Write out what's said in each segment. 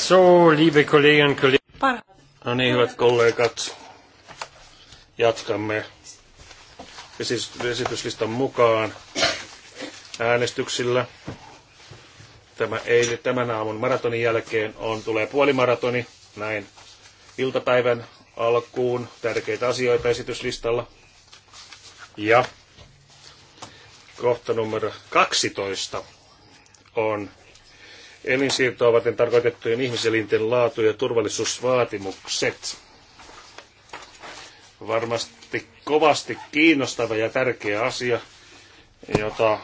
So, liebe Kolleginnen Kollegen. No niin, hyvät kollegat. Jatkamme esityslistan mukaan äänestyksillä. Tämä eili, tämän aamun maratonin jälkeen on tulee puolimaratoni näin iltapäivän alkuun. Tärkeitä asioita esityslistalla. Ja kohta numero 12 on elinsiirtoa varten tarkoitettujen ihmiselinten laatu- ja turvallisuusvaatimukset. Varmasti kovasti kiinnostava ja tärkeä asia, jota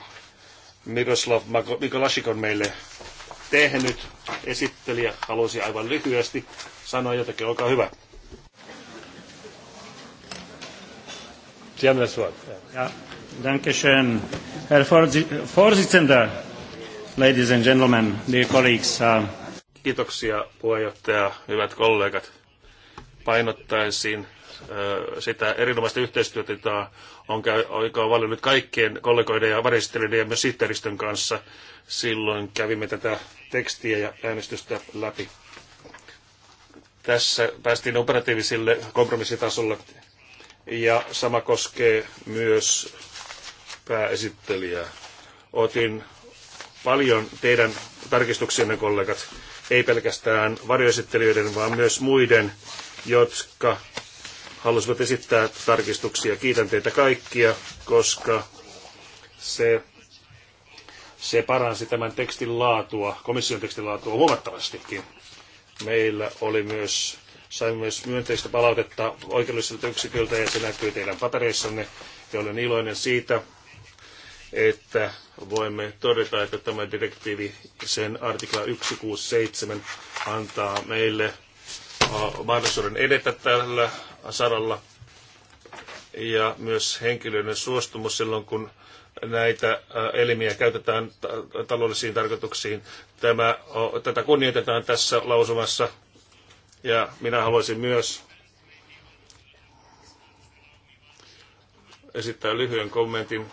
Miroslav Mikolashik on meille tehnyt. Esittelijä halusi aivan lyhyesti sanoa jotakin, olkaa hyvä. Ja, danke schön. Herr Vorsitzender, Ladies and gentlemen, dear colleagues. Uh, Kiitoksia puheenjohtaja, hyvät kollegat. Painottaisin äh, sitä erinomaista yhteistyötä, jota on, käy, joka on valinnut kaikkien kollegoiden ja varistelijoiden ja myös sihteeristön kanssa. Silloin kävimme tätä tekstiä ja äänestystä läpi. Tässä päästiin operatiivisille kompromissitasolle ja sama koskee myös pääesittelijää. Otin paljon teidän tarkistuksienne kollegat, ei pelkästään varjoesittelijöiden, vaan myös muiden, jotka halusivat esittää tarkistuksia. Kiitän teitä kaikkia, koska se, se paransi tämän tekstin laatua, komission tekstin laatua huomattavastikin. Meillä oli myös, saimme myös myönteistä palautetta oikeudellisilta yksiköltä ja se näkyy teidän papereissanne, ja olen iloinen siitä, että voimme todeta, että tämä direktiivi, sen artikla 167 antaa meille mahdollisuuden edetä tällä saralla ja myös henkilöiden suostumus silloin, kun näitä elimiä käytetään taloudellisiin tarkoituksiin. Tämä, tätä kunnioitetaan tässä lausumassa ja minä haluaisin myös esittää lyhyen kommentin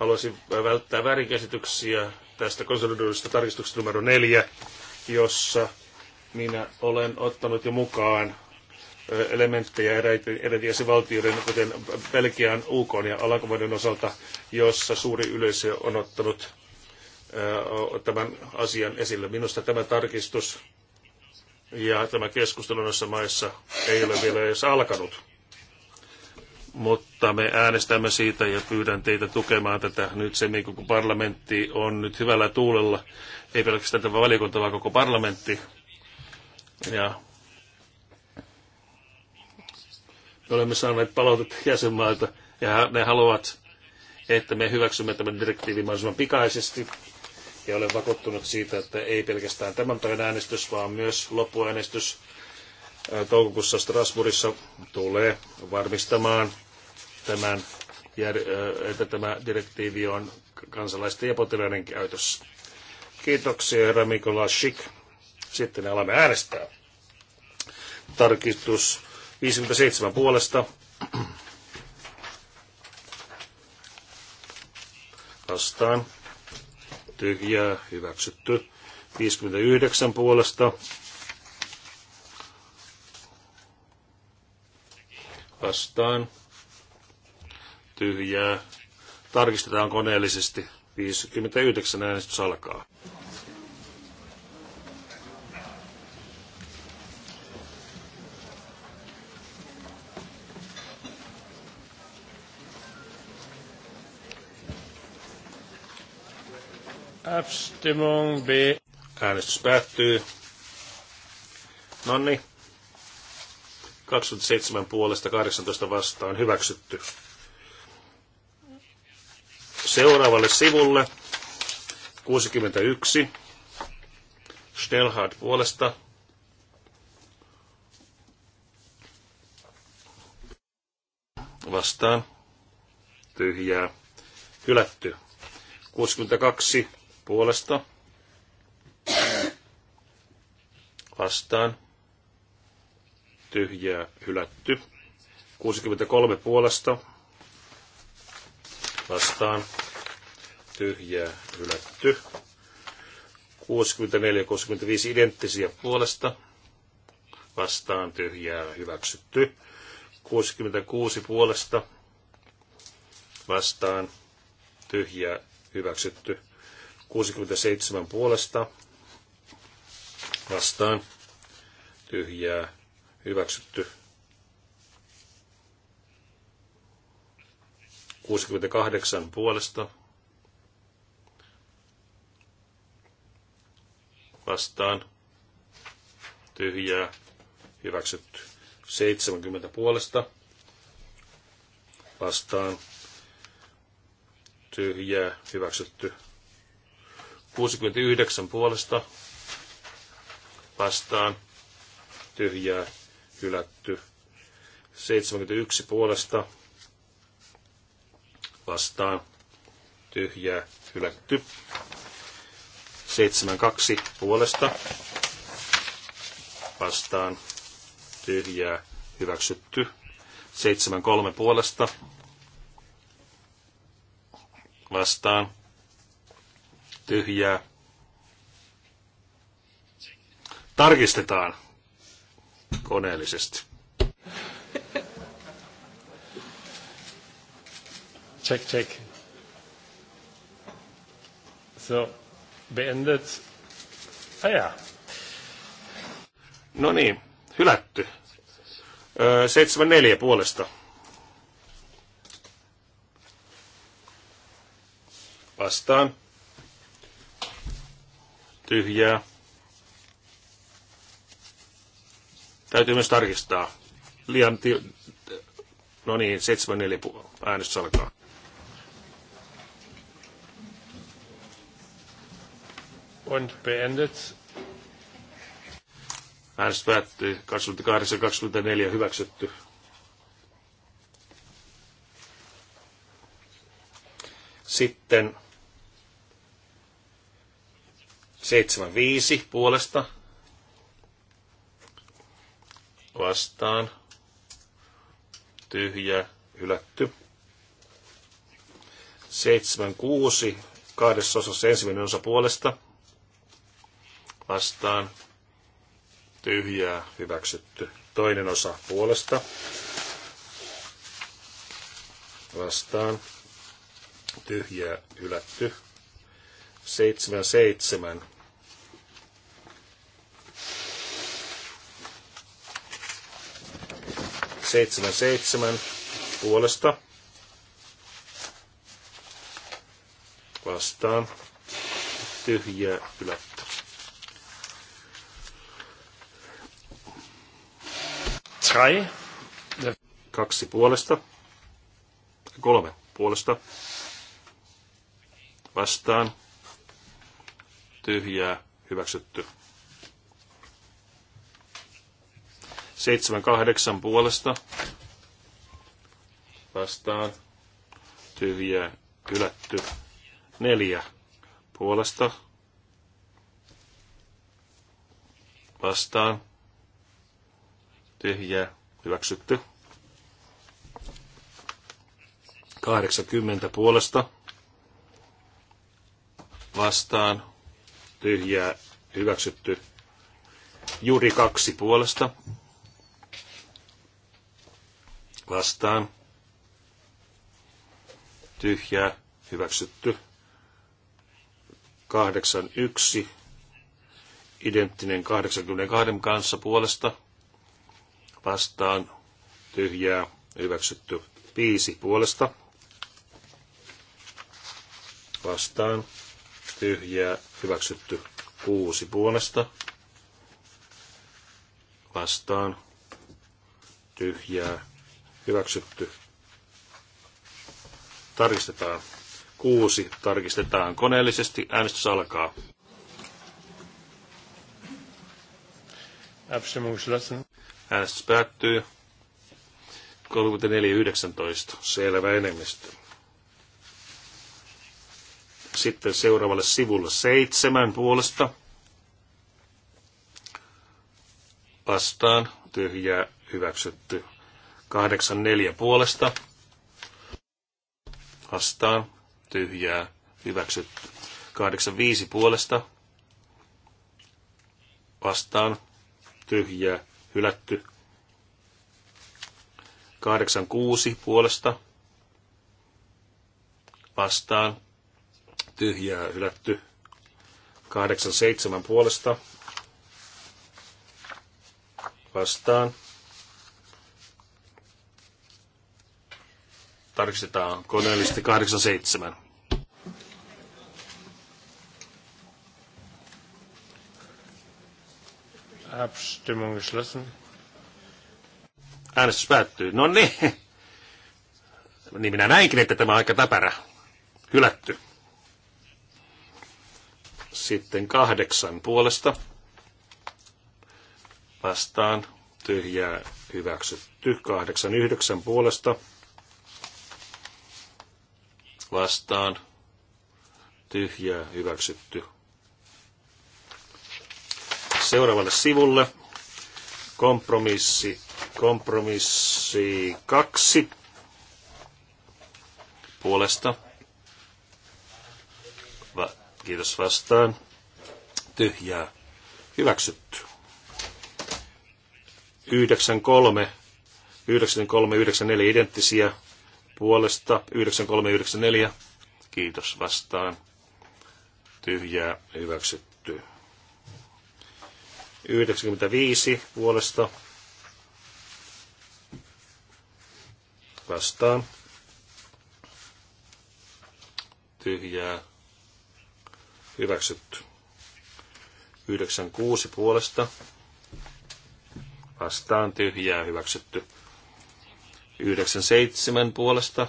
Haluaisin äh, välttää väärinkäsityksiä tästä konsolidoidusta tarkistuksesta numero neljä, jossa minä olen ottanut jo mukaan äh, elementtejä eräitä jäsenvaltioiden, kuten Belgian, UK ja Alankomaiden osalta, jossa suuri yleisö on ottanut äh, tämän asian esille. Minusta tämä tarkistus ja tämä keskustelu noissa maissa ei ole vielä edes alkanut mutta me äänestämme siitä ja pyydän teitä tukemaan tätä nyt se, kun parlamentti on nyt hyvällä tuulella, ei pelkästään tämä valiokunta, vaan koko parlamentti. Ja me olemme saaneet palautet jäsenmailta ja ne haluavat, että me hyväksymme tämän direktiivin mahdollisimman pikaisesti. Ja olen vakuuttunut siitä, että ei pelkästään tämän päivän äänestys, vaan myös loppuäänestys toukokuussa Strasbourgissa tulee varmistamaan tämän, että tämä direktiivi on kansalaisten ja potilaiden käytössä. Kiitoksia, herra Mikola Schick. Sitten alamme äänestää. Tarkistus 57 puolesta. Vastaan. Tyhjää. Hyväksytty. 59 puolesta. Vastaan tyhjää. Tarkistetaan koneellisesti. 59 äänestys alkaa. Abstimmung B. Äänestys päättyy. Nonni. 27 puolesta 18 vastaan hyväksytty seuraavalle sivulle. 61. Stelhard puolesta. Vastaan. Tyhjää. Hylätty. 62 puolesta. Vastaan. Tyhjää. Hylätty. 63 puolesta. Vastaan tyhjää hylätty. 64-65 identtisiä puolesta vastaan tyhjää hyväksytty. 66 puolesta vastaan tyhjää hyväksytty. 67 puolesta vastaan tyhjää hyväksytty. 68 puolesta vastaan tyhjää hyväksytty. 70 puolesta vastaan tyhjää hyväksytty. 69 puolesta vastaan tyhjää hylätty. 71 puolesta vastaan tyhjää hylätty. 72 puolesta vastaan tyhjää hyväksytty. 73 puolesta vastaan tyhjää. Tarkistetaan koneellisesti. Check, check. So, beendet. Ajaa. Ah, no niin, hylätty. Öö, 74 puolesta. Vastaan. Tyhjää. Täytyy myös tarkistaa. Liian ti- No niin, 74 äänestys alkaa. und beendet. Äänestys 28-24 hyväksytty. Sitten 75 puolesta vastaan tyhjä hylätty. 76 kahdessa osassa ensimmäinen osa puolesta vastaan, tyhjää, hyväksytty. Toinen osa puolesta, vastaan, tyhjää, hylätty. 77 seitsemän puolesta vastaan tyhjää hylätty. drei. Kaksi puolesta. Kolme puolesta. Vastaan. Tyhjää. Hyväksytty. Seitsemän kahdeksan puolesta. Vastaan. Tyhjää. Hylätty. Neljä puolesta. Vastaan tyhjää, hyväksytty. 80 puolesta vastaan, tyhjää, hyväksytty. Juri kaksi puolesta vastaan, tyhjää, hyväksytty. 81 identtinen 82 kanssa puolesta vastaan tyhjää hyväksytty viisi puolesta vastaan tyhjää hyväksytty kuusi puolesta vastaan tyhjää hyväksytty tarkistetaan kuusi tarkistetaan koneellisesti äänestys alkaa Abstimmung Äänestys päättyy. 34.19. Selvä enemmistö. Sitten seuraavalle sivulle seitsemän puolesta. Vastaan. Tyhjää hyväksytty. 84 puolesta. Vastaan. Tyhjää hyväksytty. 85 puolesta. Vastaan. Tyhjää hylätty. 86 puolesta vastaan tyhjää hylätty. 87 puolesta vastaan. Tarkistetaan koneellisesti 87. Abstimmung geschlossen. Äänestys päättyy. No niin. Niin minä näinkin, että tämä on aika täpärä. Hylätty. Sitten kahdeksan puolesta. Vastaan. Tyhjää hyväksytty. Kahdeksan yhdeksän puolesta. Vastaan. Tyhjää hyväksytty seuraavalle sivulle. Kompromissi, kompromissi kaksi puolesta. Va- kiitos vastaan. Tyhjää. Hyväksytty. 93, 93, 94 identtisiä puolesta. 93, 94. Kiitos vastaan. Tyhjää. Hyväksytty. 95 puolesta vastaan. Tyhjää. Hyväksytty. 96 puolesta. Vastaan tyhjää hyväksytty. 97 puolesta.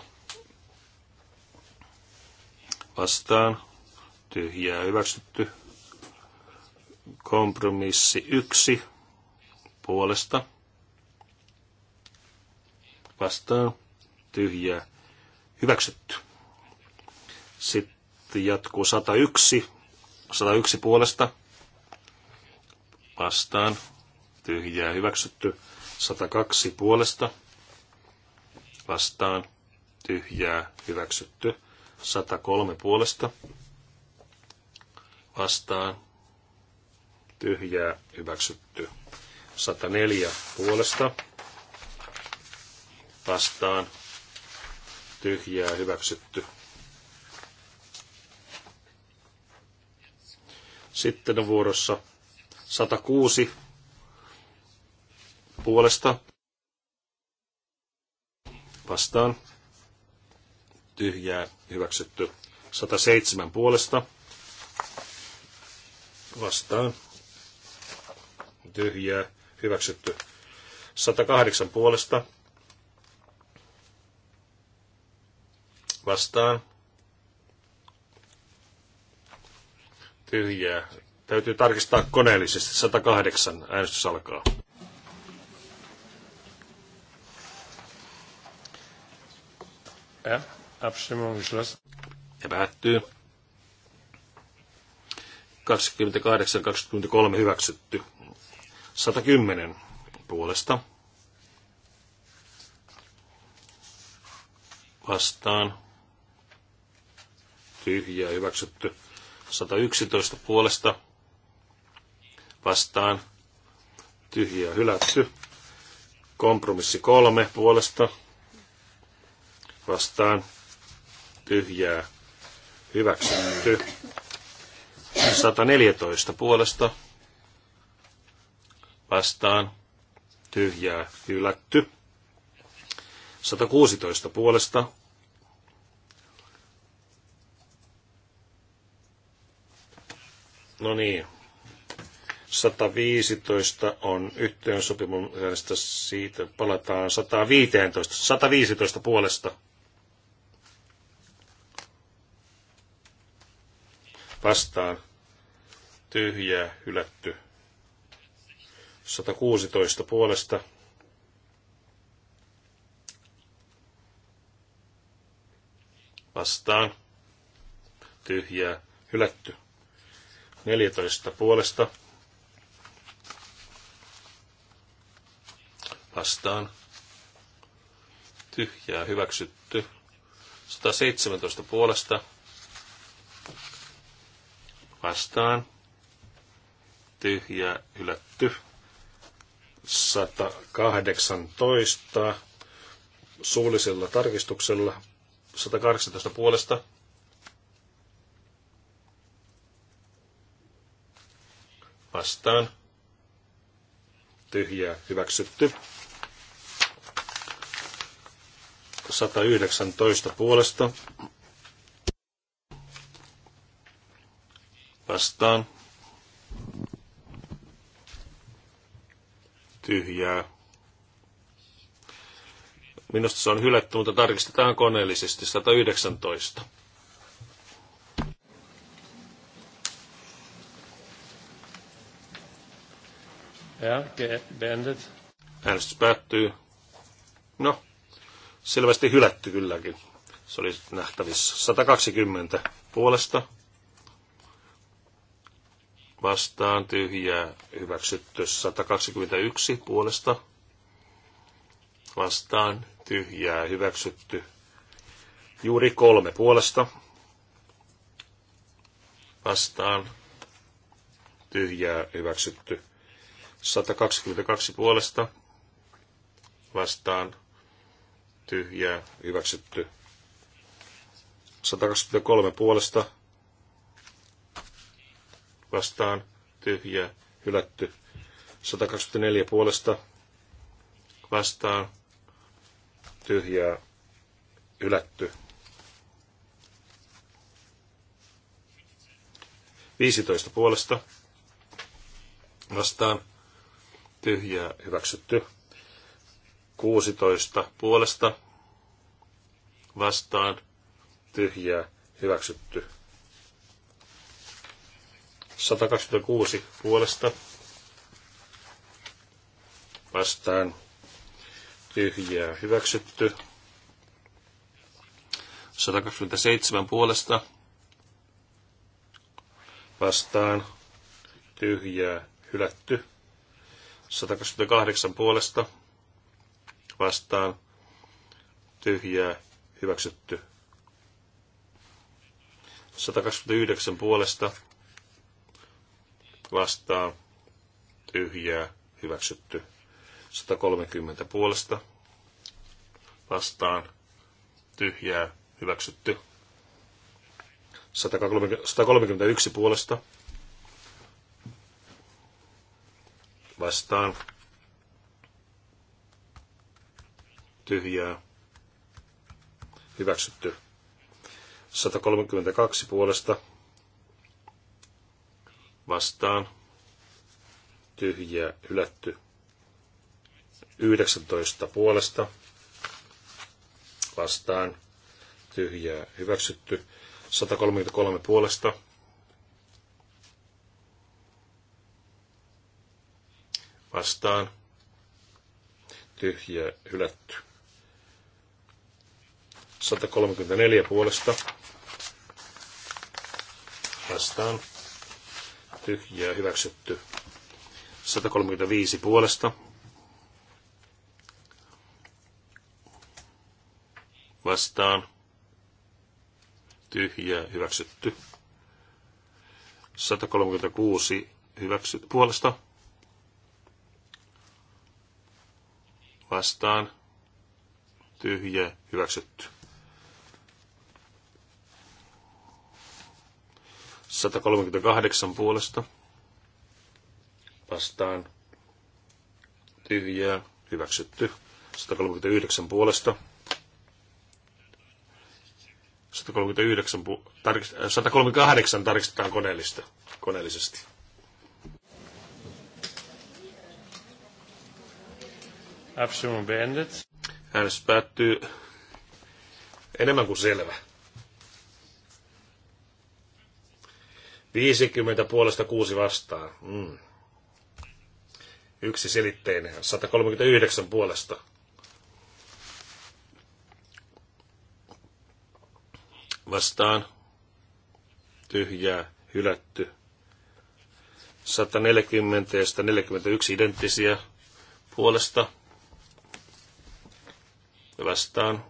Vastaan tyhjää hyväksytty. Kompromissi yksi puolesta vastaan tyhjää hyväksytty. Sitten jatkuu 101. 101 puolesta vastaan tyhjää hyväksytty. 102 puolesta vastaan tyhjää hyväksytty. 103 puolesta vastaan tyhjää hyväksytty. 104 puolesta vastaan tyhjää hyväksytty. Sitten on vuorossa 106 puolesta vastaan tyhjää hyväksytty. 107 puolesta vastaan tyhjää, hyväksytty. 108 puolesta vastaan, tyhjää. Täytyy tarkistaa koneellisesti. 108 äänestys alkaa. Ja, päättyy. 28-23 hyväksytty. 110 puolesta vastaan. Tyhjää hyväksytty. 111 puolesta vastaan. Tyhjää hylätty. Kompromissi kolme puolesta vastaan. Tyhjää hyväksytty. 114 puolesta vastaan tyhjää hylätty. 116 puolesta No niin. 115 on yhteen sopimuksesta siitä. Palataan 115. 115 puolesta. Vastaan. Tyhjää, hylätty. 116 puolesta vastaan tyhjää hylätty. 14 puolesta vastaan tyhjää hyväksytty. 117 puolesta vastaan tyhjää hylätty. 118 suullisella tarkistuksella 118 puolesta vastaan tyhjää hyväksytty. 119 puolesta vastaan tyhjää. Minusta se on hylätty, mutta tarkistetaan koneellisesti 119. Ja, beendet. Äänestys päättyy. No, selvästi hylätty kylläkin. Se oli nähtävissä. 120 puolesta vastaan tyhjää hyväksytty 121 puolesta vastaan tyhjää hyväksytty juuri kolme puolesta vastaan tyhjää hyväksytty 122 puolesta vastaan tyhjää hyväksytty 123 puolesta vastaan tyhjää hylätty. 124 puolesta vastaan tyhjää hylätty. 15 puolesta vastaan tyhjää hyväksytty. 16 puolesta vastaan tyhjää hyväksytty. 126 puolesta vastaan tyhjää hyväksytty. 127 puolesta vastaan tyhjää hylätty. 128 puolesta vastaan tyhjää hyväksytty. 129 puolesta vastaan, tyhjää, hyväksytty. 130 puolesta vastaan, tyhjää, hyväksytty. 131 puolesta vastaan, tyhjää, hyväksytty. 132 puolesta vastaan tyhjiä hylätty 19 puolesta vastaan tyhjää hyväksytty 133 puolesta vastaan tyhjää hylätty 134 puolesta vastaan tyhjää hyväksytty. 135 puolesta vastaan tyhjää hyväksytty. 136 hyväksy, puolesta vastaan tyhjä hyväksytty. 138 puolesta vastaan tyhjää hyväksytty. 139 puolesta 139, tar- 138 tarkistetaan koneellista, koneellisesti. Absolut Äänestys päättyy enemmän kuin selvä. 50 puolesta 6 vastaan. Mm. Yksi selitteinen. 139 puolesta. Vastaan. Tyhjää. Hylätty. 140 ja 141 identtisiä puolesta. Vastaan.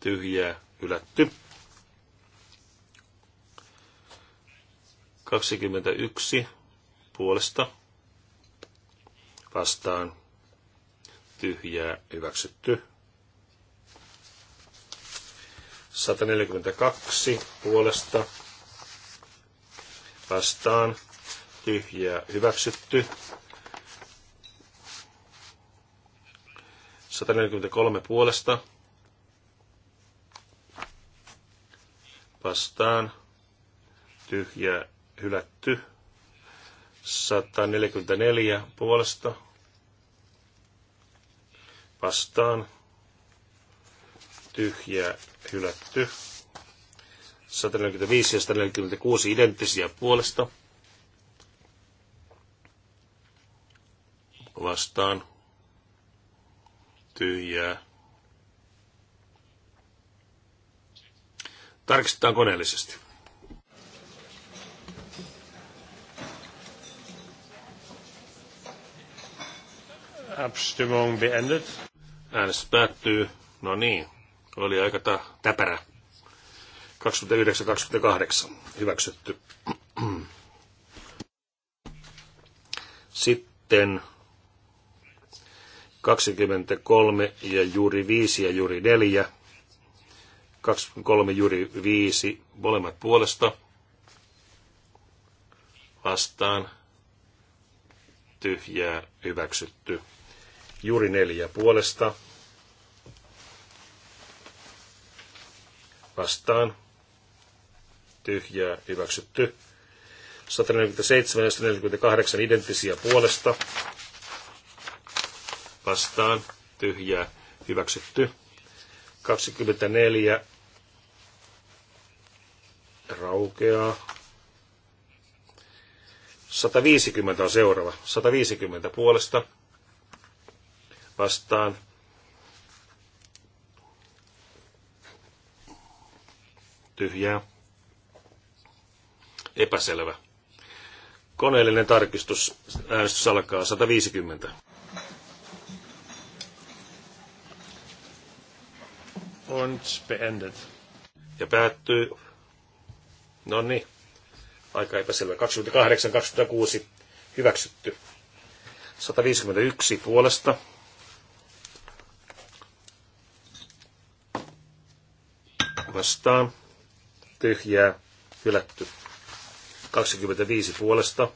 Tyhjää. Hylätty. 21 puolesta vastaan tyhjää hyväksytty. 142 puolesta vastaan tyhjää hyväksytty. 143 puolesta vastaan tyhjää hylätty. 144 puolesta vastaan Tyhjä hylätty. 145 ja 146 identtisiä puolesta vastaan tyhjää. Tarkistetaan koneellisesti. Abstimmung beendet. Äänestys päättyy. No niin, oli aika ta- täpärä. 29-28 hyväksytty. Sitten 23 ja juuri 5 ja juuri 4. 23 juuri 5, molemmat puolesta. Vastaan tyhjää hyväksytty. Juuri neljä puolesta. Vastaan. Tyhjää hyväksytty. 147 ja 148 identtisiä puolesta. Vastaan. Tyhjää hyväksytty. 24 raukeaa. 150 on seuraava. 150 puolesta vastaan. Tyhjää. Epäselvä. Koneellinen tarkistus. Äänestys alkaa 150. Und beendet. Ja päättyy. No niin. Aika epäselvä. 28, 26. Hyväksytty. 151 puolesta vastaan, tyhjää, hylätty. 25 puolesta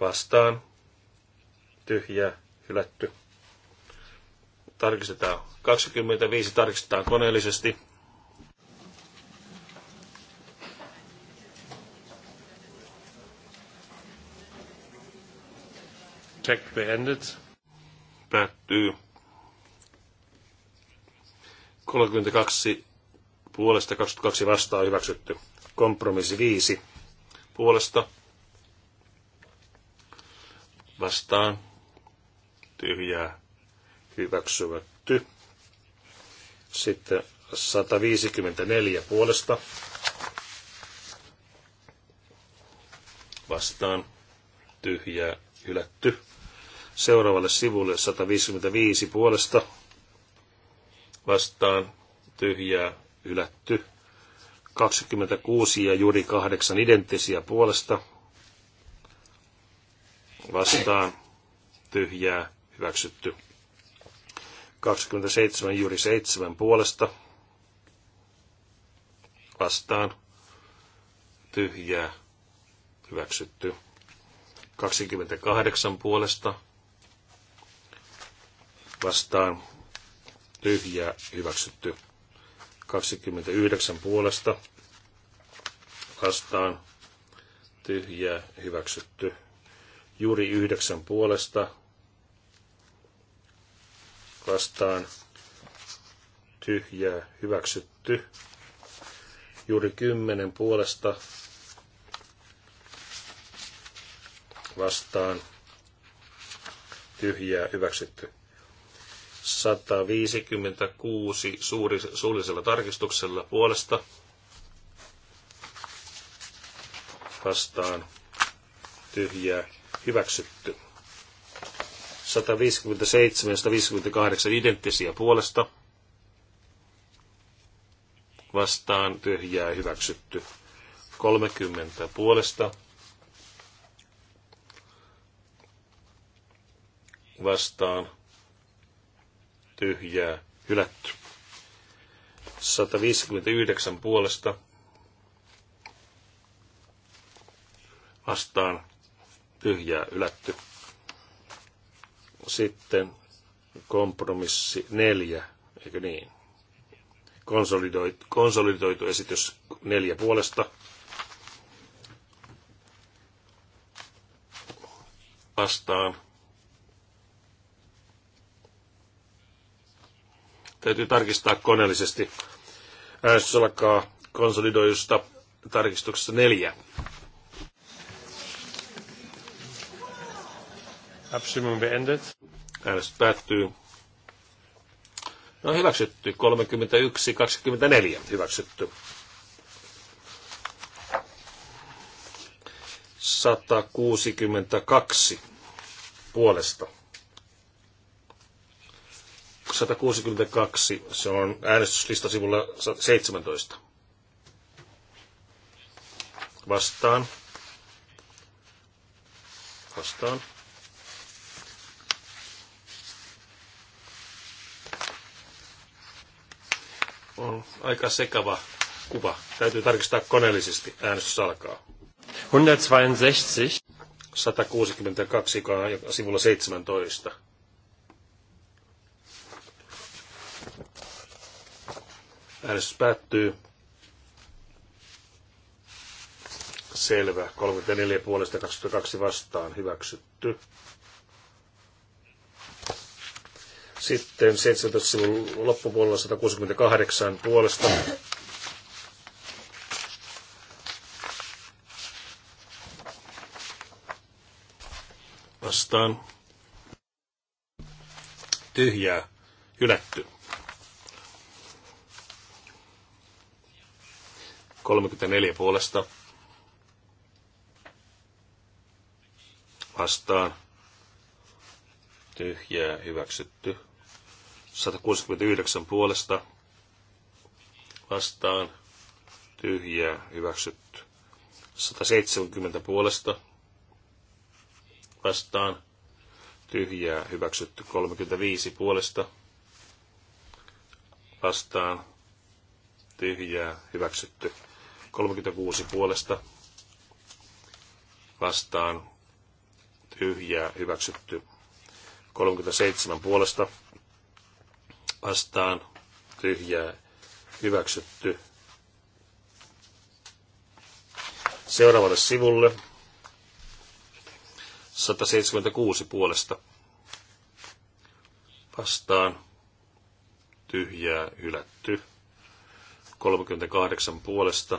vastaan, tyhjää, hylätty. Tarkistetaan 25, tarkistetaan koneellisesti. Check beendet. Päättyy. 32 puolesta 22 vastaan hyväksytty. Kompromissi 5 puolesta vastaan tyhjää hyväksytty. Sitten 154 puolesta vastaan tyhjää hylätty. Seuraavalle sivulle 155 puolesta vastaan tyhjää ylätty 26 ja juuri 8 identtisiä puolesta vastaan tyhjää hyväksytty. 27 juuri 7 puolesta vastaan tyhjää hyväksytty. 28 puolesta vastaan tyhjää hyväksytty. 29 puolesta vastaan tyhjää hyväksytty. Juuri 9 puolesta vastaan tyhjää hyväksytty. Juuri 10 puolesta vastaan tyhjää hyväksytty. 156 suuri, suullisella tarkistuksella puolesta vastaan tyhjää hyväksytty. 157 ja 158 identtisiä puolesta vastaan tyhjää hyväksytty. 30 puolesta vastaan tyhjää, hylätty. 159 puolesta vastaan tyhjää, hylätty. Sitten kompromissi neljä, eikö niin? Konsolidoitu, konsolidoitu esitys neljä puolesta vastaan Täytyy tarkistaa koneellisesti. Äänestys alkaa konsolidoidusta tarkistuksessa neljä. Abstimmung beendet. Äänestys päättyy. No hyväksytty. 31-24 hyväksytty. 162 puolesta 162, se on sivulla 17. Vastaan. Vastaan. On aika sekava kuva. Täytyy tarkistaa koneellisesti. Äänestys alkaa. 162. 162, sivulla 17. Äänestys päättyy. Selvä. 34 puolesta 22 vastaan hyväksytty. Sitten 17 sivun loppupuolella 168 puolesta. Vastaan. Tyhjää. Hylätty. 34 puolesta vastaan. Tyhjää hyväksytty. 169 puolesta vastaan. Tyhjää hyväksytty. 170 puolesta vastaan. Tyhjää hyväksytty. 35 puolesta vastaan. Tyhjää hyväksytty. 36 puolesta vastaan tyhjää hyväksytty. 37 puolesta vastaan tyhjää hyväksytty. Seuraavalle sivulle 176 puolesta vastaan tyhjää hylätty. 38 puolesta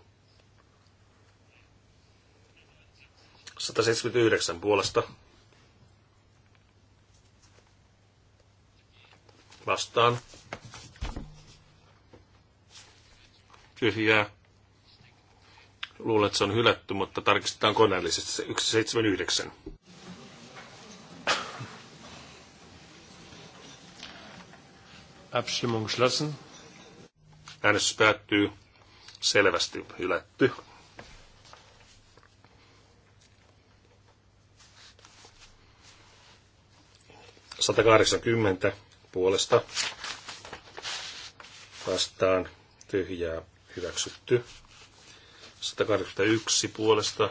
179 puolesta vastaan. Tyhjää. Luulen, että se on hylätty, mutta tarkistetaan koneellisesti se 179. Abstimmung geschlossen. Äänestys päättyy selvästi hylätty. 180 puolesta vastaan tyhjää hyväksytty. 181 puolesta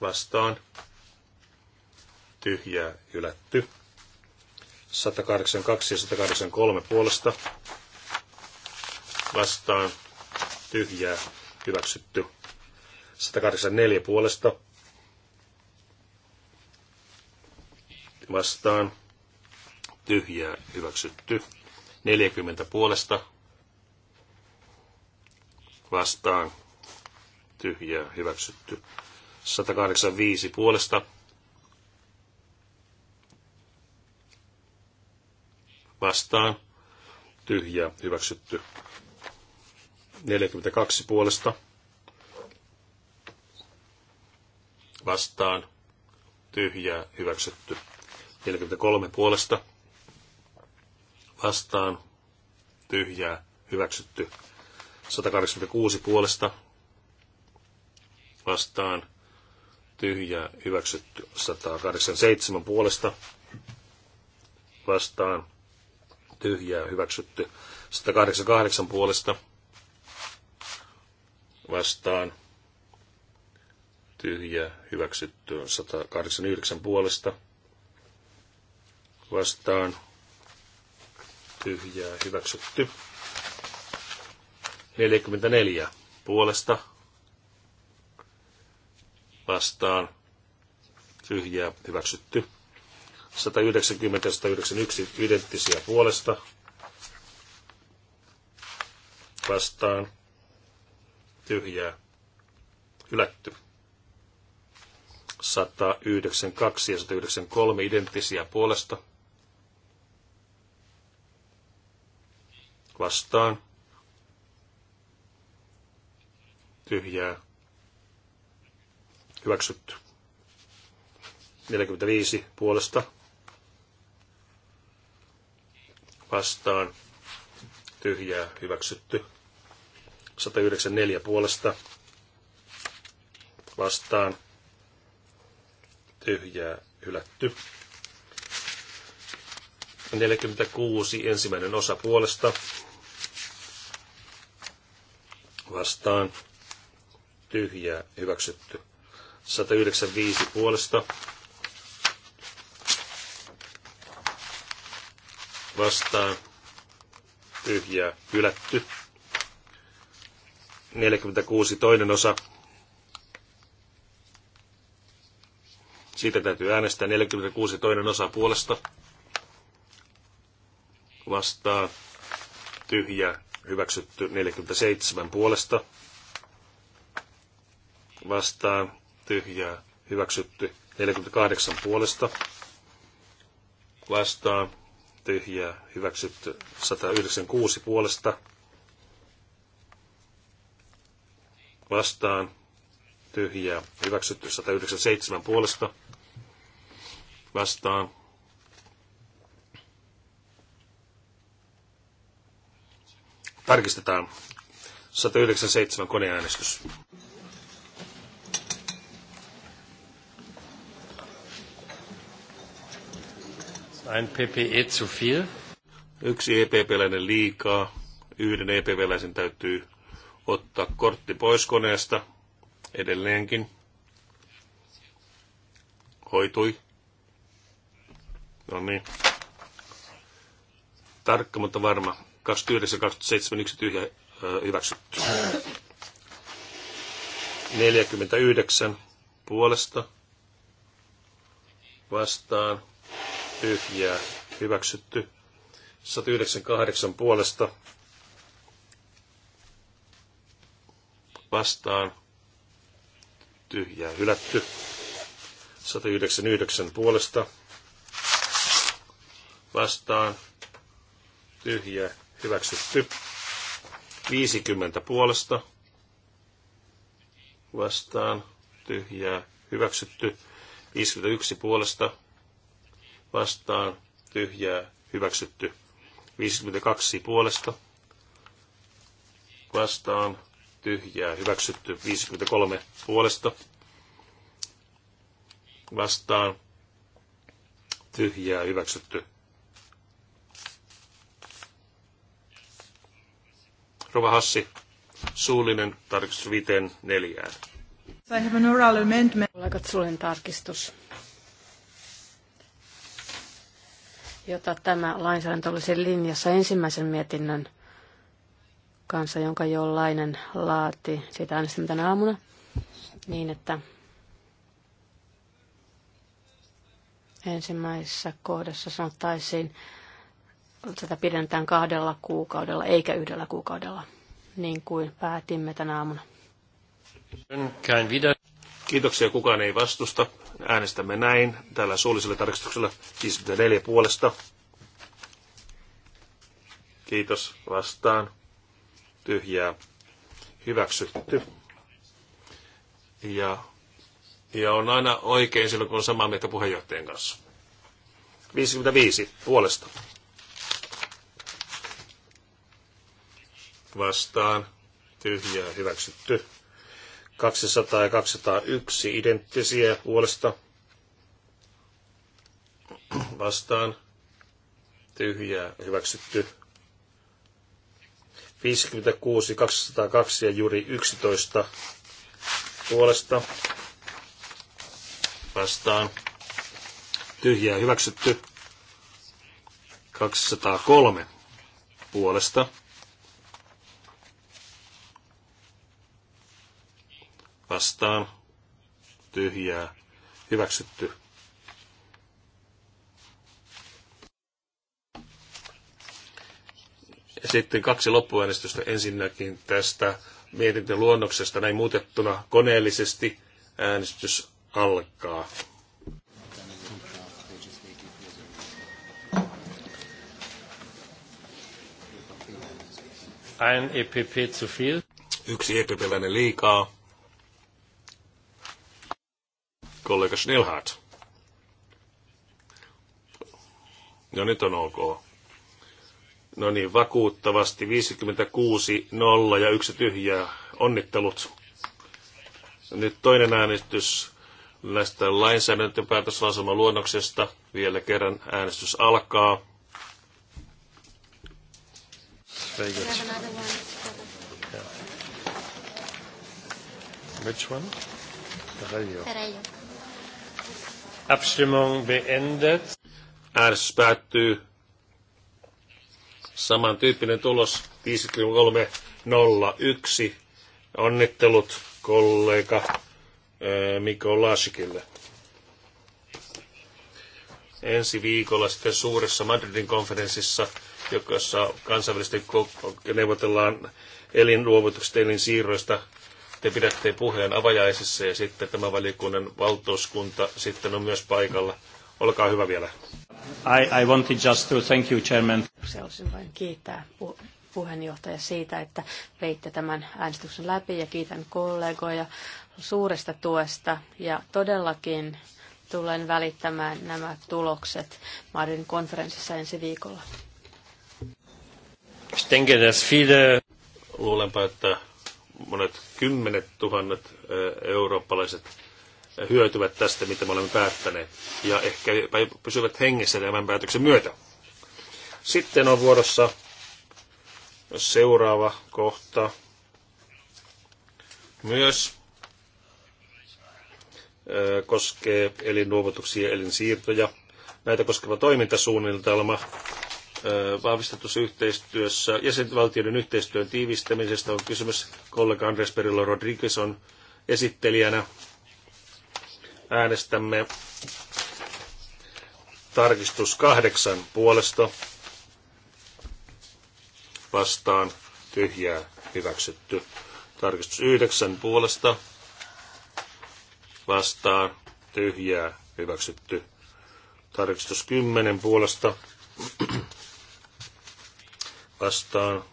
vastaan tyhjää hylätty. 182 ja 183 puolesta vastaan tyhjää hyväksytty. 184 puolesta vastaan, tyhjää hyväksytty. 40 puolesta vastaan, tyhjää hyväksytty. 185 puolesta vastaan, tyhjää hyväksytty. 42 puolesta vastaan, tyhjää hyväksytty. 43 puolesta vastaan tyhjää hyväksytty. 186 puolesta vastaan tyhjää hyväksytty. 187 puolesta vastaan tyhjää hyväksytty. 188 puolesta vastaan tyhjää hyväksytty. 189 puolesta vastaan tyhjää hyväksytty. 44 puolesta vastaan tyhjää hyväksytty. 190 ja 191 identtisiä puolesta vastaan tyhjää hylätty. 192 ja 193 identtisiä puolesta vastaan tyhjää hyväksytty. 45 puolesta vastaan tyhjää hyväksytty. 194 puolesta vastaan tyhjää hylätty. 46 ensimmäinen osa puolesta vastaan tyhjää hyväksytty. 195 puolesta vastaan tyhjää hylätty. 46 toinen osa. Siitä täytyy äänestää 46 toinen osa puolesta vastaan tyhjää hyväksytty 47 puolesta vastaan tyhjää hyväksytty 48 puolesta vastaan tyhjää hyväksytty 196 puolesta vastaan tyhjää hyväksytty 197 puolesta vastaan Tarkistetaan. 197 koneäänestys. Ein PPE zu viel. Yksi EPP-läinen liikaa. Yhden EPP-läisen täytyy ottaa kortti pois koneesta. Edelleenkin. Hoitui. No niin. Tarkka, mutta varma. 29, 27, 1 tyhjä hyväksytty. 49 puolesta vastaan tyhjää hyväksytty. 198 puolesta vastaan tyhjää hylätty. 199 puolesta vastaan tyhjää hyväksytty. 50 puolesta vastaan tyhjää hyväksytty. 51 puolesta vastaan tyhjää hyväksytty. 52 puolesta vastaan tyhjää hyväksytty. 53 puolesta vastaan tyhjää hyväksytty. Rova Hassi, suullinen tarkistus 5 neljään. I have an oral amendment. suullinen tarkistus, jota tämä lainsäädäntö olisi linjassa ensimmäisen mietinnön kanssa, jonka jollainen laati siitä äänestämme tänä aamuna, niin että ensimmäisessä kohdassa sanottaisiin, tätä pidentään kahdella kuukaudella eikä yhdellä kuukaudella, niin kuin päätimme tänä aamuna. Kiitoksia, kukaan ei vastusta. Äänestämme näin tällä suullisella tarkistuksella 54 siis puolesta. Kiitos, vastaan. Tyhjää. Hyväksytty. Ja, ja on aina oikein silloin, kun on samaa mieltä puheenjohtajan kanssa. 55 puolesta vastaan, tyhjää hyväksytty. 200 ja 201 identtisiä puolesta vastaan, tyhjää hyväksytty. 56, 202 ja juuri 11 puolesta vastaan. Tyhjää hyväksytty. 203 puolesta vastaan tyhjää hyväksytty. ja Sitten kaksi loppuäänestystä ensinnäkin tästä mietintöluonnoksesta näin muutettuna koneellisesti äänestys alkaa. Ein EPP zu viel. Yksi EPP-läinen liikaa. kollega Schnellhardt. No nyt on ok. No niin, vakuuttavasti 56, 0 ja yksi tyhjää. Onnittelut. Nyt toinen äänestys näistä lainsäädäntöpäätöslauselman luonnoksesta. Vielä kerran äänestys alkaa. Which one? Ferreiro. Ferreiro. Abstimmung beendet. Äänestys päättyy. Samantyyppinen tulos 5301. Onnittelut kollega Mikko Lasikille. Ensi viikolla sitten suuressa Madridin konferenssissa, jossa kansainvälisesti neuvotellaan elinluovutuksista, elinsiirroista, te pidätte puheen avajaisissa. ja sitten tämä valiokunnan valtuuskunta sitten on myös paikalla. Olkaa hyvä vielä. I, I wanted just to thank you, Chairman. Se olisi vain kiittää puheenjohtaja siitä, että veitte tämän äänestyksen läpi ja kiitän kollegoja suuresta tuesta ja todellakin tulen välittämään nämä tulokset Madridin konferenssissa ensi viikolla. Ich denke, dass viele... Luulenpa, että monet kymmenet tuhannet eurooppalaiset hyötyvät tästä, mitä me olemme päättäneet, ja ehkä pysyvät hengessä tämän päätöksen myötä. Sitten on vuorossa seuraava kohta. Myös koskee elinluovutuksia ja elinsiirtoja. Näitä koskeva toimintasuunnitelma vahvistetussa yhteistyössä, jäsenvaltioiden yhteistyön tiivistämisestä on kysymys. Kollega Andres Perillo Rodriguez on esittelijänä. Äänestämme tarkistus kahdeksan puolesta vastaan tyhjää hyväksytty. Tarkistus yhdeksän puolesta vastaan tyhjää hyväksytty. Tarkistus kymmenen puolesta vastaan.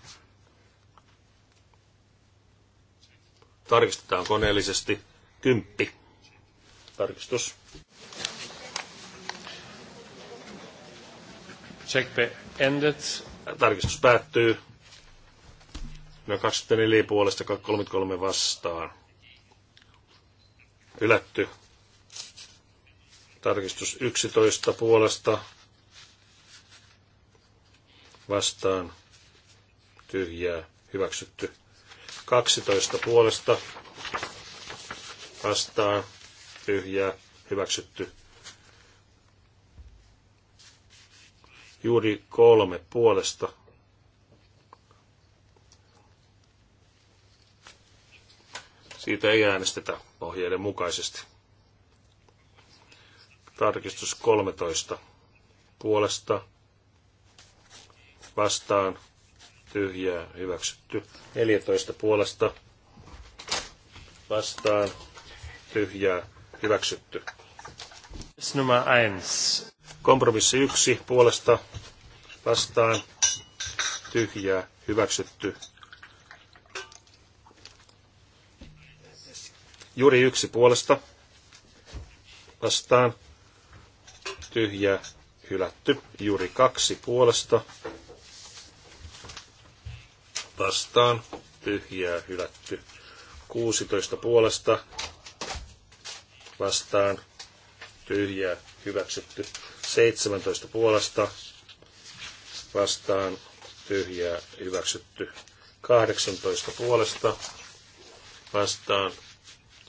Tarkistetaan koneellisesti. Kymppi. Tarkistus. Check the ended. Tarkistus päättyy. No 24 puolesta 33 vastaan. Ylätty. Tarkistus 11 puolesta vastaan tyhjää hyväksytty. 12 puolesta vastaan tyhjää hyväksytty. Juuri kolme puolesta Siitä ei äänestetä ohjeiden mukaisesti. Tarkistus 13. Puolesta vastaan tyhjää hyväksytty. 14 puolesta vastaan tyhjää hyväksytty. Nummer 1. Kompromissi 1 puolesta vastaan tyhjää hyväksytty. Juri yksi puolesta vastaan tyhjää hylätty. Juri kaksi puolesta vastaan tyhjää hylätty. 16 puolesta vastaan tyhjää hyväksytty. 17 puolesta vastaan tyhjää hyväksytty. 18 puolesta vastaan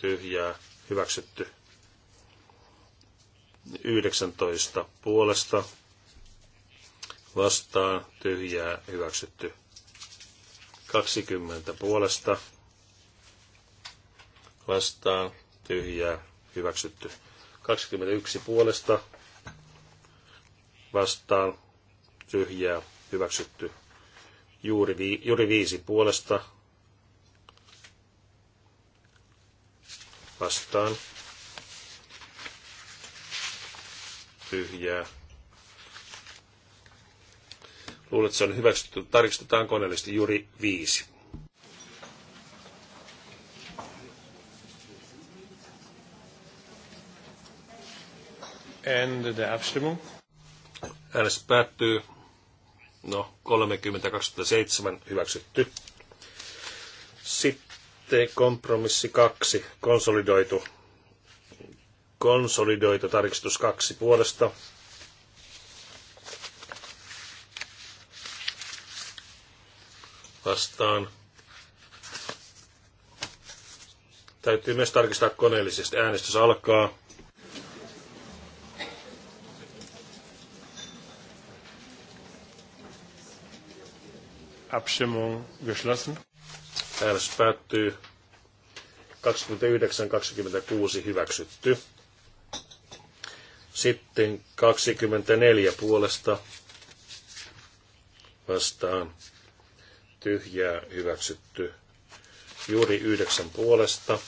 tyhjää hyväksytty. 19 puolesta vastaan tyhjää hyväksytty. 20 puolesta vastaan tyhjää hyväksytty. 21 puolesta vastaan tyhjää hyväksytty. Juuri, vi, juuri viisi puolesta vastaan tyhjää Luulen, että se on hyväksytty. Tarkistetaan koneellisesti juuri viisi. Ende the Abstimmung. Äänestys päättyy. No, 30-27 hyväksytty. Sitten kompromissi 2, konsolidoitu. Konsolidoitu tarkistus 2 puolesta vastaan. Täytyy myös tarkistaa koneellisesti. Äänestys alkaa. Abstimmung geschlossen. Äänestys päättyy. 29-26 hyväksytty. Sitten 24 puolesta vastaan tyhjää hyväksytty. Juuri yhdeksän puolesta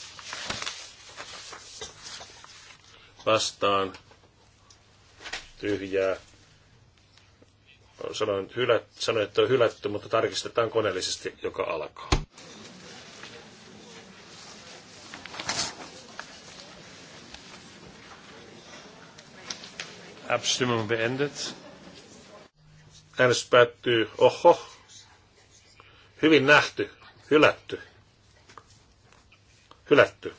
vastaan tyhjää. Sanoin, hylät, sanoin, että on hylätty, mutta tarkistetaan koneellisesti, joka alkaa. Abstimmung beendet. Äänestys päättyy. Oho, Hyvin nähty, hylätty, hylätty.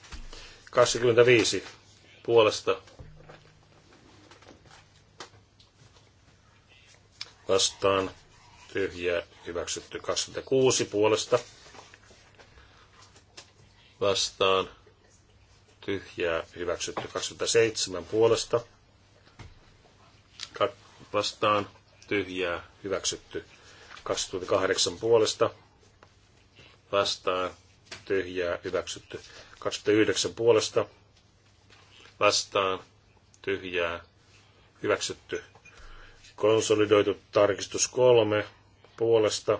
25 puolesta vastaan tyhjä hyväksytty 26 puolesta vastaan tyhjää hyväksytty 27 puolesta vastaan tyhjää hyväksytty 28 puolesta vastaan tyhjää hyväksytty. 29 puolesta vastaan tyhjää hyväksytty. Konsolidoitu tarkistus 3 puolesta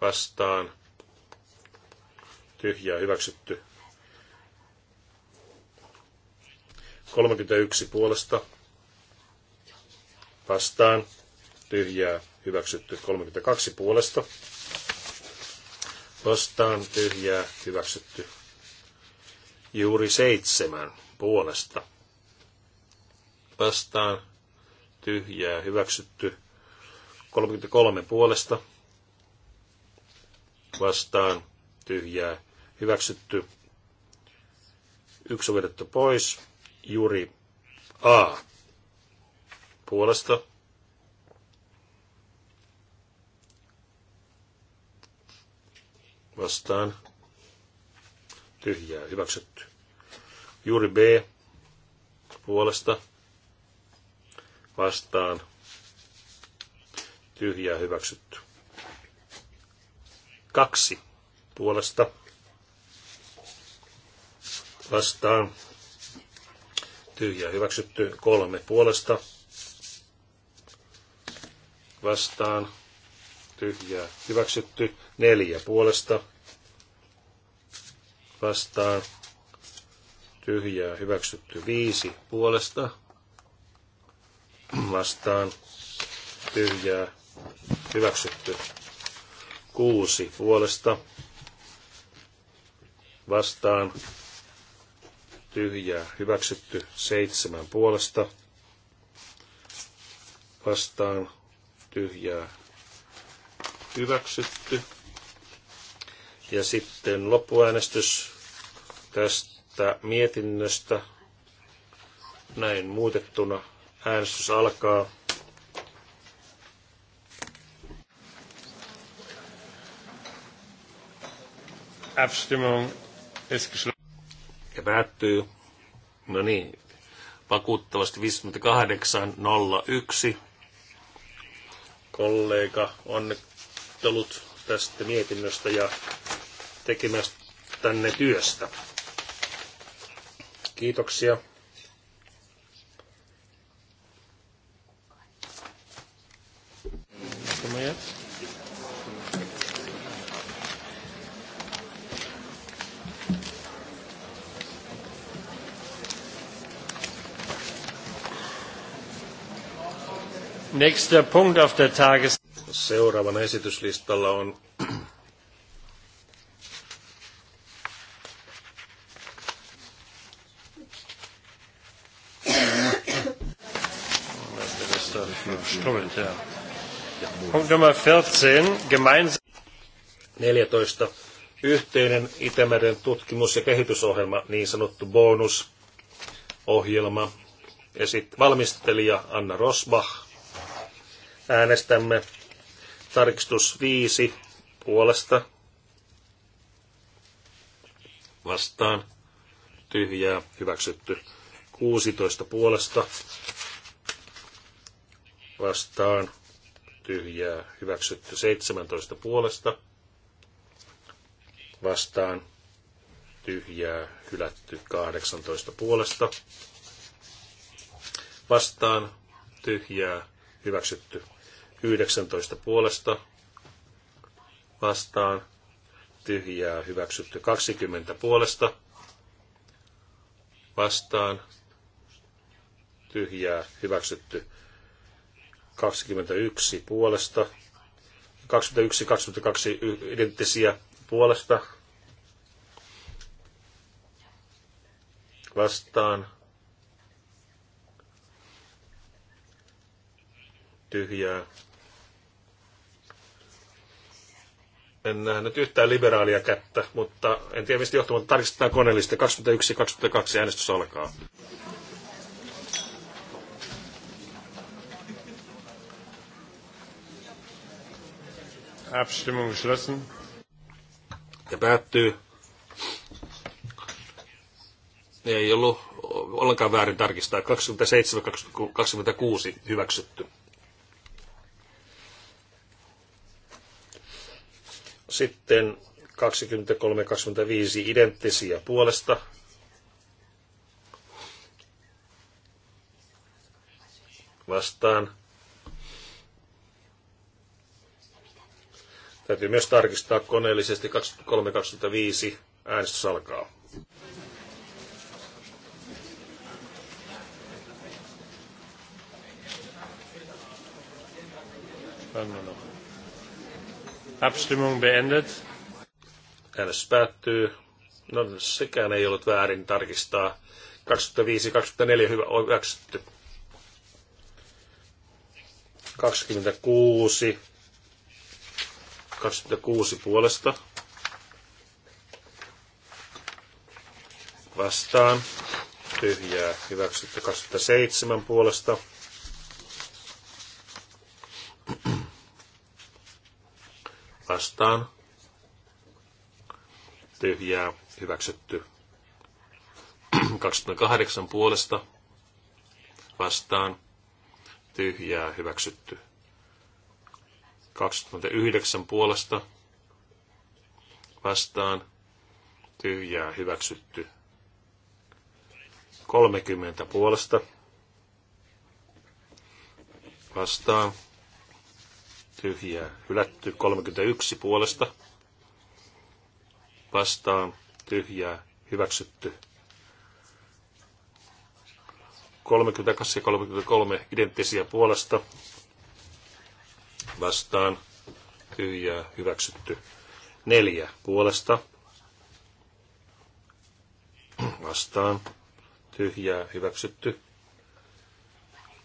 vastaan tyhjää hyväksytty. 31 puolesta vastaan tyhjää hyväksytty 32 puolesta. Vastaan tyhjää hyväksytty juuri seitsemän puolesta. Vastaan tyhjää hyväksytty 33 puolesta. Vastaan tyhjää hyväksytty. Yksi on vedetty pois. Juuri A puolesta vastaan tyhjää hyväksytty. Juuri B puolesta vastaan tyhjää hyväksytty. Kaksi puolesta vastaan tyhjää hyväksytty. Kolme puolesta vastaan tyhjää hyväksytty. Neljä puolesta vastaan tyhjää hyväksytty viisi puolesta vastaan tyhjää hyväksytty kuusi puolesta vastaan tyhjää hyväksytty seitsemän puolesta vastaan tyhjää hyväksytty ja sitten loppuäänestys tästä mietinnöstä näin muutettuna. Äänestys alkaa. Abstimmung Ja päättyy. No niin, vakuuttavasti 58.01. Kollega, onnittelut tästä mietinnöstä ja tekemästä tänne työstä. Kiitoksia. Nächster Punkt auf Seuraavana esityslistalla on Strömelt, ja. Punkt nummer 14, gemeinsam... 14. Yhteinen Itämeren tutkimus- ja kehitysohjelma, niin sanottu bonusohjelma. Esit- valmistelija Anna Rosbach. Äänestämme tarkistus 5 puolesta. Vastaan. Tyhjää. Hyväksytty. 16 puolesta vastaan tyhjää hyväksytty 17 puolesta vastaan tyhjää hylätty 18 puolesta vastaan tyhjää hyväksytty 19 puolesta vastaan tyhjää hyväksytty 20 puolesta vastaan tyhjää hyväksytty 21 puolesta, 21 22 identtisiä puolesta vastaan tyhjää. En nähnyt yhtään liberaalia kättä, mutta en tiedä mistä johtuu, mutta tarkistetaan koneellisesti. 21-22 äänestys alkaa. Abstimmung geschlossen. Ja päättyy. Ei ollut ollenkaan väärin tarkistaa. 27-26 hyväksytty. Sitten 23-25 identtisiä puolesta. Vastaan Täytyy myös tarkistaa koneellisesti 2325 äänestys alkaa. Abstimmung beendet. Äänestys päättyy. No sekään ei ollut väärin tarkistaa. 25-24 hyvä hyväksytty. 26 26 puolesta vastaan. Tyhjää hyväksytty 27 puolesta. Vastaan. Tyhjää hyväksytty 28 puolesta. Vastaan. Tyhjää hyväksytty 29 puolesta vastaan tyhjää hyväksytty. 30 puolesta vastaan tyhjää hylätty. 31 puolesta vastaan tyhjää hyväksytty. 32 ja 33 identtisiä puolesta vastaan tyhjää hyväksytty. Neljä puolesta vastaan tyhjää hyväksytty.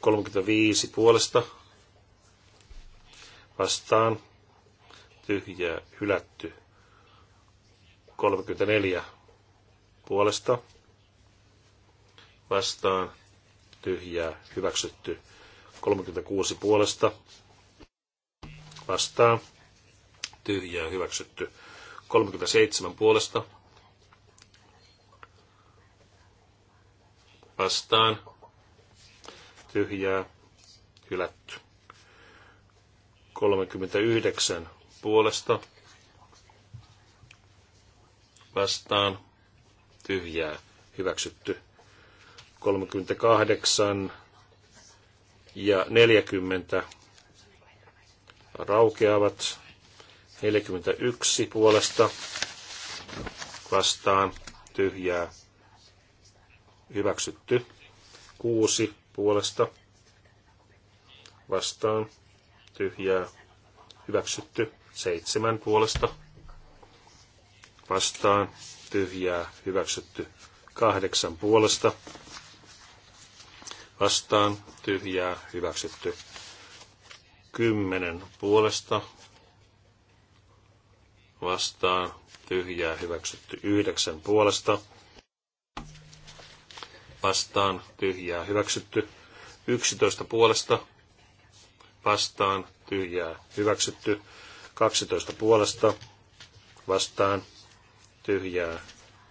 35 puolesta vastaan tyhjää hylätty. 34 puolesta vastaan tyhjää hyväksytty. 36 puolesta vastaan, tyhjää hyväksytty. 37 puolesta vastaan, tyhjää hylätty. 39 puolesta vastaan, tyhjää hyväksytty. 38 ja 40 raukeavat 41 puolesta vastaan tyhjää hyväksytty 6 puolesta vastaan tyhjää hyväksytty 7 puolesta vastaan tyhjää hyväksytty 8 puolesta vastaan tyhjää hyväksytty 10 puolesta vastaan, tyhjää hyväksytty 9 puolesta vastaan, tyhjää hyväksytty 11 puolesta vastaan, tyhjää hyväksytty 12 puolesta vastaan, tyhjää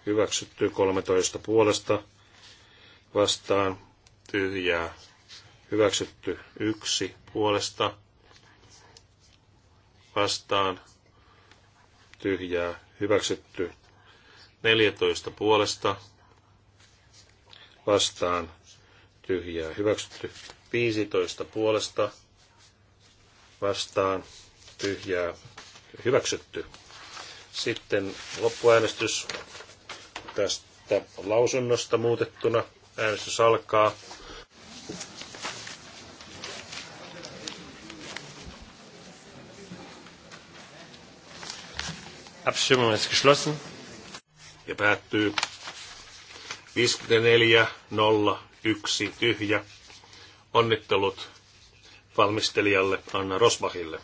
hyväksytty 13 puolesta vastaan, tyhjää hyväksytty 1 puolesta vastaan tyhjää hyväksytty 14 puolesta vastaan tyhjää hyväksytty 15 puolesta vastaan tyhjää hyväksytty. Sitten loppuäänestys tästä lausunnosta muutettuna. Äänestys alkaa. Abstimmung ist geschlossen. Ja päättyy 5401 tyhjä. Onnittelut valmistelijalle Anna Rosbachille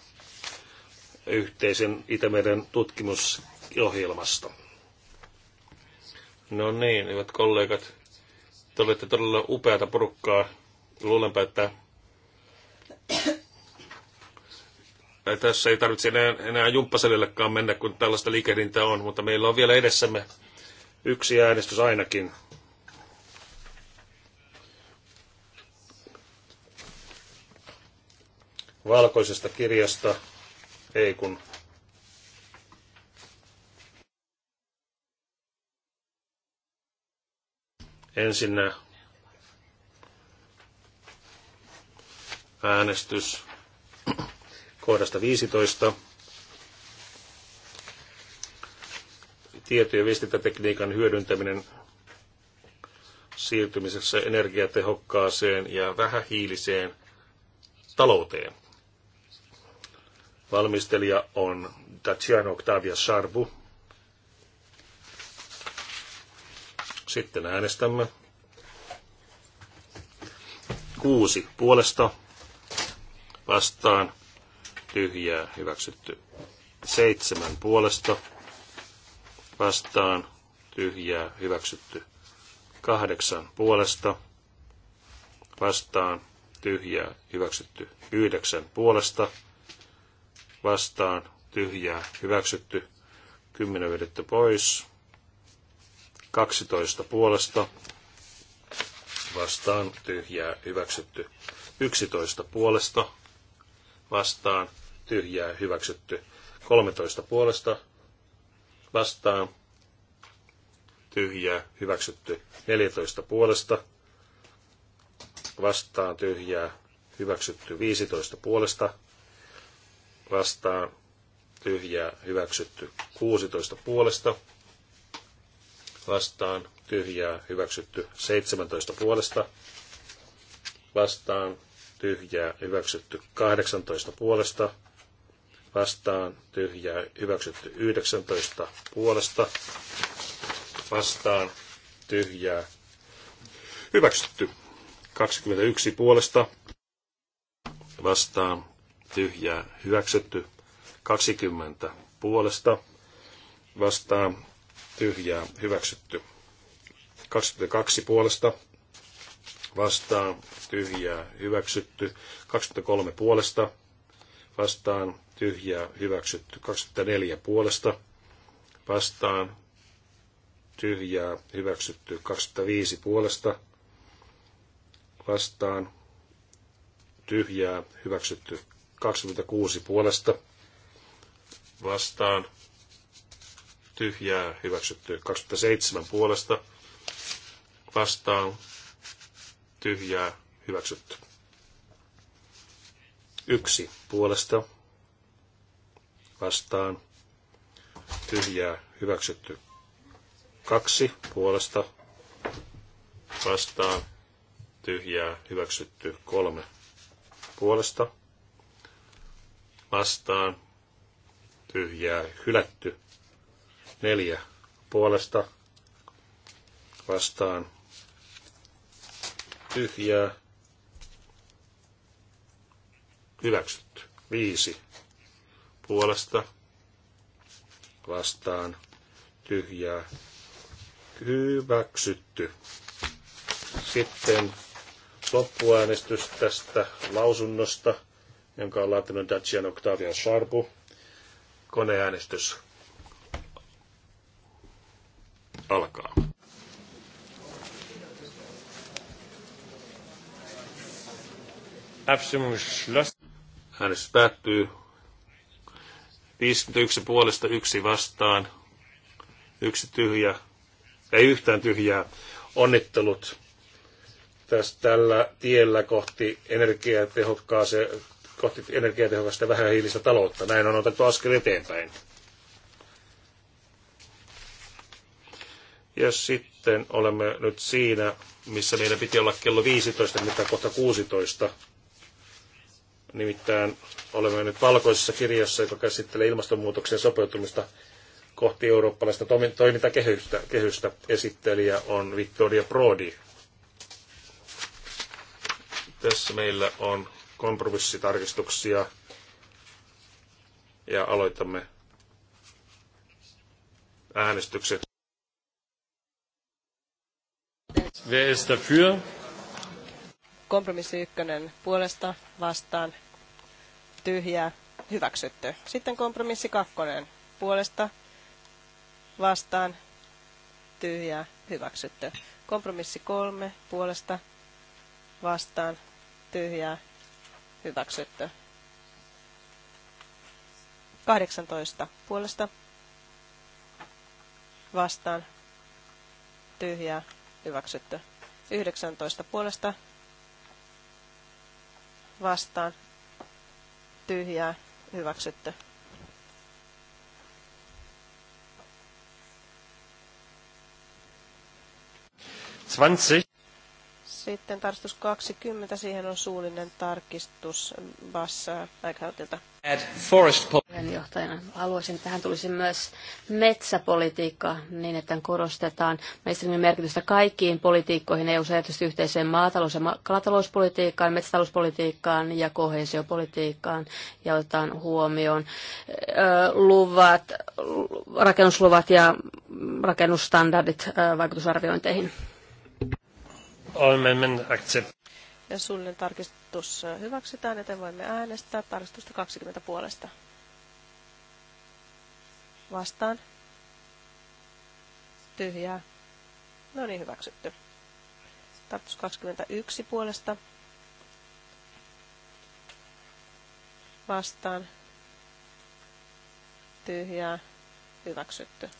yhteisen Itämeren tutkimusohjelmasta. No niin, hyvät kollegat, te olette todella upeata porukkaa. Luulenpa, että tai tässä ei tarvitse enää, enää jumppaselillekaan mennä, kun tällaista liikehdintää on, mutta meillä on vielä edessämme yksi äänestys ainakin. Valkoisesta kirjasta, ei kun ensin äänestys kohdasta 15. Tieto- ja viestintätekniikan hyödyntäminen siirtymisessä energiatehokkaaseen ja vähähiiliseen talouteen. Valmistelija on Tatjana Octavia Sarbu. Sitten äänestämme. Kuusi puolesta vastaan tyhjää hyväksytty. Seitsemän puolesta vastaan tyhjää hyväksytty. Kahdeksan puolesta vastaan tyhjää hyväksytty. Yhdeksän puolesta vastaan tyhjää hyväksytty. Kymmenen vedetty pois. kaksitoista puolesta vastaan tyhjää hyväksytty. yksitoista puolesta vastaan tyhjää hyväksytty. 13 puolesta vastaan tyhjää hyväksytty. 14 puolesta vastaan tyhjää hyväksytty. 15 puolesta vastaan tyhjää hyväksytty. 16 puolesta vastaan tyhjää hyväksytty. 17 puolesta vastaan tyhjää hyväksytty. 18 puolesta vastaan tyhjää hyväksytty 19 puolesta vastaan tyhjää hyväksytty 21 puolesta vastaan tyhjää hyväksytty 20 puolesta vastaan tyhjää hyväksytty 22 puolesta vastaan tyhjää hyväksytty 23 puolesta vastaan tyhjää hyväksytty 24 puolesta vastaan, tyhjää hyväksytty 25 puolesta vastaan, tyhjää hyväksytty 26 puolesta vastaan, tyhjää hyväksytty 27 puolesta vastaan, tyhjää hyväksytty. Yksi puolesta vastaan tyhjää hyväksytty. Kaksi puolesta vastaan tyhjää hyväksytty. Kolme puolesta vastaan tyhjää hylätty. Neljä puolesta vastaan tyhjää hyväksytty. Viisi puolesta vastaan tyhjää hyväksytty. Sitten loppuäänestys tästä lausunnosta, jonka on laatinut Dacian Octavian Sharpu. Koneäänestys alkaa. Äänestys päättyy. 51 puolesta yksi vastaan, yksi tyhjä, ei yhtään tyhjää. Onnittelut tässä tällä tiellä kohti energiatehokkaaseen kohti energiatehokasta ja vähähiilistä taloutta. Näin on otettu askel eteenpäin. Ja sitten olemme nyt siinä, missä meidän piti olla kello 15, mitä kohta 16. Nimittäin olemme nyt valkoisessa kirjassa, joka käsittelee ilmastonmuutoksen sopeutumista kohti eurooppalaista toimintakehystä. Kehystä. Esittelijä on Vittoria Prodi. Tässä meillä on kompromissitarkistuksia ja aloitamme äänestykset. Wer ist dafür? Kompromissi ykkönen puolesta vastaan tyhjää hyväksytty. Sitten kompromissi kakkonen puolesta vastaan tyhjää hyväksytty. Kompromissi kolme puolesta vastaan tyhjää hyväksytty. 18 puolesta vastaan tyhjää hyväksytty. 19 puolesta vastaan tyhjää hyväksytty. Zwanzig. Sitten tarkistus 20, siihen on suullinen tarkistus Bassa Baghoutilta. Puheenjohtajana haluaisin, että tähän tulisi myös metsäpolitiikka niin, että korostetaan mainstreamin merkitystä kaikkiin politiikkoihin, eu erityisesti yhteiseen maatalous- ja kalatalouspolitiikkaan, metsätalouspolitiikkaan ja kohesiopolitiikkaan ja otetaan huomioon luvat, rakennusluvat ja rakennusstandardit vaikutusarviointeihin. Amendment accept. Ja sulle tarkistus hyväksytään, joten voimme äänestää tarkistusta 20 puolesta. Vastaan. Tyhjää. No niin, hyväksytty. Tarkistus 21 puolesta. Vastaan. Tyhjää. Hyväksytty.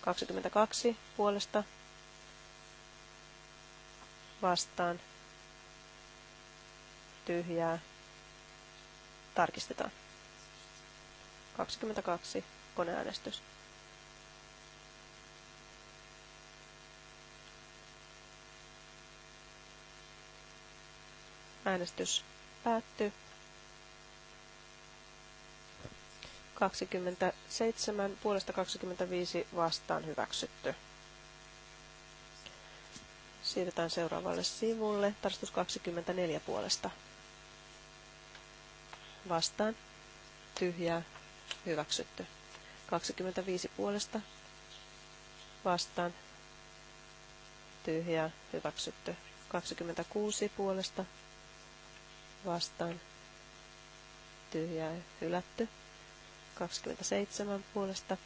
22 puolesta vastaan tyhjää tarkistetaan. 22 koneäänestys. Äänestys päättyy. 27 puolesta 25 vastaan hyväksytty. Siirrytään seuraavalle sivulle. Tarkastus 24 puolesta. Vastaan. Tyhjää. Hyväksytty. 25 puolesta. Vastaan. Tyhjää. Hyväksytty. 26 puolesta. Vastaan. Tyhjää. Hylätty. 27 puolesta.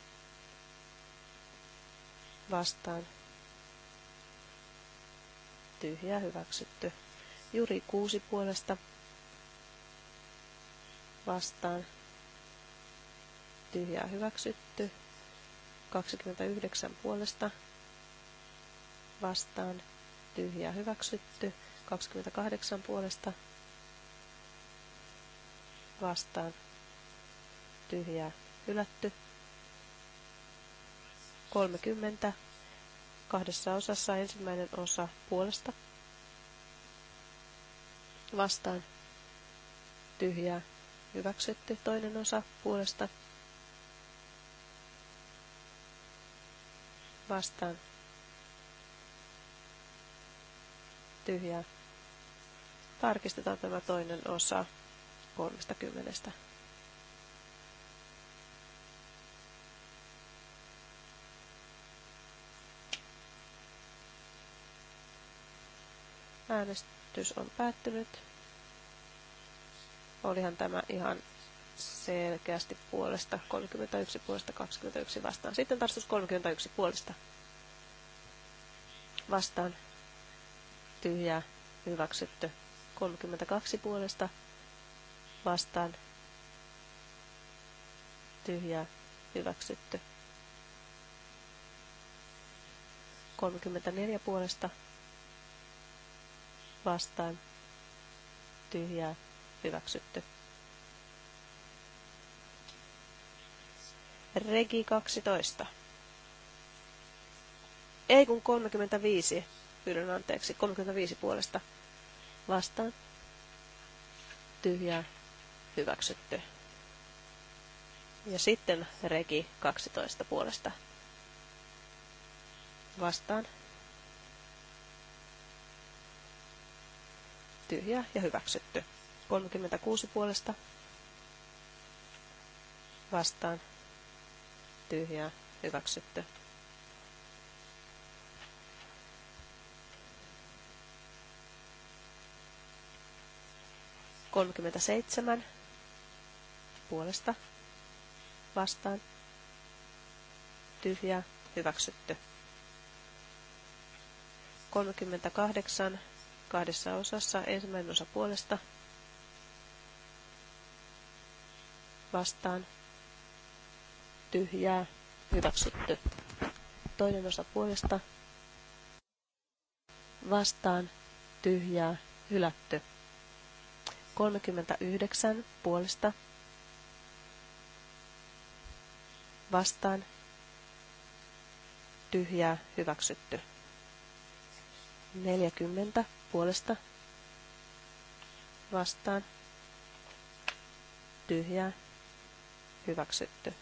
Vastaan tyhjää hyväksytty. Juri kuusi puolesta vastaan tyhjää hyväksytty. 29 puolesta vastaan tyhjää hyväksytty. 28 puolesta vastaan tyhjää hylätty. 30 kahdessa osassa ensimmäinen osa puolesta vastaan tyhjää hyväksytty toinen osa puolesta vastaan tyhjää. Tarkistetaan tämä toinen osa 30. Äänestys on päättynyt. Olihan tämä ihan selkeästi puolesta. 31 puolesta 21 vastaan. Sitten tarkistus 31 puolesta. Vastaan. Tyhjää. Hyväksytty. 32 puolesta. Vastaan. Tyhjää. Hyväksytty. 34 puolesta vastaan tyhjää hyväksytty. Regi 12. Ei kun 35. Pyydän anteeksi. 35 puolesta vastaan. Tyhjää hyväksytty. Ja sitten Regi 12 puolesta vastaan. tyhjää ja hyväksytty. 36 puolesta vastaan tyhjää hyväksytty. seitsemän puolesta vastaan tyhjää hyväksytty. kahdeksan kahdessa osassa. Ensimmäinen osa puolesta vastaan tyhjää hyväksytty. Toinen osa puolesta vastaan tyhjää hylätty. 39 puolesta vastaan tyhjää hyväksytty. 40 puolesta vastaan tyhjää hyväksytty.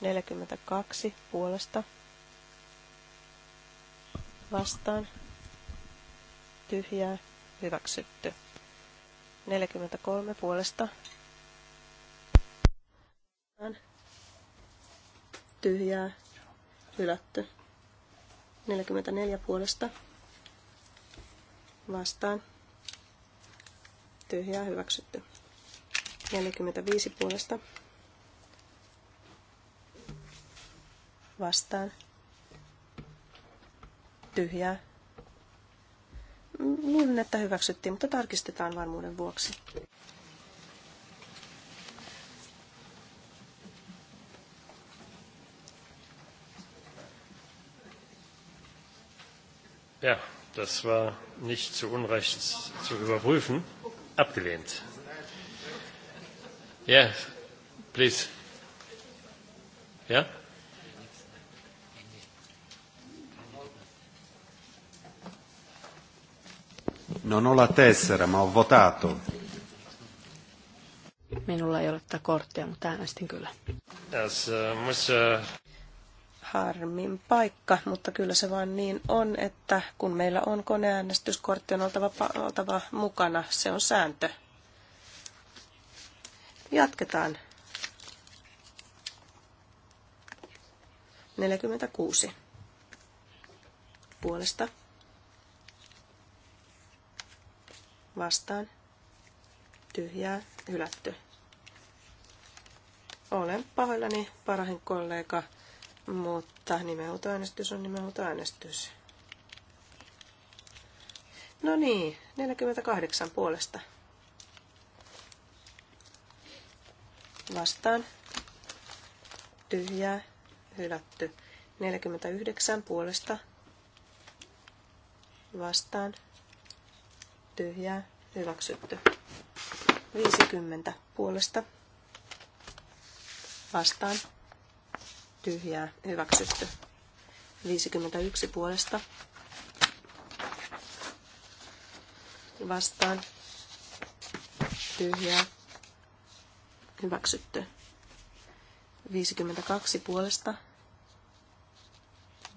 42 puolesta vastaan tyhjää hyväksytty. 43 puolesta tyhjää hylätty. 44 puolesta vastaan. Tyhjää hyväksytty. 45 puolesta vastaan. Tyhjää. Luulen, että hyväksyttiin, mutta tarkistetaan varmuuden vuoksi. Yeah das war nicht zu Unrecht zu überprüfen, abgelehnt. Yeah, please. Yeah? Non ho la tessera, ma ho votato. Minulla ei ole tätä korttia, mutta äänestin kyllä. Yes, uh, muss, uh harmin paikka, mutta kyllä se vaan niin on, että kun meillä on koneäänestyskortti, on oltava, oltava mukana. Se on sääntö. Jatketaan. 46 puolesta vastaan tyhjää hylätty. Olen pahoillani parahin kollega mutta nimenhuutoäänestys on nimenhuutoäänestys. No niin, 48 puolesta. Vastaan. Tyhjää. Hylätty. 49 puolesta. Vastaan. Tyhjää. Hyväksytty. 50 puolesta. Vastaan tyhjää hyväksytty. 51 puolesta vastaan tyhjää hyväksytty. 52 puolesta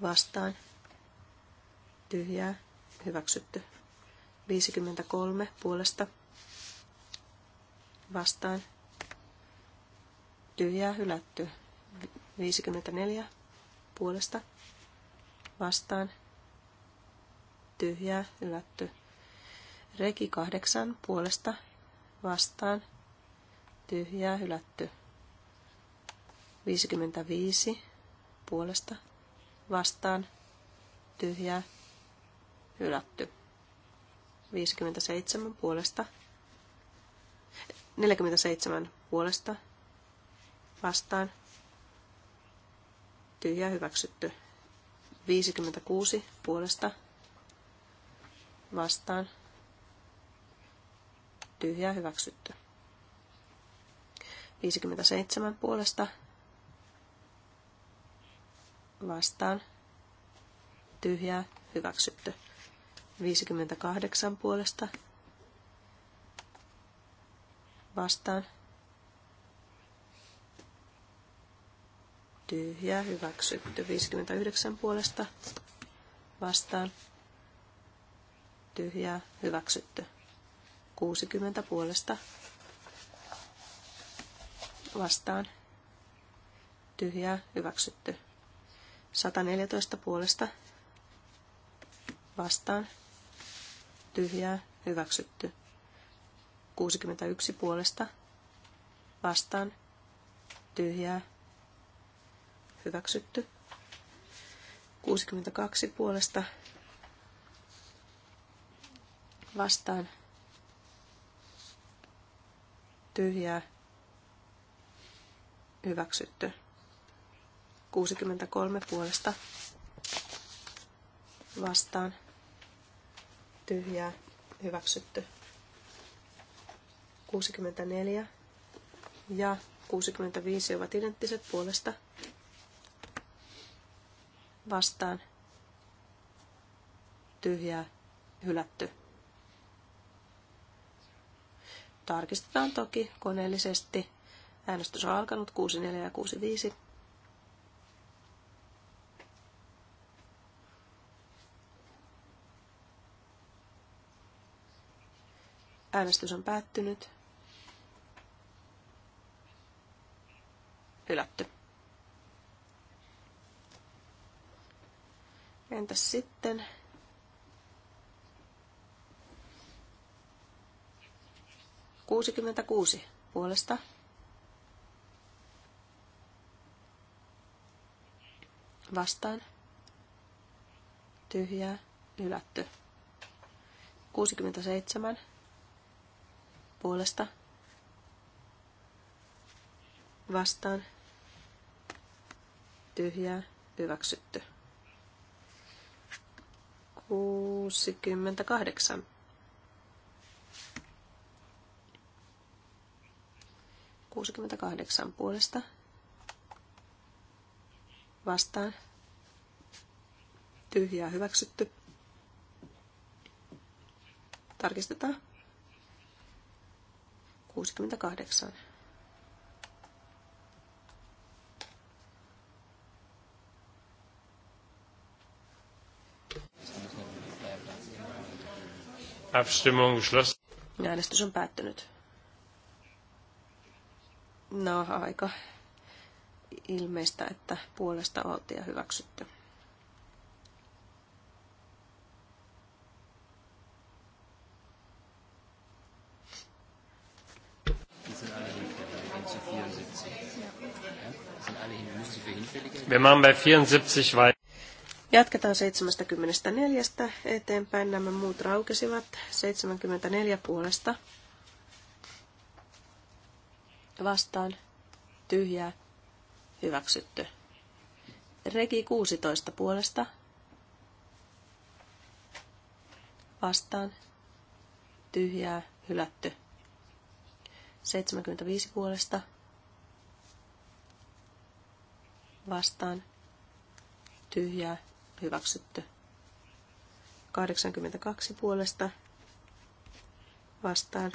vastaan tyhjää hyväksytty. 53 puolesta vastaan tyhjää hylätty. 54 puolesta vastaan tyhjää hylätty. Reki 8 puolesta vastaan tyhjää hylätty. 55 puolesta vastaan tyhjää hylätty. 57 puolesta 47 puolesta vastaan ja hyväksytty. 56 puolesta vastaan tyhjä hyväksytty. 57 puolesta vastaan tyhjä hyväksytty. 58 puolesta vastaan tyhjää hyväksytty. 59 puolesta vastaan tyhjää hyväksytty. 60 puolesta vastaan tyhjää hyväksytty. 114 puolesta vastaan tyhjää hyväksytty. 61 puolesta vastaan tyhjää hyväksytty. 62 puolesta vastaan tyhjää hyväksytty. 63 puolesta vastaan tyhjää hyväksytty. 64 ja 65 ovat identtiset puolesta vastaan tyhjä hylätty. Tarkistetaan toki koneellisesti. Äänestys on alkanut 64 ja 65. Äänestys on päättynyt. Hylätty. Entäs sitten? kuusi puolesta. Vastaan. Tyhjää. Hylätty. seitsemän puolesta vastaan tyhjää hyväksytty. 68. Kuusikymmentäkahdeksan puolesta vastaan. Tyhjää hyväksytty. Tarkistetaan. 68. Abstimmung geschlossen. Äänestys on päättynyt. No, aika ilmeistä, että puolesta oltiin hyväksytty. Wir machen bei 74 weiter. Jatketaan 74 eteenpäin. Nämä muut raukesivat 74 puolesta. Vastaan tyhjää hyväksytty. Regi 16 puolesta. Vastaan tyhjää hylätty. 75 puolesta. Vastaan tyhjää hyväksytty. 82 puolesta vastaan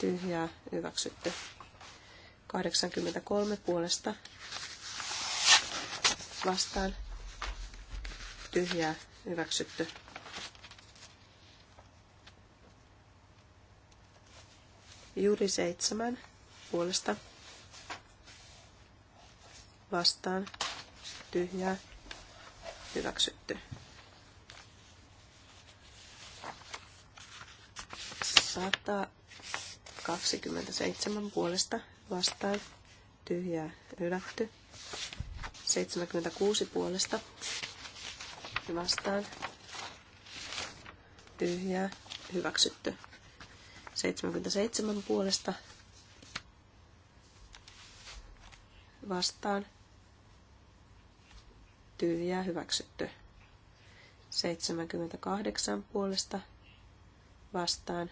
tyhjää hyväksytty. 83 puolesta vastaan tyhjää hyväksytty. Juuri seitsemän puolesta vastaan tyhjää hyväksytty. Sata 27 puolesta vastaan tyhjää hylätty. 76 puolesta vastaan tyhjää hyväksytty. 77 puolesta vastaan tyhjää hyväksytty. 78 puolesta vastaan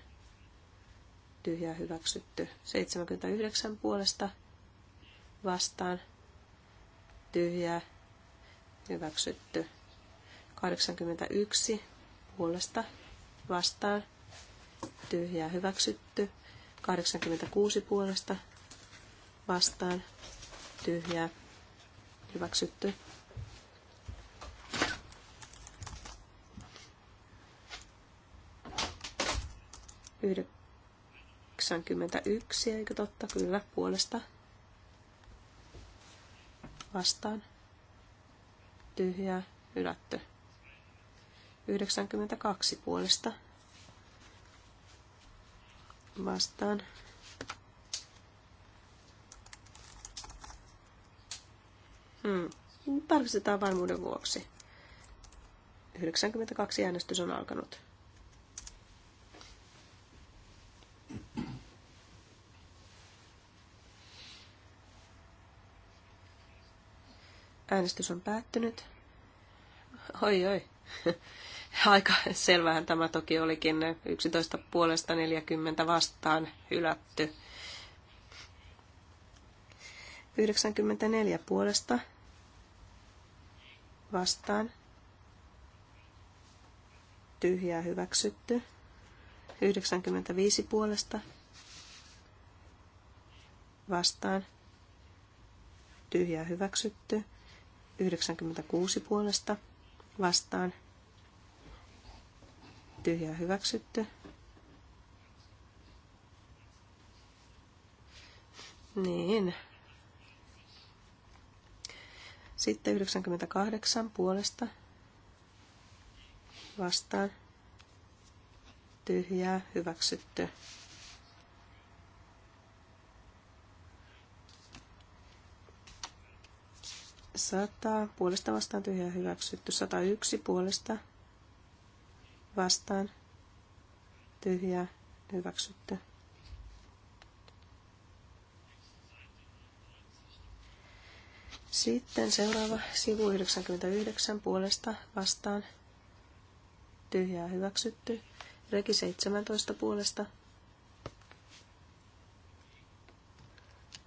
tyhjää hyväksytty. 79 puolesta vastaan tyhjää hyväksytty. 81 puolesta vastaan tyhjää hyväksytty. 86 puolesta vastaan tyhjää hyväksytty. 91, eikö totta? Kyllä, puolesta. Vastaan. Tyhjä, hylätty. 92 puolesta. Vastaan. Hmm. Tarkistetaan varmuuden vuoksi. 92 äänestys on alkanut. Äänestys on päättynyt. Oi, oi. Aika selvähän tämä toki olikin. 11 puolesta 40 vastaan hylätty. 94 puolesta vastaan. Tyhjää hyväksytty. 95 puolesta vastaan. Tyhjää hyväksytty. 96 puolesta vastaan. tyhjä hyväksytty. Niin. Sitten 98 puolesta vastaan. Tyhjää hyväksytty. Niin. 100 puolesta vastaan tyhjä hyväksytty. 101 puolesta vastaan tyhjä hyväksytty. Sitten seuraava sivu 99 puolesta vastaan tyhjää hyväksytty. Reki 17 puolesta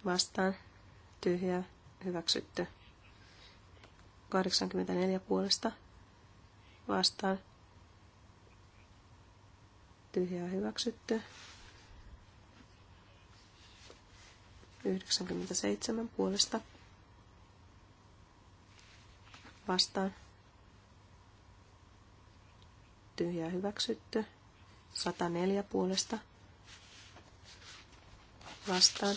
vastaan tyhjää hyväksytty. 84 puolesta vastaan. Tyhjää hyväksytty. 97 puolesta vastaan. Tyhjää hyväksytty. 104 puolesta vastaan.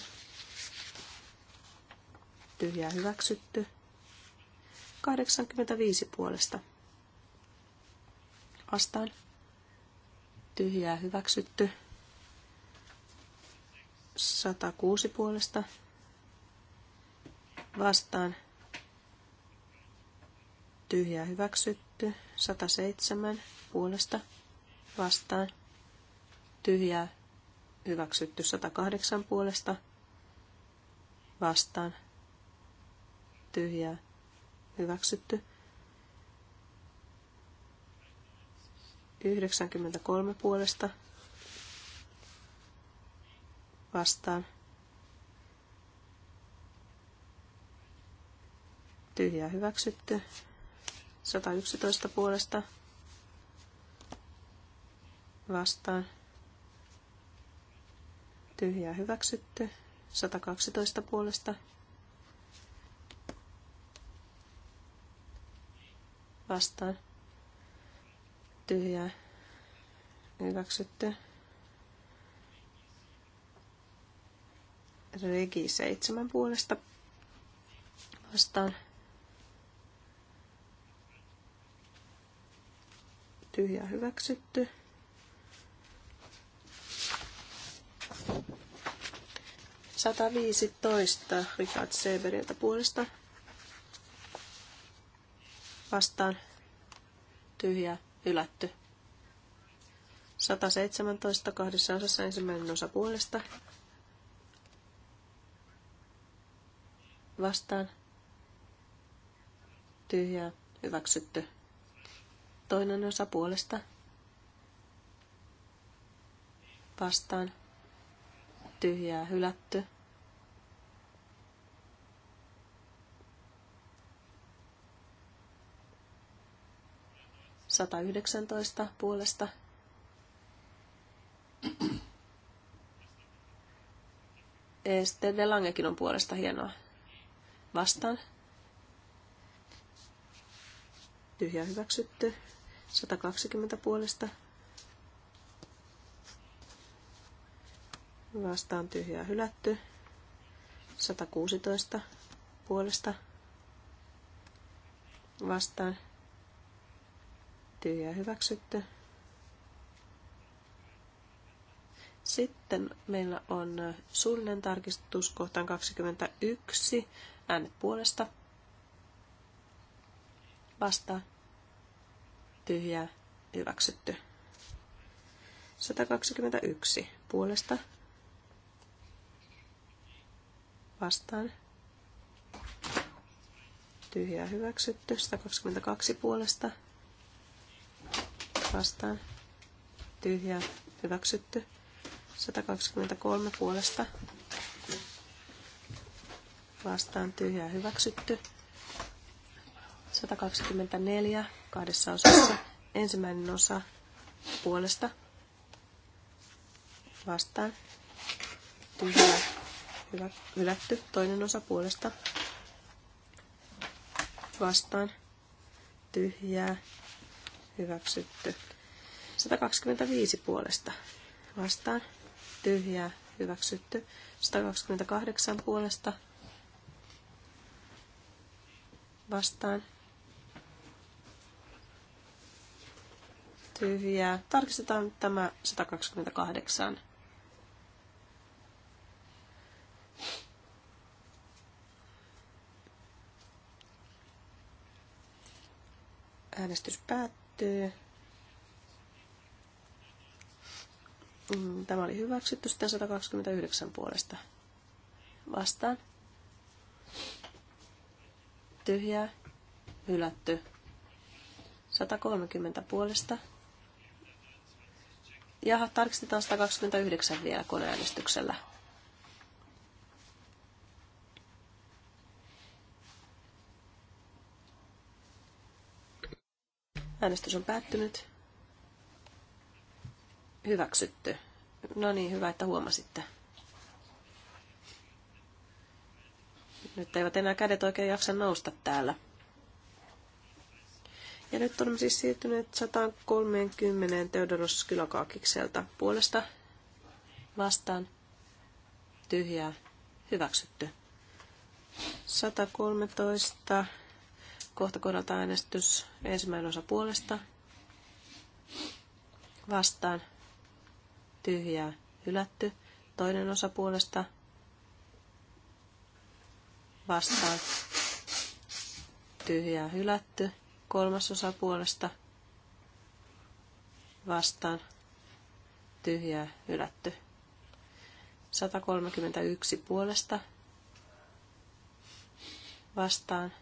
Tyhjää hyväksytty. 85 puolesta. Vastaan. Tyhjää hyväksytty. 106 puolesta. Vastaan. Tyhjää hyväksytty. 107 puolesta. Vastaan. Tyhjää hyväksytty. 108 puolesta. Vastaan. Tyhjää hyväksytty. 93 puolesta vastaan. Tyhjää hyväksytty. 111 puolesta vastaan. Tyhjää hyväksytty. 112 puolesta vastaan vastaan. Tyhjää. Hyväksytty. Regi 7 puolesta vastaan. Tyhjä hyväksytty. Sata viisitoista Richard Severiltä puolesta vastaan tyhjää hylätty. 117 kahdessa osassa ensimmäinen osa puolesta vastaan tyhjää hyväksytty. Toinen osa puolesta vastaan tyhjää hylätty. 119 puolesta Sitten De Langekin on puolesta hienoa. Vastaan. Tyhjä hyväksytty. 120 puolesta. Vastaan tyhjä hylätty. 116 puolesta. Vastaan ja hyväksytty. Sitten meillä on suullinen tarkistus kohtaan 21, äänet puolesta. Vasta, tyhjä hyväksytty. 121 puolesta. Vastaan. tyhjä hyväksytty. 122 puolesta vastaan tyhjä hyväksytty. 123 puolesta vastaan tyhjä hyväksytty. 124 kahdessa osassa. Ensimmäinen osa puolesta vastaan tyhjä hyvä, hylätty. Toinen osa puolesta vastaan tyhjää hyväksytty. 125 puolesta vastaan, tyhjää, hyväksytty. 128 puolesta vastaan, tyhjää. Tarkistetaan tämä 128 Äänestys päättyy. Mm, tämä oli hyväksytty sitten 129 puolesta. Vastaan. Tyhjä, Hylätty. 130 puolesta. Ja tarkistetaan 129 vielä koneäänestyksellä. Äänestys on päättynyt. Hyväksytty. No niin, hyvä, että huomasitte. Nyt eivät enää kädet oikein jaksa nousta täällä. Ja nyt olemme siis siirtyneet 130 Teodoros Kylokaakikselta puolesta vastaan tyhjää hyväksytty. 113 kohta kohdalta äänestys ensimmäinen osa puolesta. Vastaan. Tyhjää. Hylätty. Toinen osa puolesta. Vastaan. Tyhjää. Hylätty. Kolmas osa puolesta. Vastaan. Tyhjää. Hylätty. 131 puolesta. Vastaan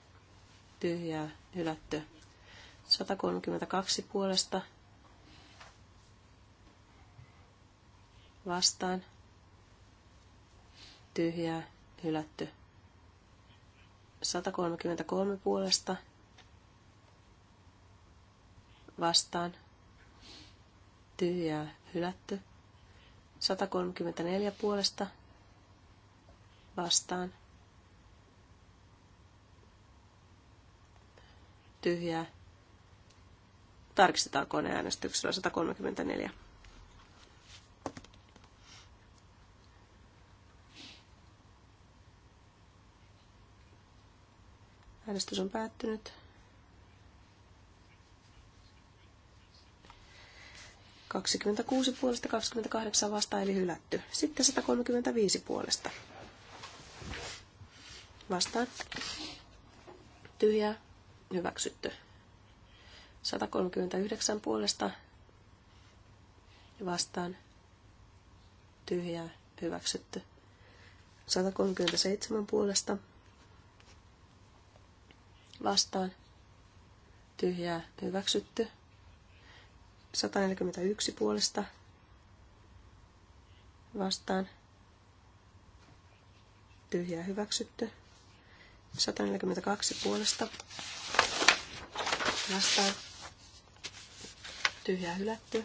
tyhjää hylätty. 132 puolesta vastaan tyhjää hylätty. 133 puolesta vastaan tyhjää hylätty. 134 puolesta vastaan tyhjää. Tarkistetaan koneäänestyksellä 134. Äänestys on päättynyt. 26 puolesta 28 vasta eli hylätty. Sitten 135 puolesta. Vastaan. Tyhjää hyväksytty. 139 puolesta vastaan tyhjää hyväksytty. 137 puolesta vastaan tyhjää hyväksytty. 141 puolesta vastaan tyhjää hyväksytty. 142 puolesta vastaan. Tyhjää hylätty.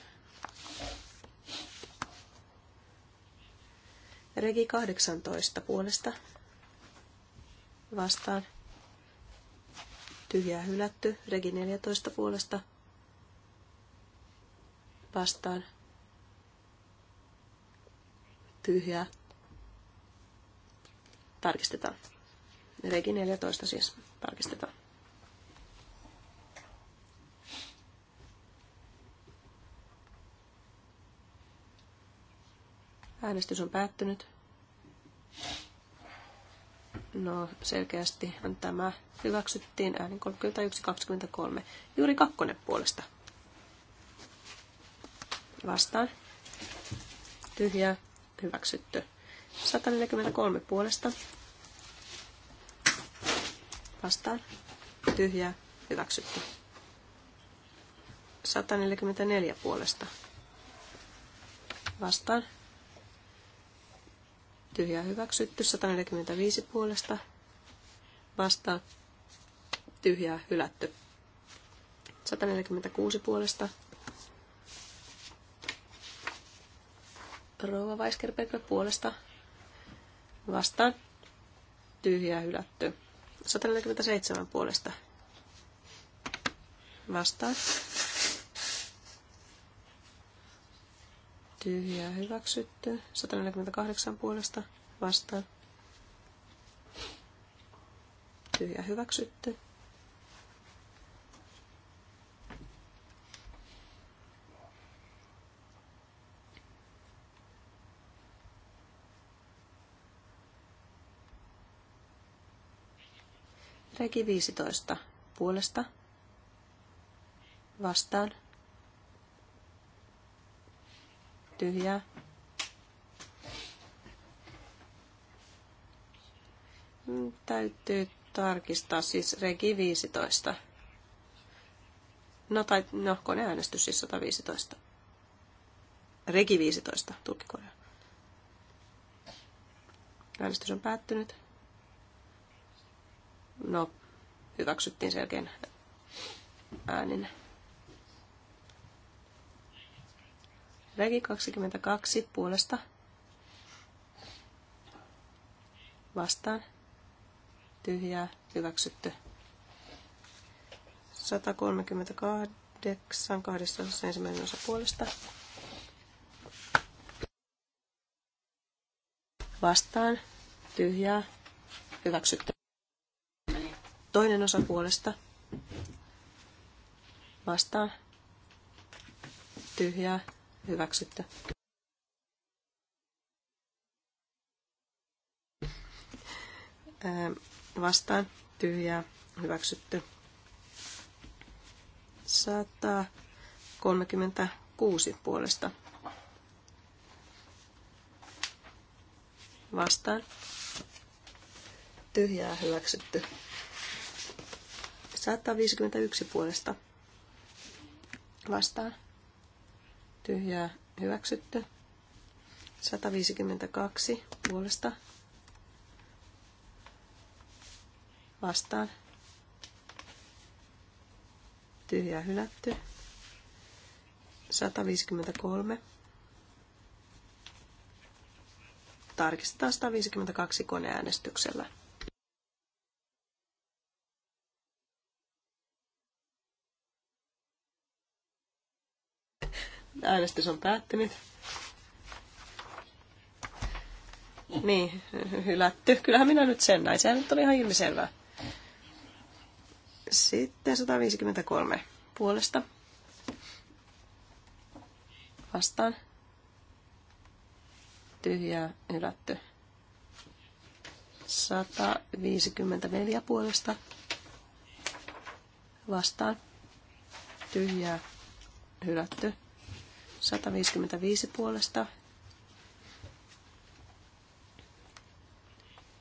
Regi 18 puolesta vastaan. Tyhjää hylätty. Regi 14 puolesta vastaan. Tyhjää. Tarkistetaan. Regi 14 siis tarkistetaan. Äänestys on päättynyt. No selkeästi tämä hyväksyttiin äänin 31.23. Juuri kakkonen puolesta. Vastaan. Tyhjä. Hyväksytty. 143 puolesta vastaan tyhjää hyväksytty. 144 puolesta vastaan tyhjää hyväksytty. 145 puolesta vastaan tyhjää hylätty. 146 puolesta Rouva Weisgerberg puolesta vastaan tyhjää hylätty. 147 puolesta vastaan. Tyhjää hyväksytty. 148 puolesta vastaan. Tyhjää hyväksytty. Regi 15 puolesta vastaan. Tyhjää. Täytyy tarkistaa siis Regi 15. No tai no, koneäänestys siis 115. Regi 15 tulkikorjaa. Äänestys on päättynyt. No, hyväksyttiin selkeän äänin. Regi 22 puolesta. Vastaan. Tyhjää. Hyväksytty. 138 kahdessa osassa ensimmäinen osa puolesta. Vastaan. Tyhjää. Hyväksytty. Toinen osa puolesta vastaan tyhjää hyväksyttä Vastaan tyhjää hyväksytty. 136 puolesta vastaan. Tyhjää hyväksytty. Saattaa 51 puolesta vastaan. Tyhjää hyväksytty. 152 puolesta vastaan. Tyhjää hylätty. 153. Tarkistetaan 152 koneäänestyksellä. Äänestys on päättynyt. Niin, hylätty. Kyllähän minä nyt sen näin. Sehän nyt oli ihan ilmiselvää. Sitten 153 puolesta. Vastaan. Tyhjää, hylätty. 154 puolesta. Vastaan. Tyhjää, hylätty. 155 puolesta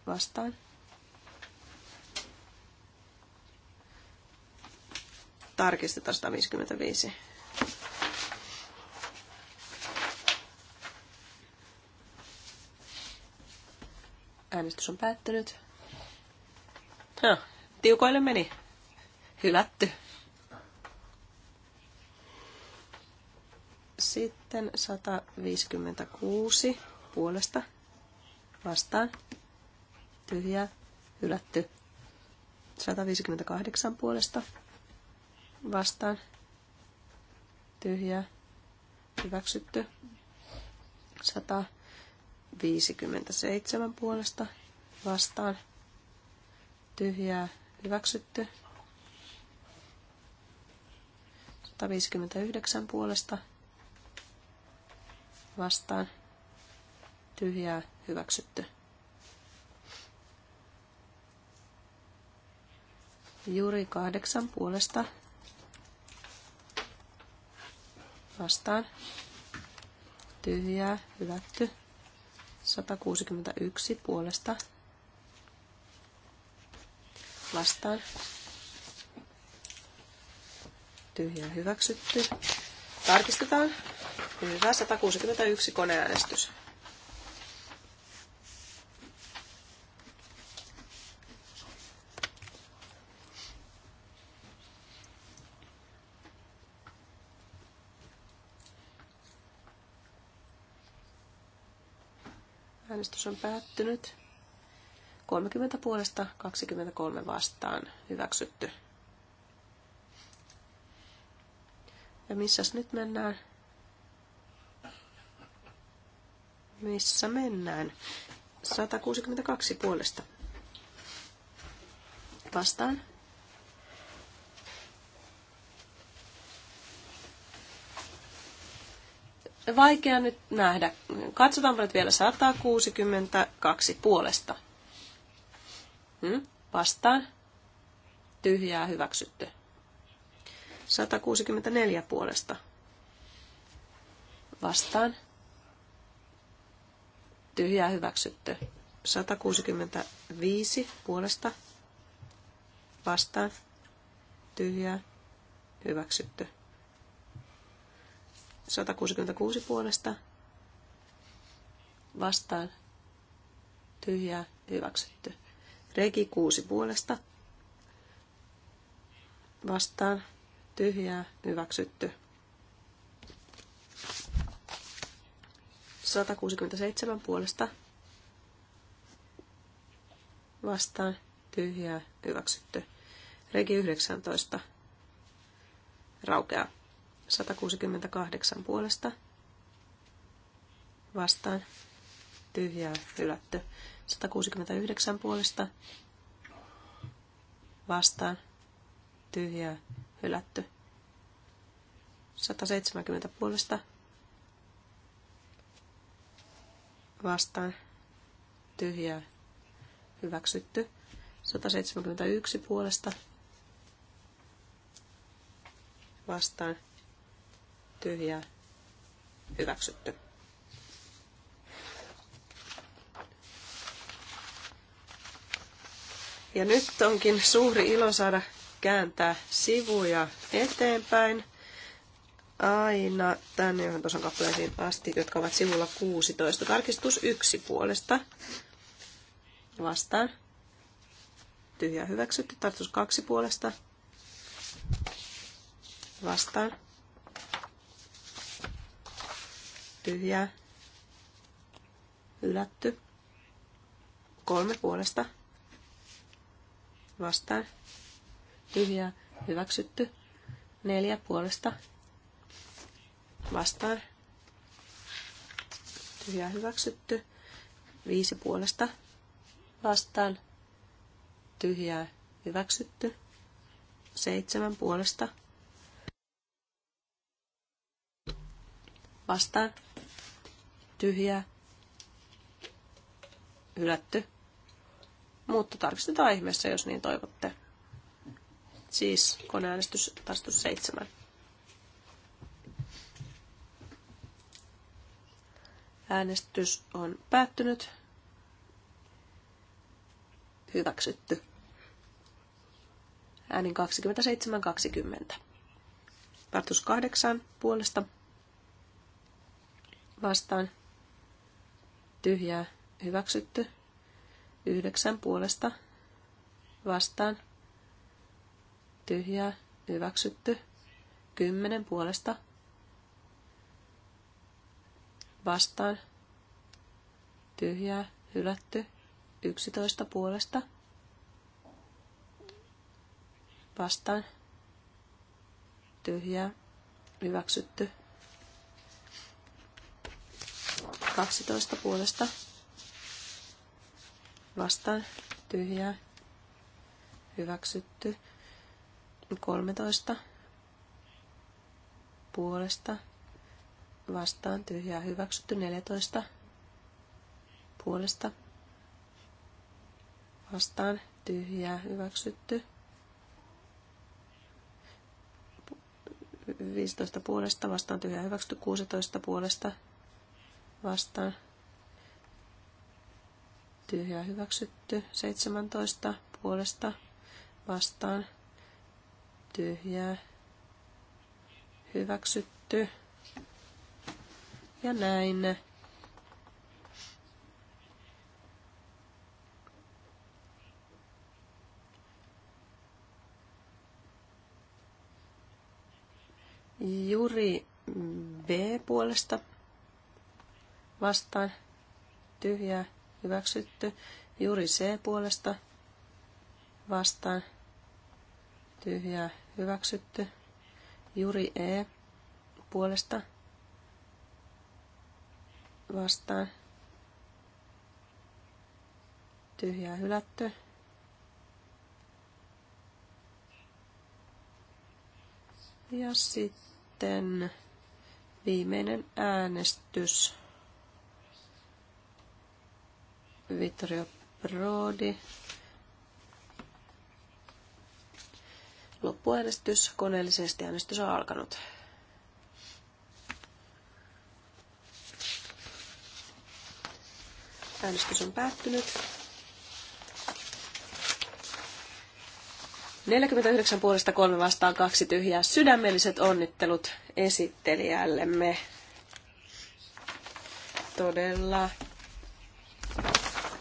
vastaan. Tarkistetaan 155. Äänestys on päättynyt. Huh. Tiukoille meni. Hylätty. Sitten 156 puolesta vastaan. Tyhjää, hylätty. 158 puolesta vastaan. Tyhjää, hyväksytty. 157 puolesta vastaan. Tyhjää, hyväksytty. 159 puolesta vastaan vastaan tyhjää hyväksytty. Juuri kahdeksan puolesta vastaan tyhjää hylätty. 161 puolesta vastaan tyhjää hyväksytty. Tarkistetaan. Hyvä, 161 koneäänestys. Äänestys on päättynyt. 30 puolesta 23 vastaan hyväksytty. Ja missäs nyt mennään? missä mennään. 162 puolesta. Vastaan. Vaikea nyt nähdä. Katsotaanpa nyt vielä 162 puolesta. Hmm? Vastaan. Tyhjää hyväksytty. 164 puolesta. Vastaan tyhjää hyväksytty. 165 puolesta vastaan tyhjää hyväksytty. 166 puolesta vastaan tyhjää hyväksytty. Regi 6 puolesta vastaan tyhjää hyväksytty. 167 puolesta vastaan tyhjää hyväksytty. Reiki 19 raukeaa 168 puolesta vastaan tyhjää hylätty. 169 puolesta vastaan tyhjää hylätty. 170 puolesta vastaan tyhjää hyväksytty. 171 puolesta vastaan tyhjää hyväksytty. Ja nyt onkin suuri ilo saada kääntää sivuja eteenpäin aina tänne johon tuossa kappaleisiin asti, jotka ovat sivulla 16. Tarkistus yksi puolesta. Vastaan. Tyhjä hyväksytty. Tarkistus kaksi puolesta. Vastaan. Tyhjä. Ylätty. Kolme puolesta. Vastaan. Tyhjä. Hyväksytty. Neljä puolesta vastaan. Tyhjää hyväksytty. Viisi puolesta vastaan. Tyhjää hyväksytty. Seitsemän puolesta vastaan. Tyhjää hylätty. Mutta tarkistetaan ihmeessä, jos niin toivotte. Siis koneäänestys tarkistus seitsemän. Äänestys on päättynyt. Hyväksytty. Äänin 27-20. Päätös 8 puolesta. Vastaan. Tyhjää. Hyväksytty. 9 puolesta. Vastaan. Tyhjää. Hyväksytty. 10 puolesta vastaan, tyhjää, hylätty, 11 puolesta, vastaan, tyhjää, hyväksytty, 12 puolesta, vastaan, tyhjää, hyväksytty, 13 puolesta, vastaan tyhjää hyväksytty 14 puolesta vastaan tyhjää hyväksytty 15 puolesta vastaan tyhjää hyväksytty 16 puolesta vastaan tyhjää hyväksytty 17 puolesta vastaan tyhjää hyväksytty ja näin. Juri B puolesta vastaan tyhjää hyväksytty. Juri C puolesta vastaan tyhjää hyväksytty. Juri E puolesta vastaan. Tyhjää hylätty. Ja sitten viimeinen äänestys. Vittorio Brodi. Loppuäänestys koneellisesti. Äänestys on alkanut. Äänestys on päättynyt. 49 puolesta kolme vastaan kaksi tyhjää. Sydämelliset onnittelut esittelijällemme. Todella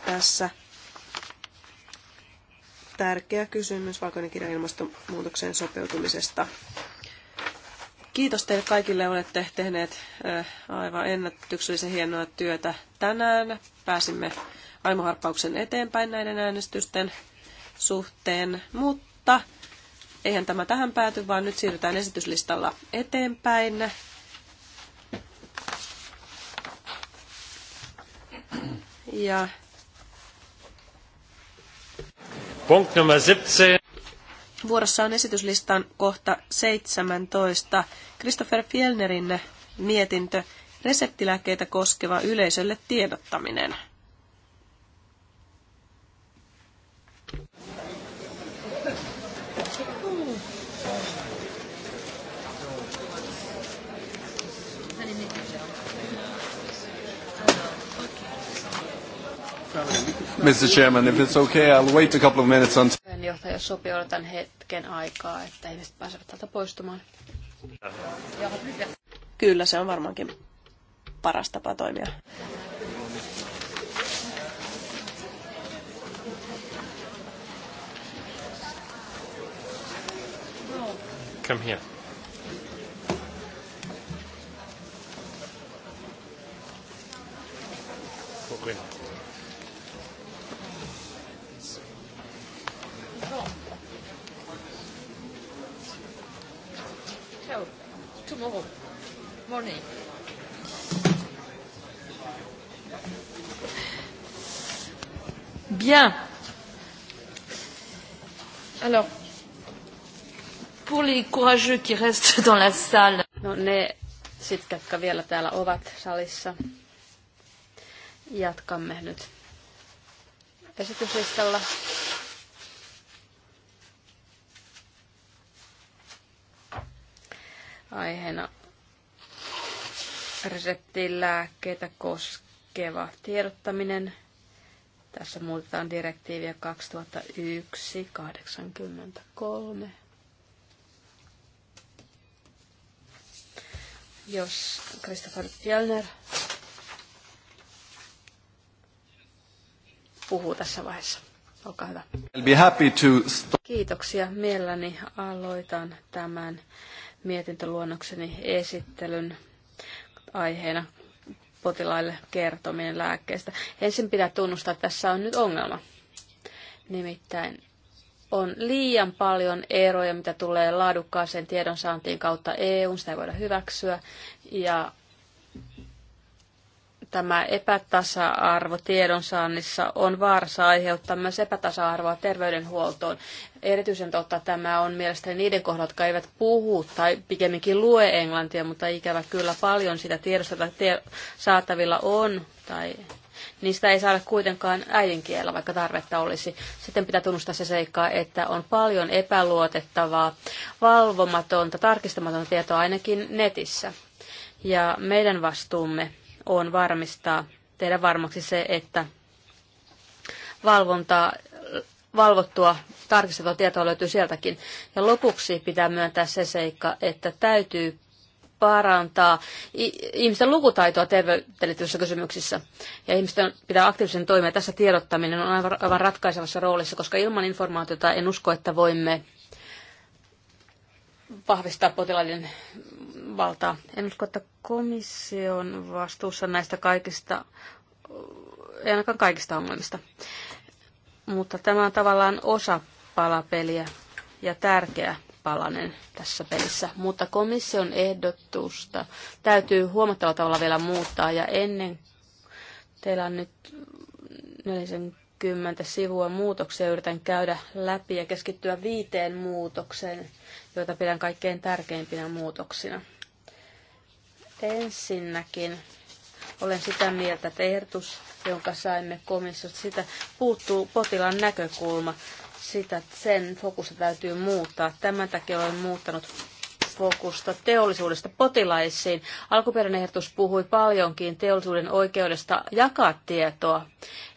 tässä tärkeä kysymys valkoinen kirja ilmastonmuutokseen sopeutumisesta. Kiitos teille kaikille, olette tehneet aivan ennätyksellisen hienoa työtä tänään. Pääsimme aimoharppauksen eteenpäin näiden äänestysten suhteen, mutta eihän tämä tähän pääty, vaan nyt siirrytään esityslistalla eteenpäin. Ja Punkt nummer 17. Vuorossa on esityslistan kohta 17. Christopher Fjellnerin mietintö Reseptilääkkeitä koskeva yleisölle tiedottaminen. Mr. Chairman, if it's okay, I'll wait a couple of minutes until puheenjohtaja, jos sopii, odotan hetken aikaa, että ihmiset pääsevät täältä poistumaan. Kyllä, se on varmaankin paras tapa toimia. Come here. Go So, tomorrow morning. Bien. Alors, pour les courageux qui restent dans la salle. No ne sit, jotka vielä täällä ovat salissa, jatkamme nyt esityslistalla. Aiheena lääkkeitä koskeva tiedottaminen. Tässä muutetaan direktiiviä 2001-83. Jos Christopher Fjellner puhuu tässä vaiheessa. Olkaa hyvä. Kiitoksia. Mielelläni aloitan tämän mietintöluonnokseni esittelyn aiheena potilaille kertominen lääkkeestä. Ensin pitää tunnustaa, että tässä on nyt ongelma. Nimittäin on liian paljon eroja, mitä tulee laadukkaaseen tiedonsaantiin kautta EUn, sitä ei voida hyväksyä, ja Tämä epätasa-arvo tiedonsaannissa on vaarassa aiheuttaa myös epätasa-arvoa terveydenhuoltoon. Erityisen totta tämä on mielestäni niiden kohdalla, jotka eivät puhu tai pikemminkin lue englantia, mutta ikävä kyllä paljon sitä tiedosta jota saatavilla on tai niistä ei saada kuitenkaan äidinkielellä, vaikka tarvetta olisi. Sitten pitää tunnustaa se seikka, että on paljon epäluotettavaa, valvomatonta, tarkistamatonta tietoa ainakin netissä. Ja meidän vastuumme on varmistaa, tehdä varmaksi se, että valvontaa, valvottua tarkistettua tietoa löytyy sieltäkin. Ja lopuksi pitää myöntää se seikka, että täytyy parantaa ihmisten lukutaitoa terveydellisissä kysymyksissä. Ja ihmisten pitää aktiivisen toimia. Tässä tiedottaminen on aivan ratkaisevassa roolissa, koska ilman informaatiota en usko, että voimme vahvistaa potilaiden valtaa. En usko, että komissio on vastuussa näistä kaikista, ei ainakaan kaikista ongelmista. Mutta tämä on tavallaan osa palapeliä ja tärkeä palanen tässä pelissä. Mutta komission ehdotusta täytyy huomattavalla tavalla vielä muuttaa ja ennen teillä on nyt 20 sivua muutoksia yritän käydä läpi ja keskittyä viiteen muutokseen, joita pidän kaikkein tärkeimpinä muutoksina. Ensinnäkin olen sitä mieltä, että ehdotus, jonka saimme komissiosta, sitä puuttuu potilaan näkökulma. Sitä, sen fokusta täytyy muuttaa. Tämän takia olen muuttanut fokusta teollisuudesta potilaisiin. Alkuperäinen ehdotus puhui paljonkin teollisuuden oikeudesta jakaa tietoa,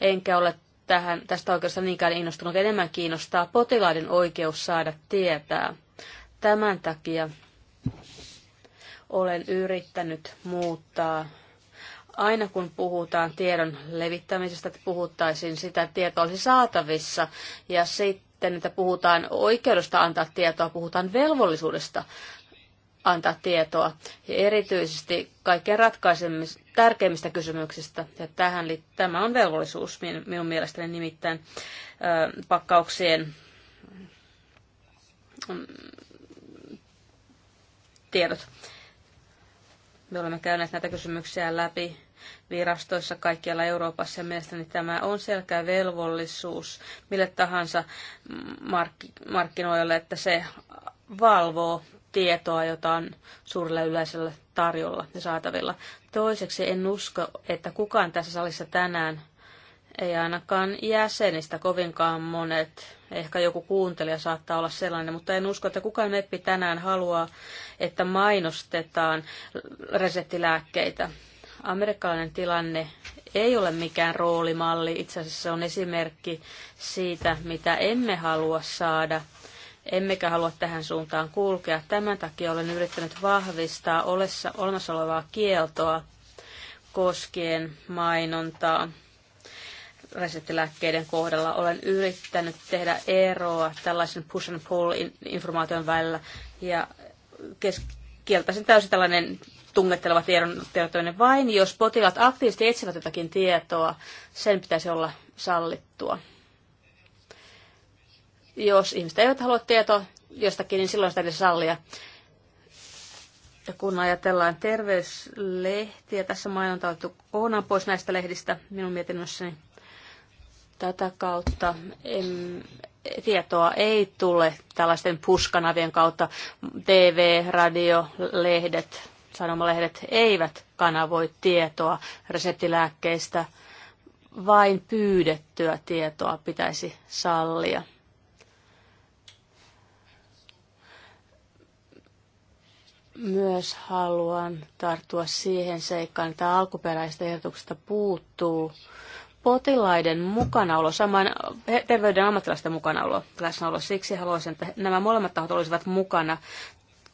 enkä ole tähän, tästä oikeastaan niinkään innostunut. Enemmän kiinnostaa potilaiden oikeus saada tietää. Tämän takia olen yrittänyt muuttaa. Aina kun puhutaan tiedon levittämisestä, että puhuttaisiin sitä, että tietoa olisi saatavissa ja sitten, että puhutaan oikeudesta antaa tietoa, puhutaan velvollisuudesta antaa tietoa. Ja erityisesti kaikkein tärkeimmistä kysymyksistä. Ja tähän, tämä on velvollisuus minun mielestäni nimittäin ö, pakkauksien mm, tiedot. Me olemme käyneet näitä kysymyksiä läpi virastoissa kaikkialla Euroopassa ja mielestäni tämä on selkeä velvollisuus mille tahansa mark- markkinoille, että se valvoo tietoa, jota on suurella yleisöllä tarjolla ja saatavilla. Toiseksi en usko, että kukaan tässä salissa tänään, ei ainakaan jäsenistä kovinkaan monet, ehkä joku kuuntelija saattaa olla sellainen, mutta en usko, että kukaan meppi tänään haluaa, että mainostetaan reseptilääkkeitä. Amerikkalainen tilanne ei ole mikään roolimalli, itse asiassa se on esimerkki siitä, mitä emme halua saada – emmekä halua tähän suuntaan kulkea. Tämän takia olen yrittänyt vahvistaa olessa, olemassa olevaa kieltoa koskien mainontaa reseptilääkkeiden kohdalla. Olen yrittänyt tehdä eroa tällaisen push and pull informaation välillä ja kes- kieltäisin täysin tällainen tungetteleva tiedon, vain, jos potilaat aktiivisesti etsivät jotakin tietoa, sen pitäisi olla sallittua. Jos ihmiset eivät halua tietoa jostakin, niin silloin sitä ei sallia. Ja kun ajatellaan terveyslehtiä, tässä mainonta on kokonaan pois näistä lehdistä minun mietinnössäni. Tätä kautta en, tietoa ei tule tällaisten puskanavien kautta. TV, radio, lehdet, sanomalehdet eivät kanavoi tietoa reseptilääkkeistä. Vain pyydettyä tietoa pitäisi sallia. Myös haluan tarttua siihen seikkaan, että alkuperäisestä ehdotuksesta puuttuu potilaiden mukanaolo, saman terveyden ammattilaisten mukanaolo, läsnäolo. Siksi haluaisin, että nämä molemmat tahot olisivat mukana,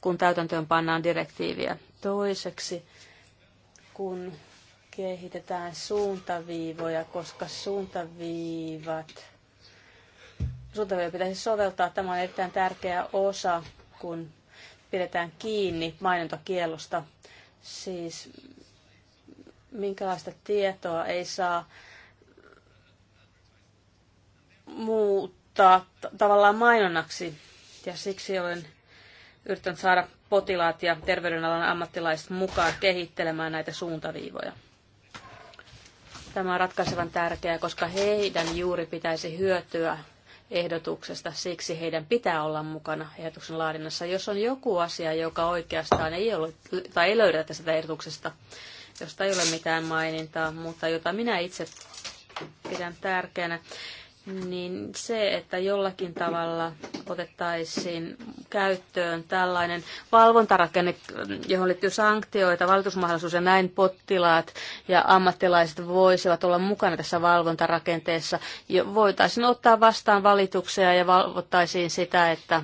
kun täytäntöön pannaan direktiiviä. Toiseksi, kun kehitetään suuntaviivoja, koska suuntaviivat, suuntaviivoja pitäisi soveltaa. Tämä on erittäin tärkeä osa, kun pidetään kiinni mainontakielosta. Siis minkälaista tietoa ei saa muuttaa tavallaan mainonnaksi. Ja siksi olen yrittänyt saada potilaat ja terveydenalan ammattilaiset mukaan kehittelemään näitä suuntaviivoja. Tämä on ratkaisevan tärkeää, koska heidän juuri pitäisi hyötyä ehdotuksesta, siksi heidän pitää olla mukana ehdotuksen laadinnassa. Jos on joku asia, joka oikeastaan ei, ole, tai ei löydä tästä ehdotuksesta, josta ei ole mitään mainintaa, mutta jota minä itse pidän tärkeänä, niin se, että jollakin tavalla otettaisiin käyttöön tällainen valvontarakenne, johon liittyy sanktioita, valitusmahdollisuus ja näin pottilaat ja ammattilaiset voisivat olla mukana tässä valvontarakenteessa. Voitaisiin ottaa vastaan valituksia ja valvottaisiin sitä, että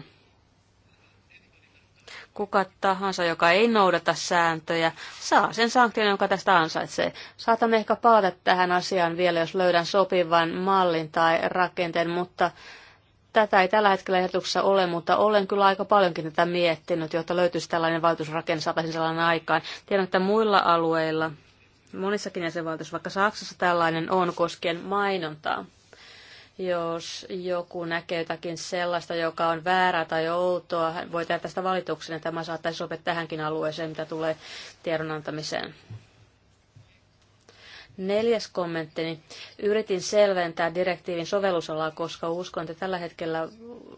kuka tahansa, joka ei noudata sääntöjä, saa sen sanktion, joka tästä ansaitsee. Saatamme ehkä palata tähän asiaan vielä, jos löydän sopivan mallin tai rakenteen, mutta tätä ei tällä hetkellä ehdotuksessa ole, mutta olen kyllä aika paljonkin tätä miettinyt, jotta löytyisi tällainen valitusrakenne saataisiin sellainen aikaan. Tiedän, että muilla alueilla, monissakin jäsenvaltioissa, vaikka Saksassa tällainen on koskien mainontaa, jos joku näkee jotakin sellaista, joka on väärää tai outoa, voi tehdä tästä valituksen, että tämä saattaisi sopia tähänkin alueeseen, mitä tulee tiedonantamiseen. Neljäs kommenttini. Yritin selventää direktiivin sovellusalaa, koska uskon, että tällä hetkellä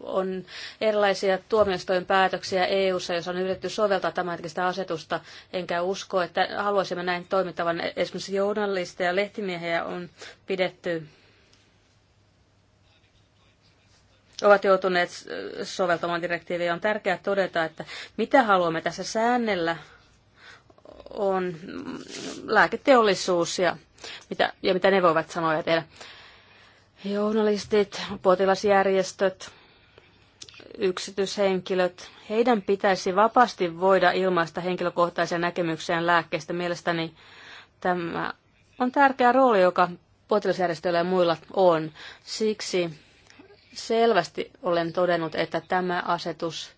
on erilaisia tuomioistuin päätöksiä EU-ssa, jossa on yritetty soveltaa hetkistä asetusta. Enkä usko, että haluaisimme näin toimittavan. Esimerkiksi journalisteja ja lehtimiehiä on pidetty ovat joutuneet soveltamaan direktiiviä. On tärkeää todeta, että mitä haluamme tässä säännellä on lääketeollisuus ja mitä, ja mitä ne voivat sanoa ja tehdä. Journalistit, potilasjärjestöt, yksityishenkilöt, heidän pitäisi vapaasti voida ilmaista henkilökohtaisia näkemyksiään lääkkeistä. Mielestäni tämä on tärkeä rooli, joka potilasjärjestöillä ja muilla on. Siksi Selvästi olen todennut, että tämä asetus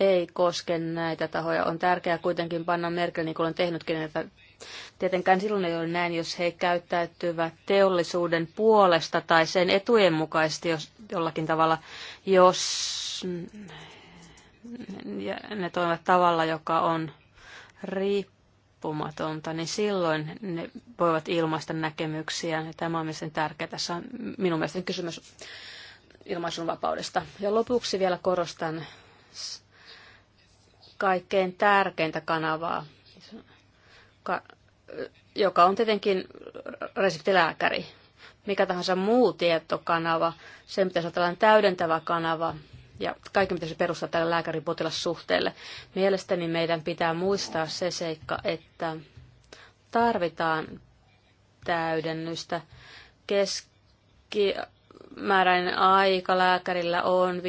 ei koske näitä tahoja. On tärkeää kuitenkin panna merkille, niin kuin olen tehnytkin, että tietenkään silloin ei ole näin, jos he käyttäytyvät teollisuuden puolesta tai sen etujen mukaisesti jos, jollakin tavalla, jos ne toimivat tavalla, joka on riippumatonta, niin silloin ne voivat ilmaista näkemyksiä. Ja tämä on mielestäni tärkeää. Tässä on minun mielestäni kysymys ilmaisunvapaudesta. Ja lopuksi vielä korostan kaikkein tärkeintä kanavaa, joka on tietenkin reseptilääkäri. Mikä tahansa muu tietokanava, sen pitäisi olla tällainen täydentävä kanava, ja kaikki pitäisi perustaa tälle lääkäri Mielestäni meidän pitää muistaa se seikka, että tarvitaan täydennystä. Keski määräinen aika lääkärillä on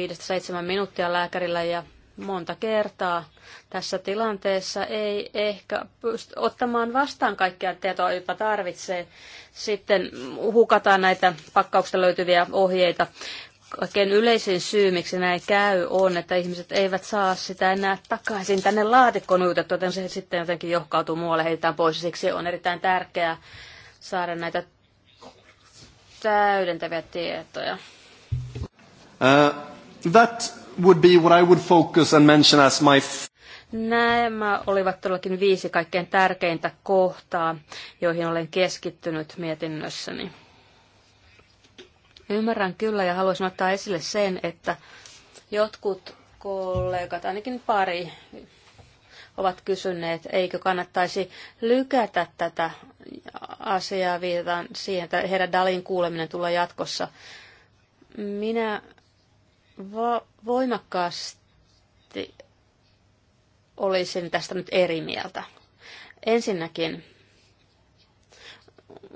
5-7 minuuttia lääkärillä ja monta kertaa tässä tilanteessa ei ehkä pysty ottamaan vastaan kaikkia tietoa, jota tarvitsee. Sitten hukataan näitä pakkauksista löytyviä ohjeita. Kaikkein yleisin syy, miksi näin käy, on, että ihmiset eivät saa sitä enää takaisin tänne laatikkoon ujutettua, joten se sitten jotenkin johkautuu muualle, heitetään pois. Siksi on erittäin tärkeää saada näitä täydentäviä tietoja. Uh, that would be what I would focus and mention as my Nämä olivat todellakin viisi kaikkein tärkeintä kohtaa, joihin olen keskittynyt mietinnössäni. Ymmärrän kyllä ja haluaisin ottaa esille sen, että jotkut kollegat, ainakin pari, ovat kysyneet, eikö kannattaisi lykätä tätä asiaa viitataan siihen, että herra Dalin kuuleminen tulee jatkossa. Minä voimakkaasti olisin tästä nyt eri mieltä. Ensinnäkin,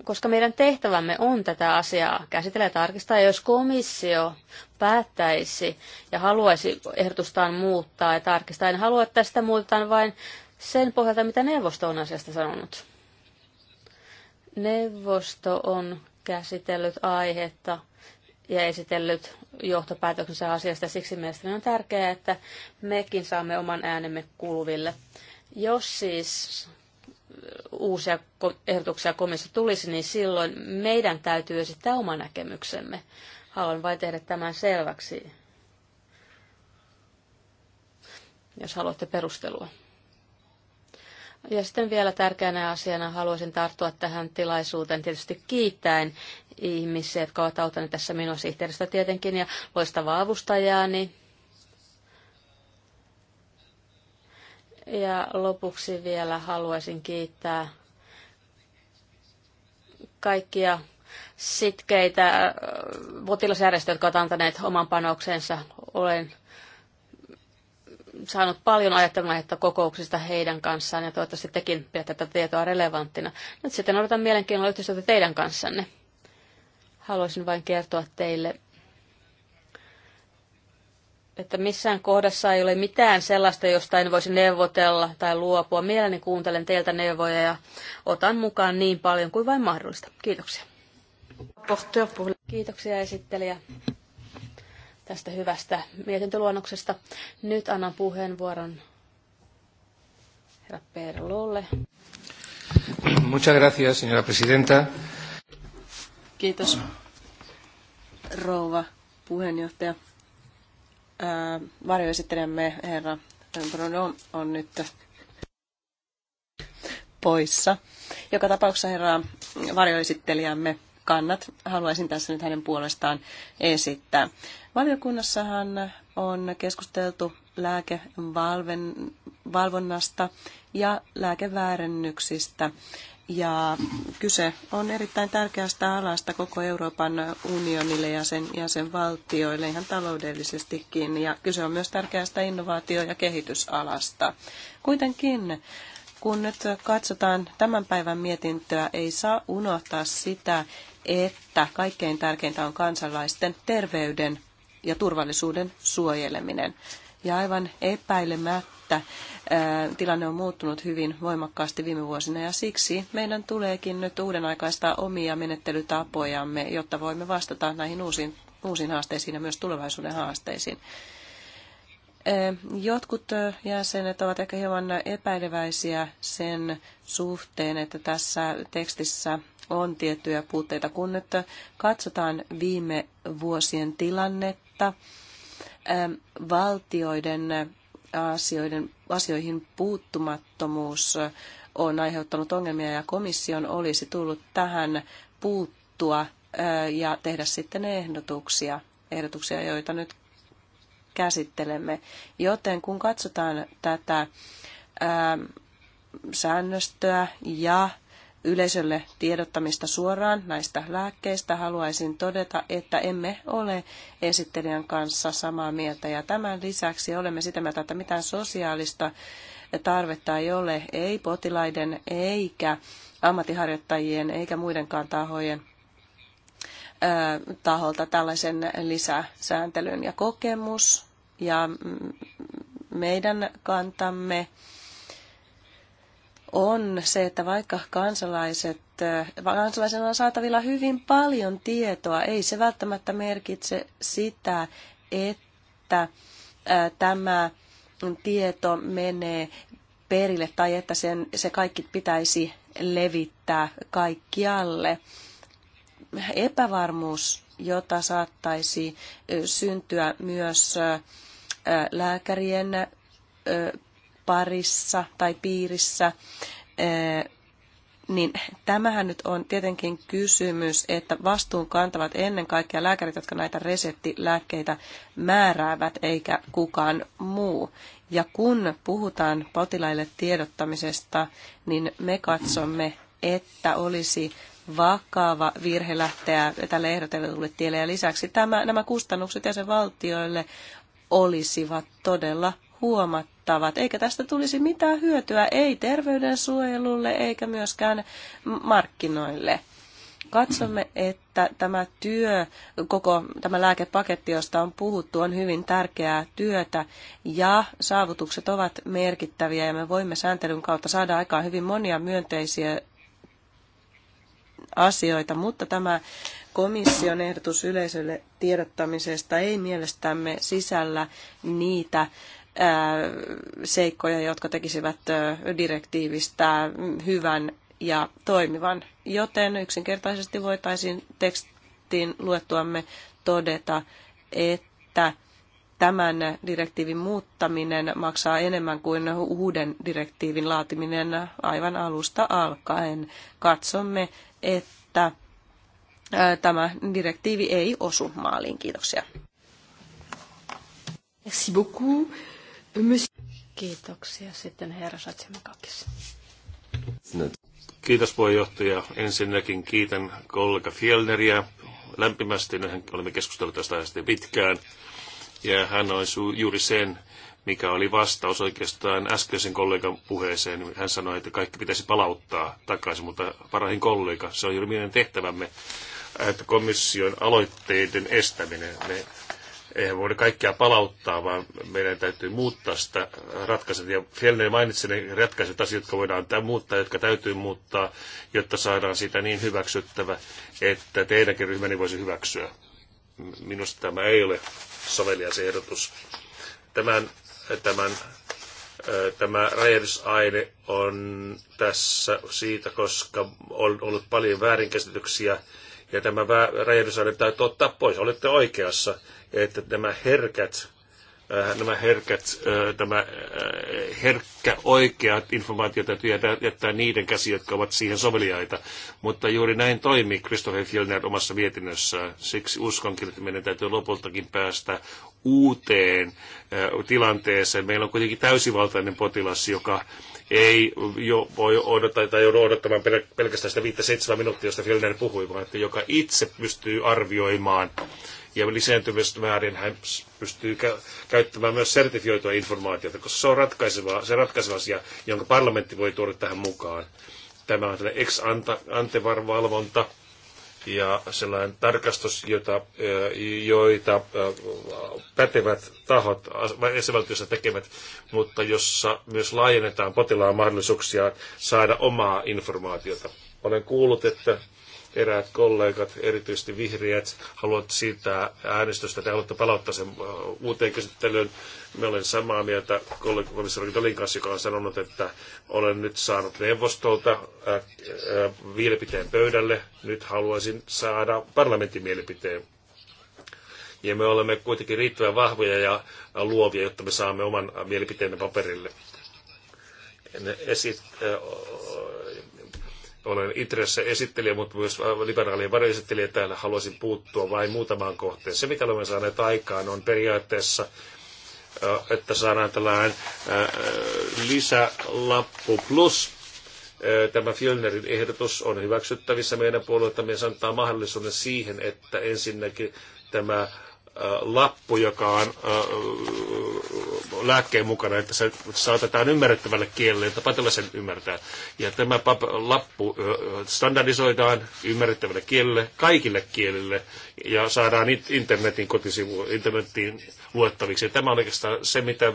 koska meidän tehtävämme on tätä asiaa käsitellä ja tarkistaa, ja jos komissio päättäisi ja haluaisi ehdotustaan muuttaa ja tarkistaa, en halua, että tästä muutetaan vain sen pohjalta, mitä neuvosto on asiasta sanonut. Neuvosto on käsitellyt aihetta ja esitellyt johtopäätöksensä asiasta. Siksi mielestäni on tärkeää, että mekin saamme oman äänemme kuuluville. Jos siis uusia ehdotuksia komissio tulisi, niin silloin meidän täytyy esittää oma näkemyksemme. Haluan vain tehdä tämän selväksi, jos haluatte perustelua. Ja sitten vielä tärkeänä asiana haluaisin tarttua tähän tilaisuuteen tietysti kiittäen ihmisiä, jotka ovat auttaneet tässä minun sihteeristä tietenkin ja loistavaa avustajaani. Ja lopuksi vielä haluaisin kiittää kaikkia sitkeitä äh, potilasjärjestöjä, jotka ovat antaneet oman panoksensa. Olen saanut paljon ajattelun että kokouksista heidän kanssaan ja toivottavasti tekin pidätte tätä tietoa relevanttina. Nyt sitten odotan mielenkiinnolla yhteistyötä teidän kanssanne. Haluaisin vain kertoa teille, että missään kohdassa ei ole mitään sellaista, josta en voisi neuvotella tai luopua. Mielelläni kuuntelen teiltä neuvoja ja otan mukaan niin paljon kuin vain mahdollista. Kiitoksia. Kiitoksia esittelijä tästä hyvästä mietintöluonnoksesta. Nyt annan puheenvuoron herra Perlolle. Muchas gracias, señora presidenta. Kiitos, rouva puheenjohtaja. Varjoesittelemme herra Bruno on nyt poissa. Joka tapauksessa herra varjoesittelijämme kannat haluaisin tässä nyt hänen puolestaan esittää. Valiokunnassahan on keskusteltu lääkevalvonnasta ja lääkeväärennyksistä. Ja kyse on erittäin tärkeästä alasta koko Euroopan unionille ja sen jäsenvaltioille ihan taloudellisestikin. Ja kyse on myös tärkeästä innovaatio- ja kehitysalasta. Kuitenkin, kun nyt katsotaan tämän päivän mietintöä, ei saa unohtaa sitä, että kaikkein tärkeintä on kansalaisten terveyden ja turvallisuuden suojeleminen. Ja aivan epäilemättä tilanne on muuttunut hyvin voimakkaasti viime vuosina ja siksi meidän tuleekin nyt uuden aikaista omia menettelytapojamme, jotta voimme vastata näihin uusiin, uusiin haasteisiin ja myös tulevaisuuden haasteisiin. Jotkut jäsenet ovat ehkä hieman epäileväisiä sen suhteen, että tässä tekstissä on tiettyjä puutteita. Kun nyt katsotaan viime vuosien tilannetta, valtioiden asioiden, asioihin puuttumattomuus on aiheuttanut ongelmia ja komission olisi tullut tähän puuttua ja tehdä sitten ehdotuksia, ehdotuksia joita nyt käsittelemme. Joten kun katsotaan tätä säännöstöä ja yleisölle tiedottamista suoraan näistä lääkkeistä, haluaisin todeta, että emme ole esittelijän kanssa samaa mieltä. Ja tämän lisäksi olemme sitä mieltä, että mitään sosiaalista tarvetta ei ole, ei potilaiden eikä ammattiharjoittajien eikä muidenkaan tahojen taholta tällaisen lisäsääntelyn ja kokemus ja meidän kantamme on se, että vaikka kansalaiset, äh, kansalaisilla on saatavilla hyvin paljon tietoa, ei se välttämättä merkitse sitä, että äh, tämä tieto menee perille tai että sen, se kaikki pitäisi levittää kaikkialle. Epävarmuus, jota saattaisi äh, syntyä myös lääkärien parissa tai piirissä, eh, niin tämähän nyt on tietenkin kysymys, että vastuun kantavat ennen kaikkea lääkärit, jotka näitä reseptilääkkeitä määräävät, eikä kukaan muu. Ja kun puhutaan potilaille tiedottamisesta, niin me katsomme, että olisi vakava virhe lähteä tälle ehdotetulle tielle. Ja lisäksi tämä, nämä kustannukset ja valtioille olisivat todella huomattavia vastaavat, eikä tästä tulisi mitään hyötyä ei terveydensuojelulle eikä myöskään markkinoille. Katsomme, että tämä työ, koko tämä lääkepaketti, josta on puhuttu, on hyvin tärkeää työtä ja saavutukset ovat merkittäviä ja me voimme sääntelyn kautta saada aikaan hyvin monia myönteisiä asioita, mutta tämä komission ehdotus yleisölle tiedottamisesta ei mielestämme sisällä niitä seikkoja, jotka tekisivät direktiivistä hyvän ja toimivan. Joten yksinkertaisesti voitaisiin tekstin luettuamme todeta, että tämän direktiivin muuttaminen maksaa enemmän kuin uuden direktiivin laatiminen aivan alusta alkaen. Katsomme, että tämä direktiivi ei osu maaliin. Kiitoksia. Merci beaucoup. Kiitoksia. Sitten herra Satsimakakis. Kiitos puheenjohtaja. Ensinnäkin kiitän kollega Fjellneriä lämpimästi. Mehän olemme keskustelleet tästä aiheesta pitkään. Ja hän on juuri sen, mikä oli vastaus oikeastaan äskeisen kollegan puheeseen. Hän sanoi, että kaikki pitäisi palauttaa takaisin, mutta parahin kollega, se on juuri meidän tehtävämme, että komission aloitteiden estäminen. Me Eihän voida kaikkea palauttaa, vaan meidän täytyy muuttaa sitä ratkaisut. Ja Fjellner mainitsi ne ratkaisut asiat, jotka voidaan muuttaa, jotka täytyy muuttaa, jotta saadaan sitä niin hyväksyttävä, että teidänkin ryhmäni voisi hyväksyä. Minusta tämä ei ole sovelias ehdotus. Tämän, tämän tämä rajoitusaine on tässä siitä, koska on ollut paljon väärinkäsityksiä ja tämä rajoitusaine täytyy ottaa pois. Olette oikeassa että äh, nämä herkät nämä äh, herkät, tämä äh, herkkä oikeat informaatiot täytyy jättää niiden käsi, jotka ovat siihen soveliaita. Mutta juuri näin toimii Christopher Fjellner omassa mietinnössään. Siksi uskonkin, että meidän täytyy lopultakin päästä uuteen tilanteeseen. Meillä on kuitenkin täysivaltainen potilas, joka ei jo voi odottaa tai joudu odottamaan pelkästään sitä 5-7 minuuttia, josta Fjellner puhui, vaan että joka itse pystyy arvioimaan ja lisääntyvässä määrin hän pystyy käyttämään myös sertifioitua informaatiota, koska se on ratkaiseva, se ratkaiseva asia, jonka parlamentti voi tuoda tähän mukaan. Tämä on tällainen ex ante valvonta ja sellainen tarkastus, jota, joita pätevät tahot esivaltiossa tekevät, mutta jossa myös laajennetaan potilaan mahdollisuuksia saada omaa informaatiota. Olen kuullut, että eräät kollegat, erityisesti vihreät, haluavat siitä äänestystä, te haluatte palauttaa sen äh, uuteen käsittelyyn. Me olen samaa mieltä kollegakomissari Dolin kanssa, joka on sanonut, että olen nyt saanut neuvostolta ää, äh, äh, mielipiteen pöydälle. Nyt haluaisin saada parlamentin mielipiteen. Ja me olemme kuitenkin riittävän vahvoja ja luovia, jotta me saamme oman mielipiteemme paperille. Esit, olen itse esittelijä, mutta myös liberaalien varjoesittelijä täällä. Haluaisin puuttua vain muutamaan kohteen. Se, mitä olemme saaneet aikaan, on periaatteessa että saadaan tällainen lisälappu plus. Tämä Fjölnerin ehdotus on hyväksyttävissä meidän puolelta. Me antaa mahdollisuuden siihen, että ensinnäkin tämä lappu, joka on lääkkeen mukana, että se saatetaan ymmärrettävälle kielelle, että patella sen ymmärtää. Ja tämä pap- lappu standardisoidaan ymmärrettävälle kielelle, kaikille kielille, ja saadaan internetin kotisivu, internetin luettaviksi. Ja tämä on oikeastaan se, mitä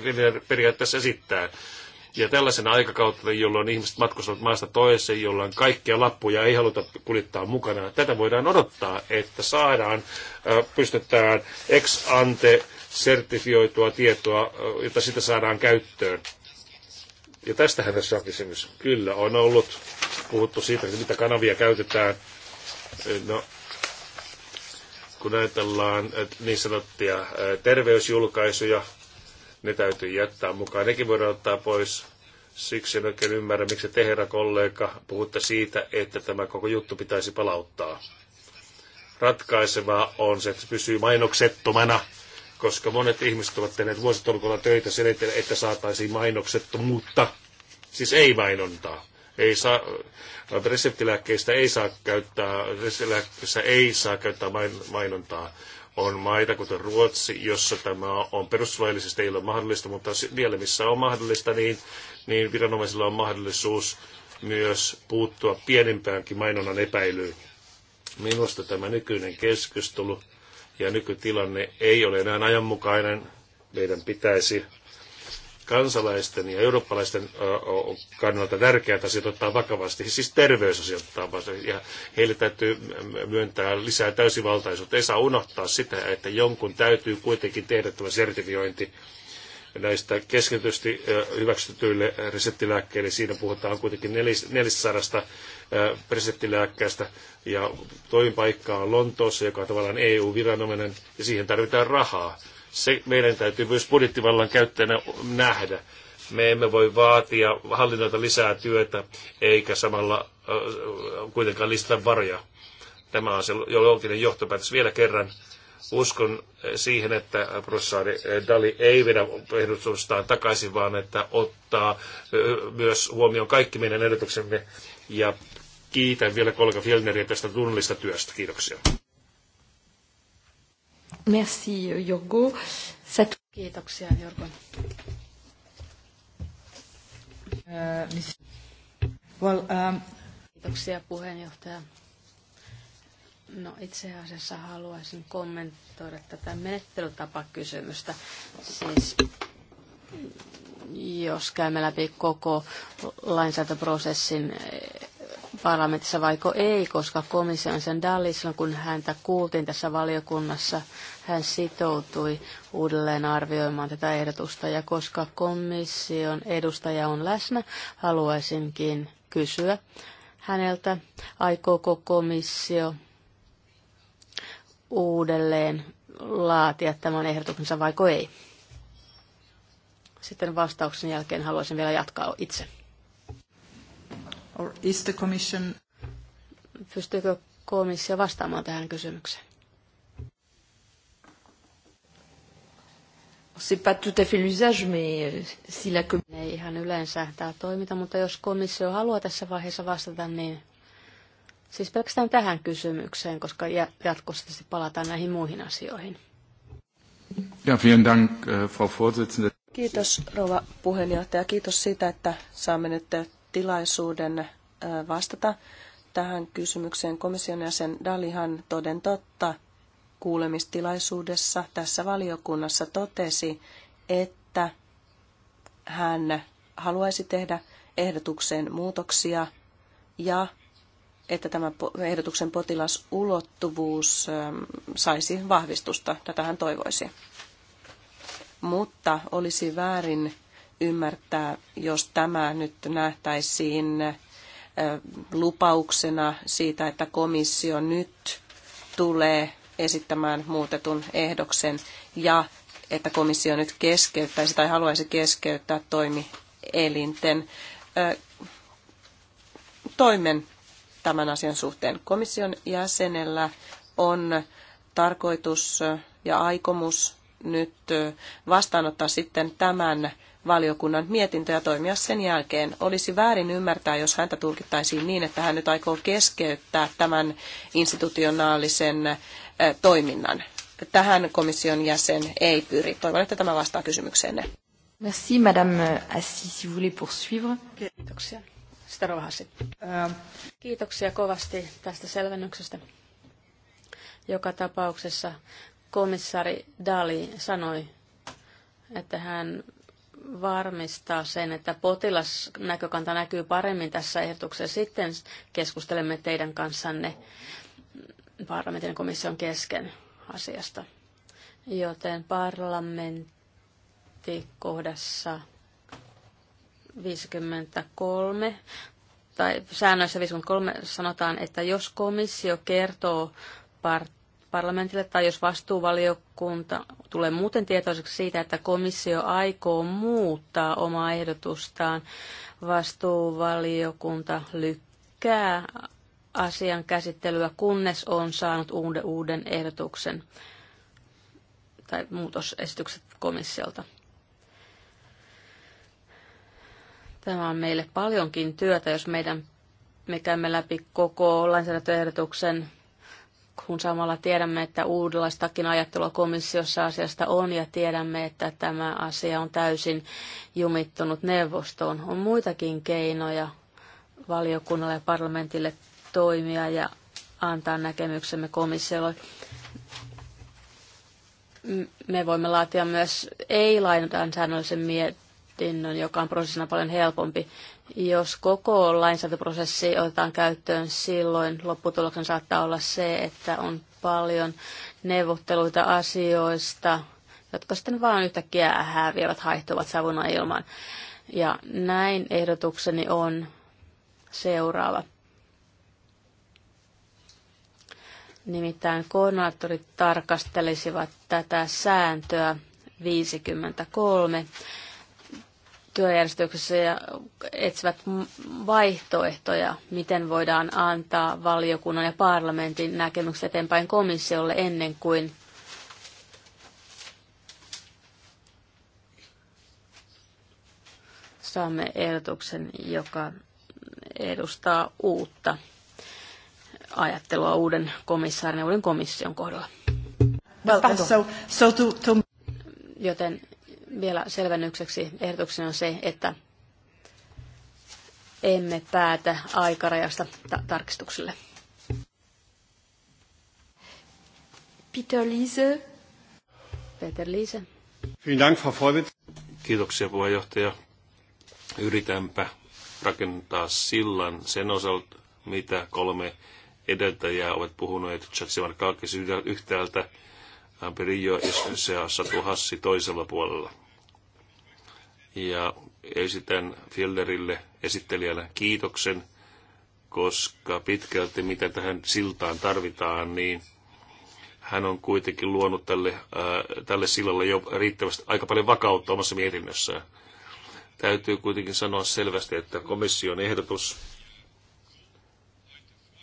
periaatteessa esittää. Ja tällaisena aikakautta, jolloin ihmiset matkustavat maasta toiseen, jolloin kaikkia lappuja ei haluta kuljettaa mukana, tätä voidaan odottaa, että saadaan, pystytään ex ante sertifioitua tietoa, jota sitä saadaan käyttöön. Ja tästähän tässä on kysymys. Kyllä, on ollut puhuttu siitä, että mitä kanavia käytetään. No, kun ajatellaan niin sanottuja terveysjulkaisuja, ne täytyy jättää mukaan. Nekin voidaan ottaa pois. Siksi en oikein ymmärrä, miksi te, herra kollega, puhutte siitä, että tämä koko juttu pitäisi palauttaa. Ratkaisevaa on se, että se pysyy mainoksettomana, koska monet ihmiset ovat tehneet vuositolkulla töitä sen eteen, että saataisiin mainoksettomuutta. Siis ei mainontaa. Ei saa, reseptilääkkeistä ei saa käyttää, ei saa käyttää mainontaa on maita, kuten Ruotsi, jossa tämä on perustuslaillisesti ei ole mahdollista, mutta vielä missä on mahdollista, niin, niin viranomaisilla on mahdollisuus myös puuttua pienimpäänkin mainonnan epäilyyn. Minusta tämä nykyinen keskustelu ja nykytilanne ei ole enää ajanmukainen. Meidän pitäisi kansalaisten ja eurooppalaisten kannalta tärkeät asiat ottaa vakavasti, siis terveysasiat ottaa vakavasti. Ja heille täytyy myöntää lisää täysivaltaisuutta. Ei saa unohtaa sitä, että jonkun täytyy kuitenkin tehdä tämä sertifiointi näistä keskitysti hyväksytyille reseptilääkkeille. Siinä puhutaan kuitenkin 400 reseptilääkkeestä ja toimipaikka on Lontoossa, joka on tavallaan EU-viranomainen ja siihen tarvitaan rahaa se meidän täytyy myös budjettivallan käyttäjänä nähdä. Me emme voi vaatia hallinnolta lisää työtä, eikä samalla äh, kuitenkaan lisätä varoja. Tämä on se looginen johtopäätös vielä kerran. Uskon äh, siihen, että professori äh, Dali ei vedä ehdotustaan takaisin, vaan että ottaa myös huomioon kaikki meidän ehdotuksemme. Ja kiitän vielä kollega Fjellneriä tästä tunnellista työstä. Kiitoksia. Merci, Jorgo. Satu. Kiitoksia, Jorgo. Äh, well, um... Kiitoksia, puheenjohtaja. No itse asiassa haluaisin kommentoida tätä menettelytapakysymystä. Siis jos käymme läpi koko lainsäädäntöprosessin parlamentissa vaiko ei, koska komission sen Dalli, kun häntä kuultiin tässä valiokunnassa, hän sitoutui uudelleen arvioimaan tätä ehdotusta. Ja koska komission edustaja on läsnä, haluaisinkin kysyä häneltä, aikooko komissio uudelleen laatia tämän ehdotuksensa vaiko ei. Sitten vastauksen jälkeen haluaisin vielä jatkaa itse. Or is the commission... Pystyykö komissio vastaamaan tähän kysymykseen? C'est pas tout à fait l'usage, mais euh, si la Ei ihan yleensä tämä toiminta, mutta jos komissio haluaa tässä vaiheessa vastata, niin siis pelkästään tähän kysymykseen, koska jatkossa palataan näihin muihin asioihin. Ja, vielen Dank, äh, Frau Vorsitzende. Kiitos rouva puheenjohtaja. Kiitos siitä, että saamme nyt tilaisuuden vastata tähän kysymykseen. Komission jäsen Dalihan toden totta kuulemistilaisuudessa tässä valiokunnassa totesi, että hän haluaisi tehdä ehdotukseen muutoksia ja että tämä ehdotuksen potilasulottuvuus saisi vahvistusta. Tätä hän toivoisi. Mutta olisi väärin ymmärtää, jos tämä nyt nähtäisiin lupauksena siitä, että komissio nyt tulee esittämään muutetun ehdoksen ja että komissio nyt keskeyttäisi tai haluaisi keskeyttää toimielinten toimen tämän asian suhteen. Komission jäsenellä on tarkoitus ja aikomus nyt vastaanottaa sitten tämän valiokunnan mietintö ja toimia sen jälkeen. Olisi väärin ymmärtää, jos häntä tulkittaisiin niin, että hän nyt aikoo keskeyttää tämän institutionaalisen toiminnan. Tähän komission jäsen ei pyri. Toivon, että tämä vastaa kysymykseenne. Merci, Madame Assis, si vous poursuivre. Kiitoksia. Starohasi. Ähm. Kiitoksia kovasti tästä selvennyksestä. Joka tapauksessa komissari Dali sanoi, että hän varmistaa sen, että potilasnäkökanta näkyy paremmin tässä ehdotuksessa. Sitten keskustelemme teidän kanssanne parlamentin komission kesken asiasta. Joten parlamentti kohdassa 53 tai säännöissä 53 sanotaan, että jos komissio kertoo parlamentille tai jos vastuuvaliokunta tulee muuten tietoiseksi siitä, että komissio aikoo muuttaa omaa ehdotustaan, vastuuvaliokunta lykkää asian käsittelyä, kunnes on saanut uuden, uuden ehdotuksen tai muutosesitykset komissiolta. Tämä on meille paljonkin työtä, jos meidän me käymme läpi koko lainsäädäntöehdotuksen kun samalla tiedämme, että uudenlaistakin ajattelua komissiossa asiasta on ja tiedämme, että tämä asia on täysin jumittunut neuvostoon. On muitakin keinoja valiokunnalle ja parlamentille toimia ja antaa näkemyksemme komissiolle. Me voimme laatia myös ei-lainsäädännöllisen mietinnön, joka on prosessina paljon helpompi. Jos koko lainsäädäntöprosessi otetaan käyttöön, silloin lopputuloksen saattaa olla se, että on paljon neuvotteluita asioista, jotka sitten vaan yhtäkkiä häviävät, haihtuvat savuna ilman. Ja näin ehdotukseni on seuraava. Nimittäin koordinaattorit tarkastelisivat tätä sääntöä 53 työjärjestyksessä ja etsivät vaihtoehtoja, miten voidaan antaa valiokunnan ja parlamentin näkemykset eteenpäin komissiolle ennen kuin saamme ehdotuksen, joka edustaa uutta ajattelua uuden komissaarin ja uuden komission kohdalla. Well, so, so to, to... Joten vielä selvennykseksi ehdotuksena on se, että emme päätä aikarajasta ta- tarkistukselle. Peter Liese. Peter Liese. Kiitoksia puheenjohtaja. Yritänpä rakentaa sillan sen osalta, mitä kolme edeltäjää ovat puhuneet Chatsimarkaakis yhtäältä Lampirillo seassa tuhassi toisella puolella. Ja esitän Fielderille esittelijällä kiitoksen, koska pitkälti mitä tähän siltaan tarvitaan, niin hän on kuitenkin luonut tälle, äh, tälle sillalle jo riittävästi aika paljon vakautta omassa mietinnössään. Täytyy kuitenkin sanoa selvästi, että komission ehdotus,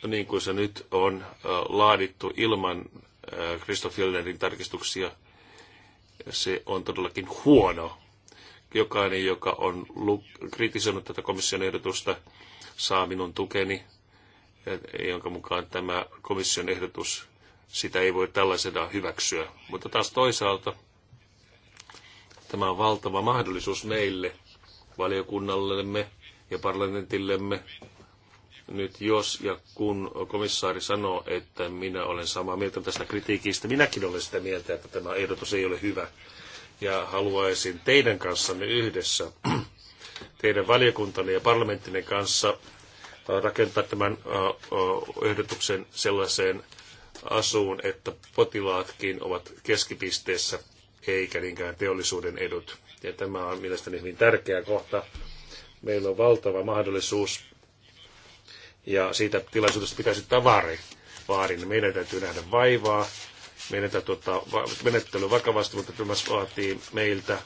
niin kuin se nyt on äh, laadittu ilman Christoph Fjellnerin tarkistuksia. Se on todellakin huono. Jokainen, joka on kritisoinut tätä komission ehdotusta, saa minun tukeni, eh, jonka mukaan tämä komission ehdotus, sitä ei voi tällaisena hyväksyä. Mutta taas toisaalta tämä on valtava mahdollisuus meille, valiokunnallemme ja parlamentillemme nyt jos ja kun komissaari sanoo, että minä olen samaa mieltä tästä kritiikistä, minäkin olen sitä mieltä, että tämä ehdotus ei ole hyvä. Ja haluaisin teidän kanssanne yhdessä, teidän valiokuntanne ja parlamenttinne kanssa äh, rakentaa tämän äh, äh, ehdotuksen sellaiseen asuun, että potilaatkin ovat keskipisteessä eikä niinkään teollisuuden edut. Ja tämä on mielestäni hyvin tärkeä kohta. Meillä on valtava mahdollisuus ja siitä tilaisuudesta pitäisi ottaa vaari. vaarin. Meidän täytyy nähdä vaivaa, meidän täytyy ottaa menettely vakavasti, mutta tämä vaatii meiltä,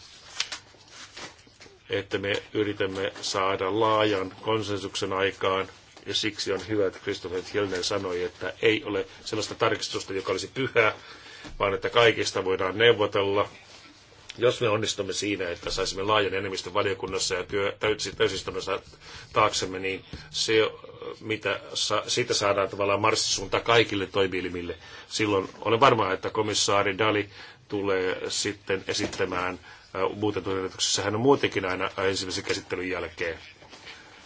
että me yritämme saada laajan konsensuksen aikaan. Ja siksi on hyvä, että Christopher Hilner sanoi, että ei ole sellaista tarkistusta, joka olisi pyhää, vaan että kaikista voidaan neuvotella jos me onnistumme siinä, että saisimme laajan enemmistön valiokunnassa ja työ, täysistunnossa taaksemme, niin se, mitä sa, siitä saadaan tavallaan marssisuunta kaikille toimielimille. Silloin olen varma, että komissaari Dali tulee sitten esittämään äh, muutetun ehdotuksessa. Hän on muutenkin aina ensimmäisen käsittelyn jälkeen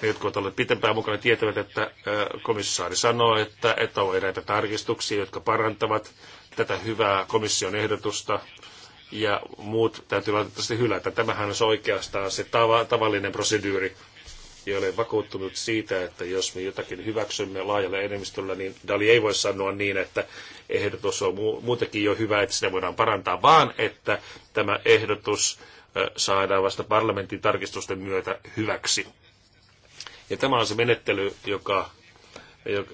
ne, jotka ovat olleet pitempään mukana, tietävät, että äh, komissaari sanoo, että, että on eräitä tarkistuksia, jotka parantavat tätä hyvää komission ehdotusta ja muut täytyy valitettavasti hylätä. Tämähän on oikeastaan se tava, tavallinen prosedyyri, ja olen vakuuttunut siitä, että jos me jotakin hyväksymme laajalla enemmistöllä, niin Dali ei voi sanoa niin, että ehdotus on muutenkin jo hyvä, että sitä voidaan parantaa, vaan että tämä ehdotus saadaan vasta parlamentin tarkistusten myötä hyväksi. Ja tämä on se menettely, joka,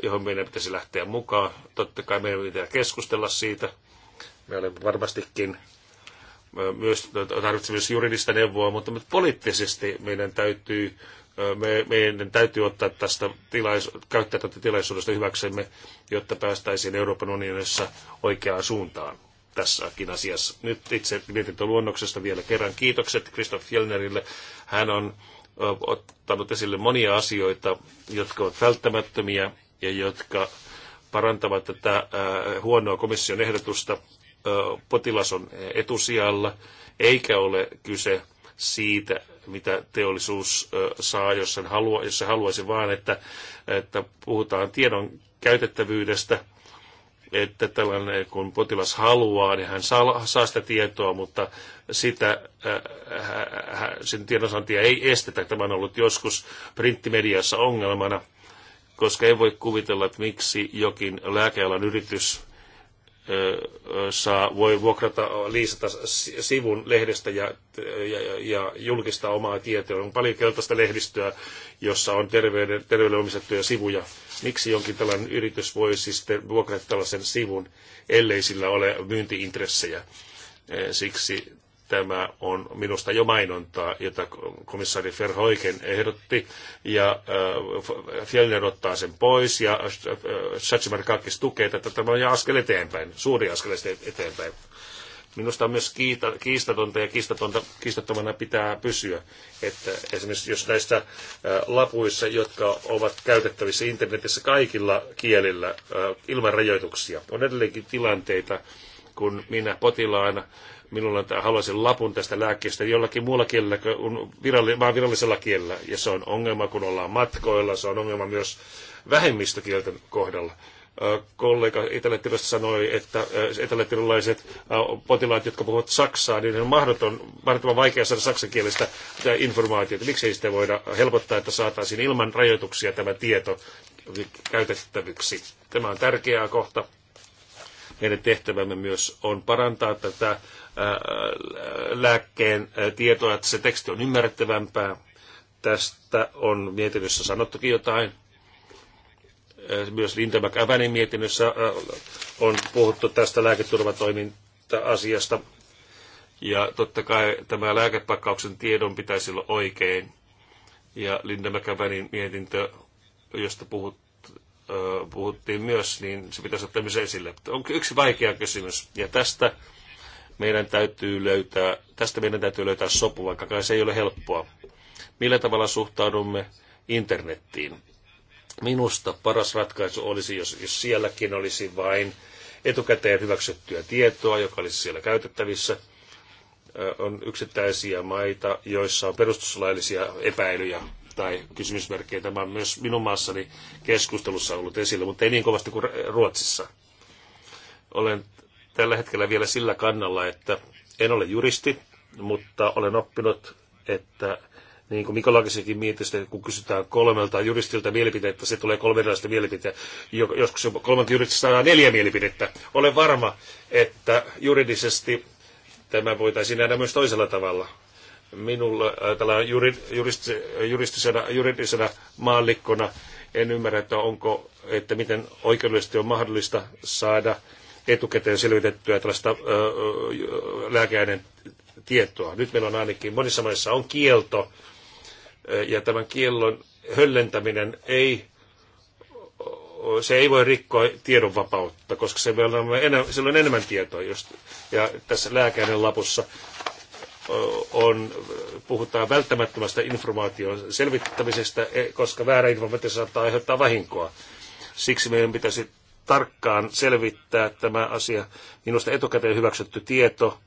johon meidän pitäisi lähteä mukaan. Totta kai meidän pitää keskustella siitä. Me olemme varmastikin myös, tarvitsee myös juridista neuvoa, mutta poliittisesti meidän täytyy, me, meidän täytyy ottaa tästä tilaisu- käyttää tätä tilaisuudesta hyväksemme, jotta päästäisiin Euroopan unionissa oikeaan suuntaan tässäkin asiassa. Nyt itse mietintöluonnoksesta vielä kerran kiitokset Kristof Fjellnerille. Hän on ottanut esille monia asioita, jotka ovat välttämättömiä ja jotka parantavat tätä huonoa komission ehdotusta potilas on etusijalla, eikä ole kyse siitä, mitä teollisuus saa, jos, sen halua, jos se haluaisi, vaan että, että puhutaan tiedon käytettävyydestä, että tällainen, kun potilas haluaa, niin hän saa, saa sitä tietoa, mutta sitä, äh, sen tiedonsaantia ei estetä. Tämä on ollut joskus printtimediassa ongelmana, koska ei voi kuvitella, että miksi jokin lääkealan yritys saa, voi vuokrata, liisata sivun lehdestä ja, ja, ja julkistaa omaa tietoa. On paljon keltaista lehdistöä, jossa on terveyden, omistettuja sivuja. Miksi jonkin tällainen yritys voi siis vuokrata tällaisen sivun, ellei sillä ole myyntiintressejä? Siksi Tämä on minusta jo mainontaa, jota komissaari Verhoiken ehdotti, ja äh, Fjellner ottaa sen pois, ja äh, Shachimarkakis tukee tätä. Tämä on jo askel eteenpäin, suuri askel eteenpäin. Minusta on myös kiita, kiistatonta ja kiistatonta, kiistattomana pitää pysyä, että esimerkiksi jos näissä äh, lapuissa, jotka ovat käytettävissä internetissä kaikilla kielillä ilman rajoituksia, on edelleenkin tilanteita, kun minä potilaana Minulla on, haluaisin lapun tästä lääkkeestä jollakin muulla kielellä kuin viralli, vaan virallisella kielellä. Ja se on ongelma, kun ollaan matkoilla. Se on ongelma myös vähemmistökielten kohdalla kollega Etelä-Tirosta sanoi, että etelätirolaiset potilaat, jotka puhuvat saksaa, niin on mahdoton, mahdottoman vaikea saada saksankielistä informaatiota. ei sitä voida helpottaa, että saataisiin ilman rajoituksia tämä tieto käytettäväksi Tämä on tärkeä kohta. Meidän tehtävämme myös on parantaa tätä Äh, äh, lääkkeen äh, tietoa, että se teksti on ymmärrettävämpää. Tästä on mietinnössä sanottukin jotain. Myös Linda McAvanin mietinnössä on puhuttu tästä lääketurvatoiminta-asiasta. Ja totta kai tämä lääkepakkauksen tiedon pitäisi olla oikein. Ja Linda McAvanin mietintö, josta puhut, puhuttiin myös, niin se pitäisi ottaa myös esille. On yksi vaikea kysymys, ja tästä meidän täytyy löytää, tästä meidän täytyy löytää sopu, vaikka se ei ole helppoa. Millä tavalla suhtaudumme internettiin? Minusta paras ratkaisu olisi, jos, jos sielläkin olisi vain etukäteen hyväksyttyä tietoa, joka olisi siellä käytettävissä. On yksittäisiä maita, joissa on perustuslaillisia epäilyjä tai kysymysmerkkejä. Tämä on myös minun maassani keskustelussa ollut esillä, mutta ei niin kovasti kuin Ruotsissa. Olen tällä hetkellä vielä sillä kannalla, että en ole juristi, mutta olen oppinut, että niin kuin Mikolakisikin mietistä, kun kysytään kolmelta juristilta mielipiteettä, se tulee kolme erilaista mielipiteitä. Joskus kolmelta juristilta saadaan neljä mielipidettä. Olen varma, että juridisesti tämä voitaisiin nähdä myös toisella tavalla. Minulla äh, tällä juristisena, juridisena maallikkona en ymmärrä, että, onko, että miten oikeudellisesti on mahdollista saada etukäteen selvitettyä tällaista lääkeaineen tietoa. Nyt meillä on ainakin monissa maissa on kielto, ja tämän kiellon höllentäminen ei se ei voi rikkoa tiedonvapautta, koska se on enemmän, sillä on enemmän tietoa. Just. Ja tässä lääkäinen lapussa on, puhutaan välttämättömästä informaation selvittämisestä, e, koska väärä informaatio saattaa aiheuttaa vahinkoa. Siksi meidän pitäisi tarkkaan selvittää tämä asia. Minusta etukäteen hyväksytty tieto,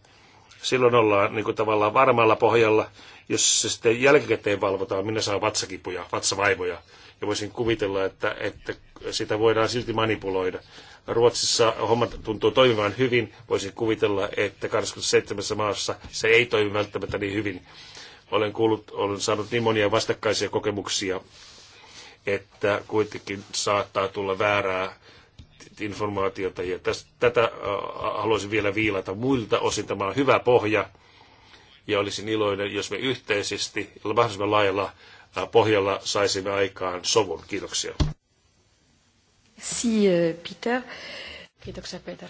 silloin ollaan niin kuin tavallaan varmalla pohjalla. Jos se sitten jälkikäteen valvotaan, minä saan vatsakipuja, vatsavaivoja. Ja voisin kuvitella, että, että sitä voidaan silti manipuloida. Ruotsissa homma tuntuu toimivan hyvin. Voisin kuvitella, että 27 maassa se ei toimi välttämättä niin hyvin. Olen kuullut, olen saanut niin monia vastakkaisia kokemuksia, että kuitenkin saattaa tulla väärää informaatiota ja tästä, tätä haluaisin vielä viilata muilta osin. Tämä on hyvä pohja ja olisin iloinen, jos me yhteisesti mahdollisimman laajalla pohjalla saisimme aikaan sovun. Kiitoksia. Si, Peter. Kiitoksia, Peter.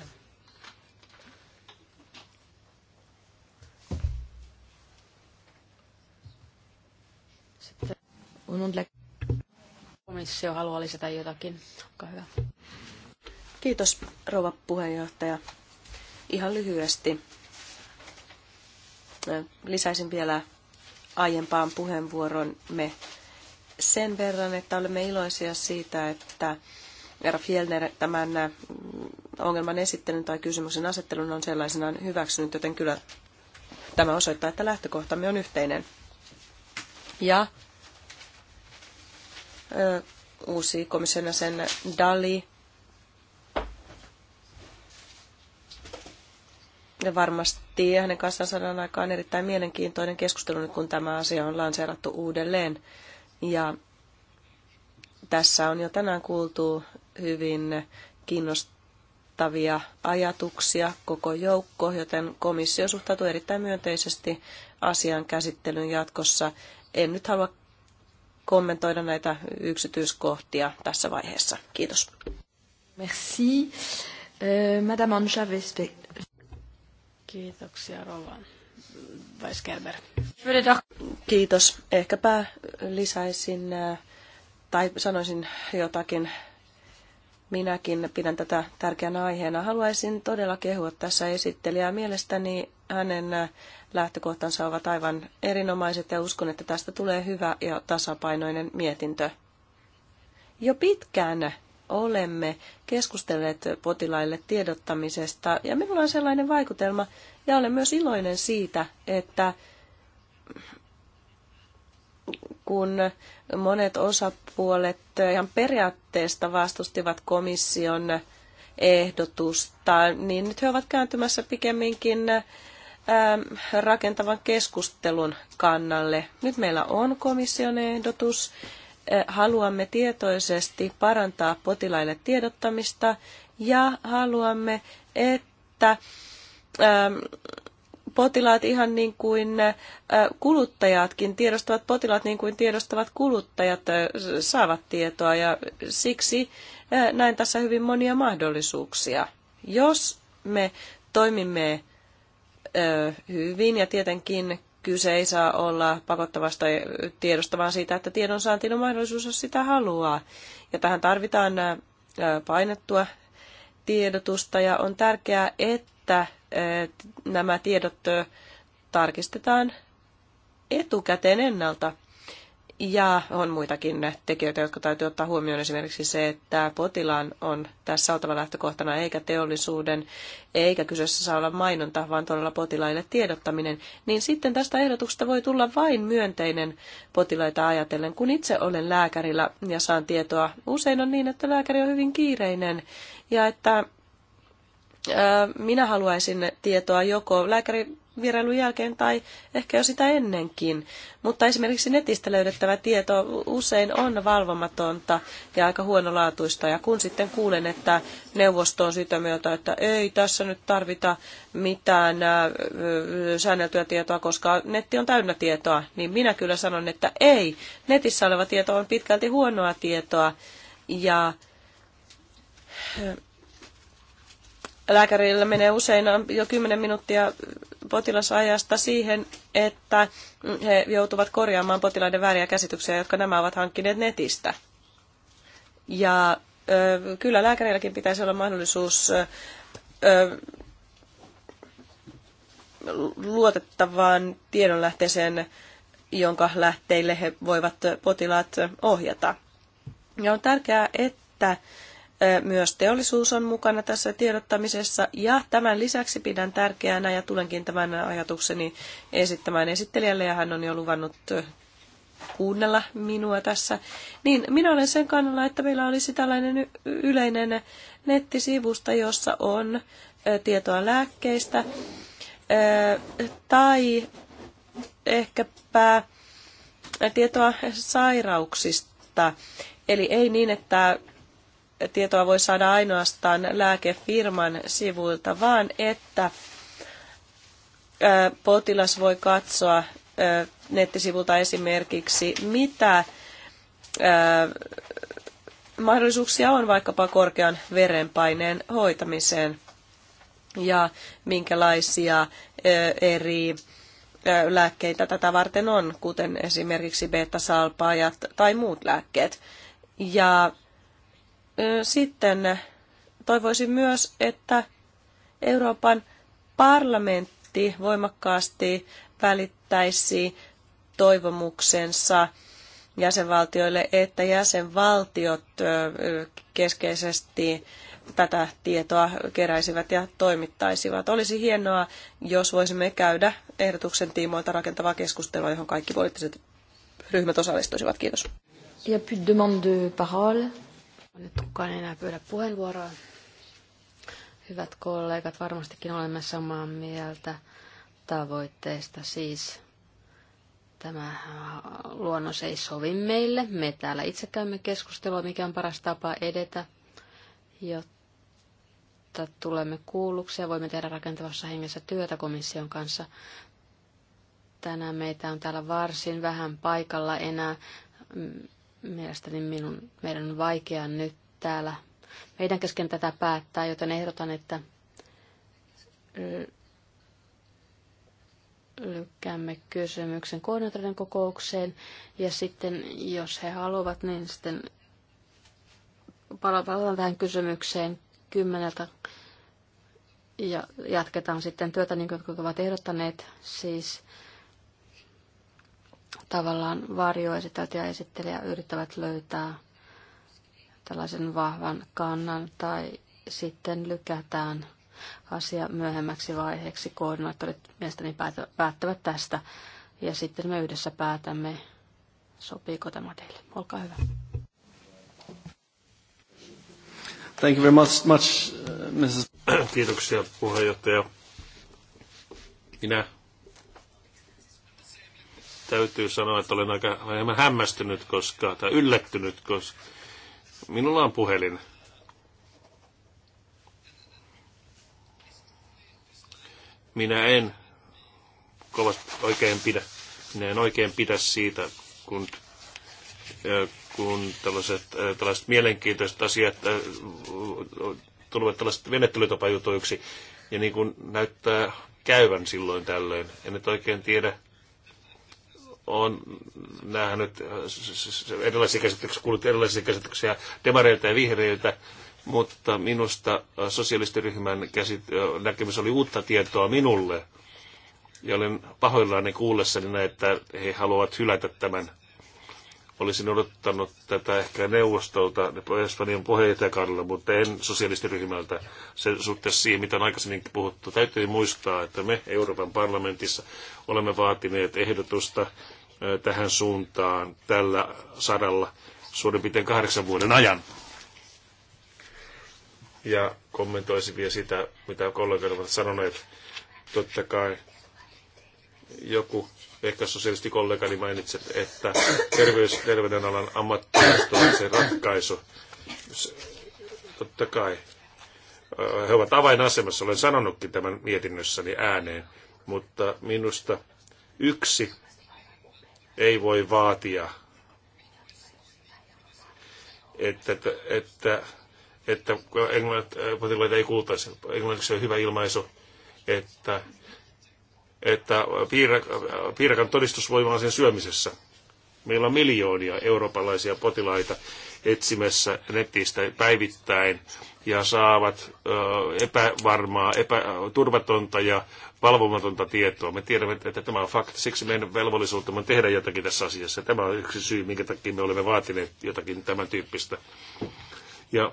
Sitten, komissio haluaa lisätä jotakin. Olkaa hyvä. Kiitos, rouva puheenjohtaja. Ihan lyhyesti lisäisin vielä aiempaan me sen verran, että olemme iloisia siitä, että Herra Fjellner tämän ongelman esittelyn tai kysymyksen asettelun on sellaisenaan hyväksynyt, joten kyllä tämä osoittaa, että lähtökohtamme on yhteinen. Ja ö, uusi komission sen Dali Ja varmasti hänen kanssaan saadaan aikaan erittäin mielenkiintoinen keskustelu kun tämä asia on lanseerattu uudelleen. Ja tässä on jo tänään kuultu hyvin kiinnostavia ajatuksia koko joukko, joten komissio suhtautuu erittäin myönteisesti asian käsittelyyn jatkossa. En nyt halua kommentoida näitä yksityiskohtia tässä vaiheessa. Kiitos. Merci. Euh, Madame Anja Kiitoksia Rova Weisgerber. Kiitos. Ehkäpä lisäisin äh, tai sanoisin jotakin minäkin pidän tätä tärkeänä aiheena. Haluaisin todella kehua tässä esittelijää. Mielestäni hänen äh, lähtökohtansa ovat aivan erinomaiset ja uskon, että tästä tulee hyvä ja tasapainoinen mietintö. Jo pitkään olemme keskustelleet potilaille tiedottamisesta ja minulla on sellainen vaikutelma ja olen myös iloinen siitä, että kun monet osapuolet ihan periaatteesta vastustivat komission ehdotusta, niin nyt he ovat kääntymässä pikemminkin ähm, rakentavan keskustelun kannalle. Nyt meillä on komission ehdotus haluamme tietoisesti parantaa potilaille tiedottamista ja haluamme, että potilaat ihan niin kuin kuluttajatkin tiedostavat, potilaat niin kuin tiedostavat kuluttajat saavat tietoa ja siksi näin tässä hyvin monia mahdollisuuksia. Jos me toimimme hyvin ja tietenkin kyse ei saa olla pakottavasta tiedosta, vaan siitä, että tiedonsaantiin on mahdollisuus, jos sitä haluaa. Ja tähän tarvitaan painettua tiedotusta ja on tärkeää, että nämä tiedot tarkistetaan etukäteen ennalta ja on muitakin tekijöitä, jotka täytyy ottaa huomioon. Esimerkiksi se, että potilaan on tässä oltava lähtökohtana, eikä teollisuuden, eikä kyseessä saa olla mainonta, vaan todella potilaille tiedottaminen. Niin sitten tästä ehdotuksesta voi tulla vain myönteinen potilaita ajatellen. Kun itse olen lääkärillä ja saan tietoa, usein on niin, että lääkäri on hyvin kiireinen ja että minä haluaisin tietoa joko lääkäri vierailun jälkeen tai ehkä jo sitä ennenkin. Mutta esimerkiksi netistä löydettävä tieto usein on valvomatonta ja aika huonolaatuista. Ja kun sitten kuulen, että neuvosto on sitä mieltä, että ei tässä nyt tarvita mitään säänneltyä tietoa, koska netti on täynnä tietoa, niin minä kyllä sanon, että ei. Netissä oleva tieto on pitkälti huonoa tietoa. Ja lääkärillä menee usein jo 10 minuuttia potilasajasta siihen, että he joutuvat korjaamaan potilaiden vääriä käsityksiä, jotka nämä ovat hankkineet netistä. Ja ö, kyllä lääkärilläkin pitäisi olla mahdollisuus ö, luotettavaan tiedonlähteeseen, jonka lähteille he voivat potilaat ohjata. Ja on tärkeää, että myös teollisuus on mukana tässä tiedottamisessa ja tämän lisäksi pidän tärkeänä ja tulenkin tämän ajatukseni esittämään esittelijälle ja hän on jo luvannut kuunnella minua tässä, niin minä olen sen kannalla, että meillä olisi tällainen yleinen nettisivusta, jossa on tietoa lääkkeistä tai ehkäpä tietoa sairauksista. Eli ei niin, että tietoa voi saada ainoastaan lääkefirman sivuilta, vaan että potilas voi katsoa nettisivulta esimerkiksi, mitä mahdollisuuksia on vaikkapa korkean verenpaineen hoitamiseen ja minkälaisia eri lääkkeitä tätä varten on, kuten esimerkiksi beta-salpaajat tai muut lääkkeet. Ja sitten toivoisin myös, että Euroopan parlamentti voimakkaasti välittäisi toivomuksensa jäsenvaltioille, että jäsenvaltiot keskeisesti tätä tietoa keräisivät ja toimittaisivat. Olisi hienoa, jos voisimme käydä ehdotuksen tiimoilta rakentavaa keskustelua, johon kaikki poliittiset ryhmät osallistuisivat. Kiitos. Il n'y a plus de demande de parole. Nyt kukaan enää pyydä puheenvuoroa. Hyvät kollegat, varmastikin olemme samaa mieltä tavoitteesta. Siis tämä luonnos ei sovi meille. Me täällä itse käymme keskustelua, mikä on paras tapa edetä, jotta tulemme kuulluksi ja voimme tehdä rakentavassa hengessä työtä komission kanssa. Tänään meitä on täällä varsin vähän paikalla enää mm, Mielestäni minun, meidän on vaikea nyt täällä meidän kesken tätä päättää, joten ehdotan, että lykkäämme kysymyksen koordinaattorin kokoukseen ja sitten jos he haluavat, niin sitten palataan tähän kysymykseen kymmeneltä ja jatketaan sitten työtä, niin kuin ovat ehdottaneet, siis tavallaan varjoesittelijät ja esittelijä yrittävät löytää tällaisen vahvan kannan tai sitten lykätään asia myöhemmäksi vaiheeksi. Koordinaattorit mielestäni päättävät tästä ja sitten me yhdessä päätämme, sopiiko tämä teille. Olkaa hyvä. Thank you very much, much uh, Mrs. Kiitoksia puheenjohtaja. Minä täytyy sanoa, että olen aika hieman hämmästynyt koska, tai yllättynyt, koska minulla on puhelin. Minä en kovasti oikein pidä, minä en oikein pidä siitä, kun, kun tällaiset, tällaiset mielenkiintoiset asiat tulevat tällaiset venettelytapajutuiksi. Ja niin kuin näyttää käyvän silloin tällöin. En nyt oikein tiedä, on nähnyt äh, erilaisia käsityksiä, kuullut erilaisia käsityksiä demareilta ja vihreiltä, mutta minusta äh, sosialistiryhmän käsit- äh, näkemys oli uutta tietoa minulle. Ja olen pahoillani kuullessani, että he haluavat hylätä tämän. Olisin odottanut tätä ehkä neuvostolta Espanjan puheenjohtajakaudella, mutta en sosialistiryhmältä sen suhteessa siihen, mitä on aikaisemmin puhuttu. Täytyy muistaa, että me Euroopan parlamentissa olemme vaatineet ehdotusta tähän suuntaan tällä saralla suurin piirtein kahdeksan vuoden ajan. Ja kommentoisin vielä sitä, mitä kollegat ovat sanoneet. Totta kai joku, ehkä kollegani mainitsi, että terveys- terveydenalan ammattilaiset on se ratkaisu. Totta kai. He ovat avainasemassa, olen sanonutkin tämän mietinnössäni ääneen, mutta minusta yksi ei voi vaatia, että, että, että englannin potilaita ei kuultaisi. Englanniksi on hyvä ilmaisu, että, että piirakan todistusvoima on sen syömisessä. Meillä on miljoonia eurooppalaisia potilaita etsimässä netistä päivittäin ja saavat epävarmaa, epä, turvatonta ja valvomatonta tietoa. Me tiedämme, että tämä on fakta. Siksi meidän velvollisuutemme on tehdä jotakin tässä asiassa. Tämä on yksi syy, minkä takia me olemme vaatineet jotakin tämän tyyppistä. Ja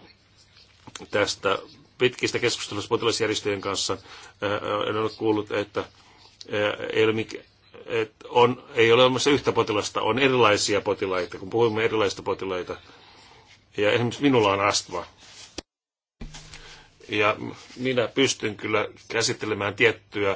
tästä pitkistä keskustelusta potilasjärjestöjen kanssa äh, en ole kuullut, että äh, ei ole mikään on, ei ole olemassa yhtä potilasta, on erilaisia potilaita, kun puhumme erilaisista potilaita. Ja esimerkiksi minulla on astma. Ja minä pystyn kyllä käsittelemään tiettyä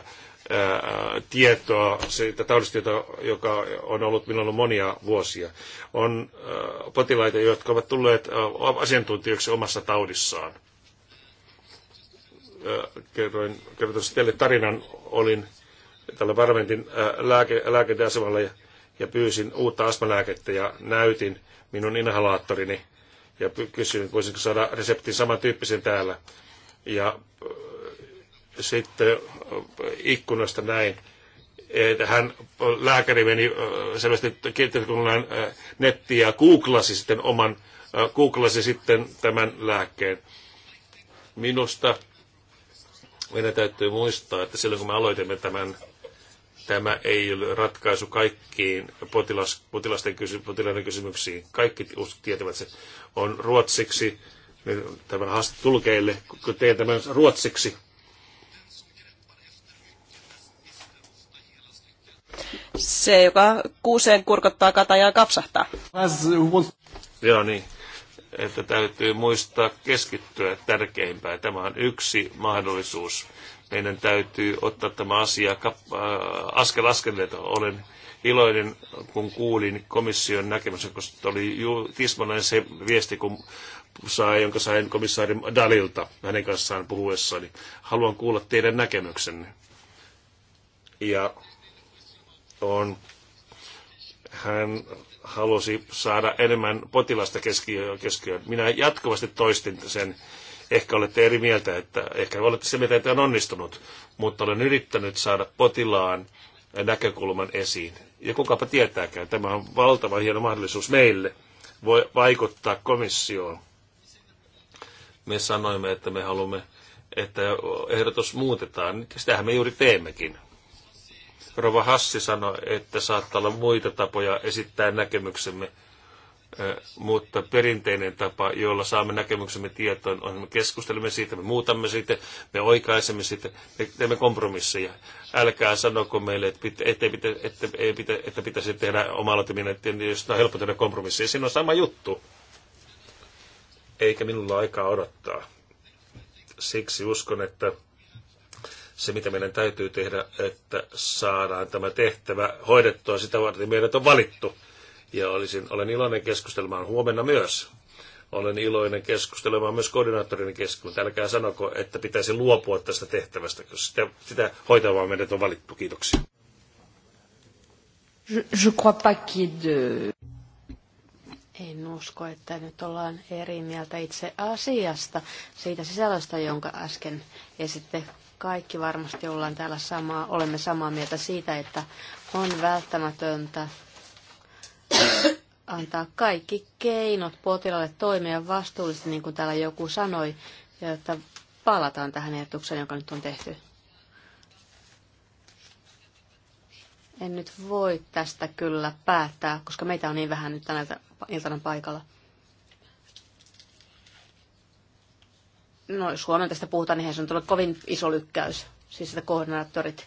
ää, tietoa, sitä taudistietoa, joka on ollut minulla monia vuosia. On ää, potilaita, jotka ovat tulleet ää, asiantuntijoiksi omassa taudissaan. Ää, kerroin, kerroin teille tarinan, olin tällä parlamentin lääke, lääkeasemalla ja, ja pyysin uutta astmalääkettä ja näytin minun inhalaattorini ja kysyin, voisinko saada reseptin samantyyppisen täällä ja äh, sitten äh, ikkunasta näin. Että hän, äh, lääkäri meni selvästi kiinteistökunnan nettiin ja googlasi sitten oman, googlasi sitten tämän lääkkeen. Minusta meidän täytyy muistaa, että silloin kun me aloitimme tämän, tämä ei ole ratkaisu kaikkiin potilas, potilasten kysy, potilaiden kysymyksiin. Kaikki tietävät se on ruotsiksi tämän haaste kun teen tämän ruotsiksi. Se, joka kuuseen kurkottaa katajaa kapsahtaa. Joo niin, että täytyy muistaa keskittyä tärkeimpään. Tämä on yksi mahdollisuus. Meidän täytyy ottaa tämä asia äh, askel askeleelta. Olen iloinen, kun kuulin komission näkemyksen, koska oli juuri tismalleen se viesti, kun sai, jonka sain komissaari Dalilta hänen kanssaan puhuessani. Haluan kuulla teidän näkemyksenne. Ja on, hän halusi saada enemmän potilasta keskiöön. keskiöön. Minä jatkuvasti toistin sen. Ehkä olette eri mieltä, että ehkä olette se mieltä, että on onnistunut, mutta olen yrittänyt saada potilaan näkökulman esiin. Ja kukapa tietääkään, tämä on valtava hieno mahdollisuus meille voi vaikuttaa komissioon me sanoimme, että me haluamme, että ehdotus muutetaan. Sitähän me juuri teemmekin. Rova Hassi sanoi, että saattaa olla muita tapoja esittää näkemyksemme, mutta perinteinen tapa, jolla saamme näkemyksemme tietoon, on, me keskustelemme siitä, me muutamme siitä, me oikaisemme siitä, me teemme kompromisseja. Älkää sanoko meille, että, pitä, että, pitä, että, että, että pitäisi tehdä omalla jos on helppo tehdä kompromisseja. Siinä on sama juttu eikä minulla aikaa odottaa. Siksi uskon, että se mitä meidän täytyy tehdä, että saadaan tämä tehtävä hoidettua, sitä varten meidät on valittu. Ja olisin, olen iloinen keskustelemaan huomenna myös. Olen iloinen keskustelemaan myös koordinaattorin mutta Älkää sanoko, että pitäisi luopua tästä tehtävästä, koska sitä, sitä hoitavaa meidät on valittu. Kiitoksia. Je, je crois pas de... En usko, että nyt ollaan eri mieltä itse asiasta, siitä sisällöstä, jonka äsken esitte. Kaikki varmasti ollaan täällä samaa, olemme samaa mieltä siitä, että on välttämätöntä antaa kaikki keinot potilaalle toimia vastuullisesti, niin kuin täällä joku sanoi, ja että palataan tähän ehdotukseen, joka nyt on tehty. En nyt voi tästä kyllä päättää, koska meitä on niin vähän nyt tänä iltana paikalla. No, jos huomenna tästä puhutaan, niin se on tullut kovin iso lykkäys. Siis että koordinaattorit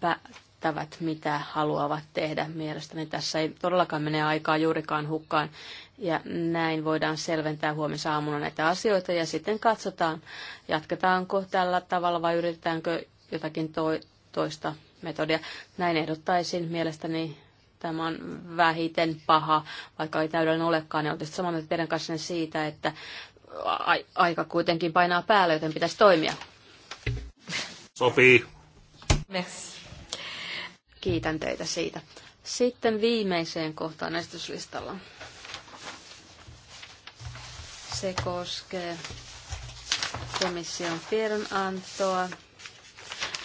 päättävät, mitä haluavat tehdä. Mielestäni tässä ei todellakaan mene aikaa juurikaan hukkaan. Ja näin voidaan selventää aamuna näitä asioita ja sitten katsotaan, jatketaanko tällä tavalla vai yritetäänkö jotakin toista metodia. Näin ehdottaisin mielestäni Tämä on vähiten paha, vaikka ei täydellinen olekaan. Ja olette samaa mieltä teidän kanssanne siitä, että aika kuitenkin painaa päälle, joten pitäisi toimia. Sopii. Merci. Kiitän teitä siitä. Sitten viimeiseen kohtaan esityslistalla. Se koskee komission tiedonantoa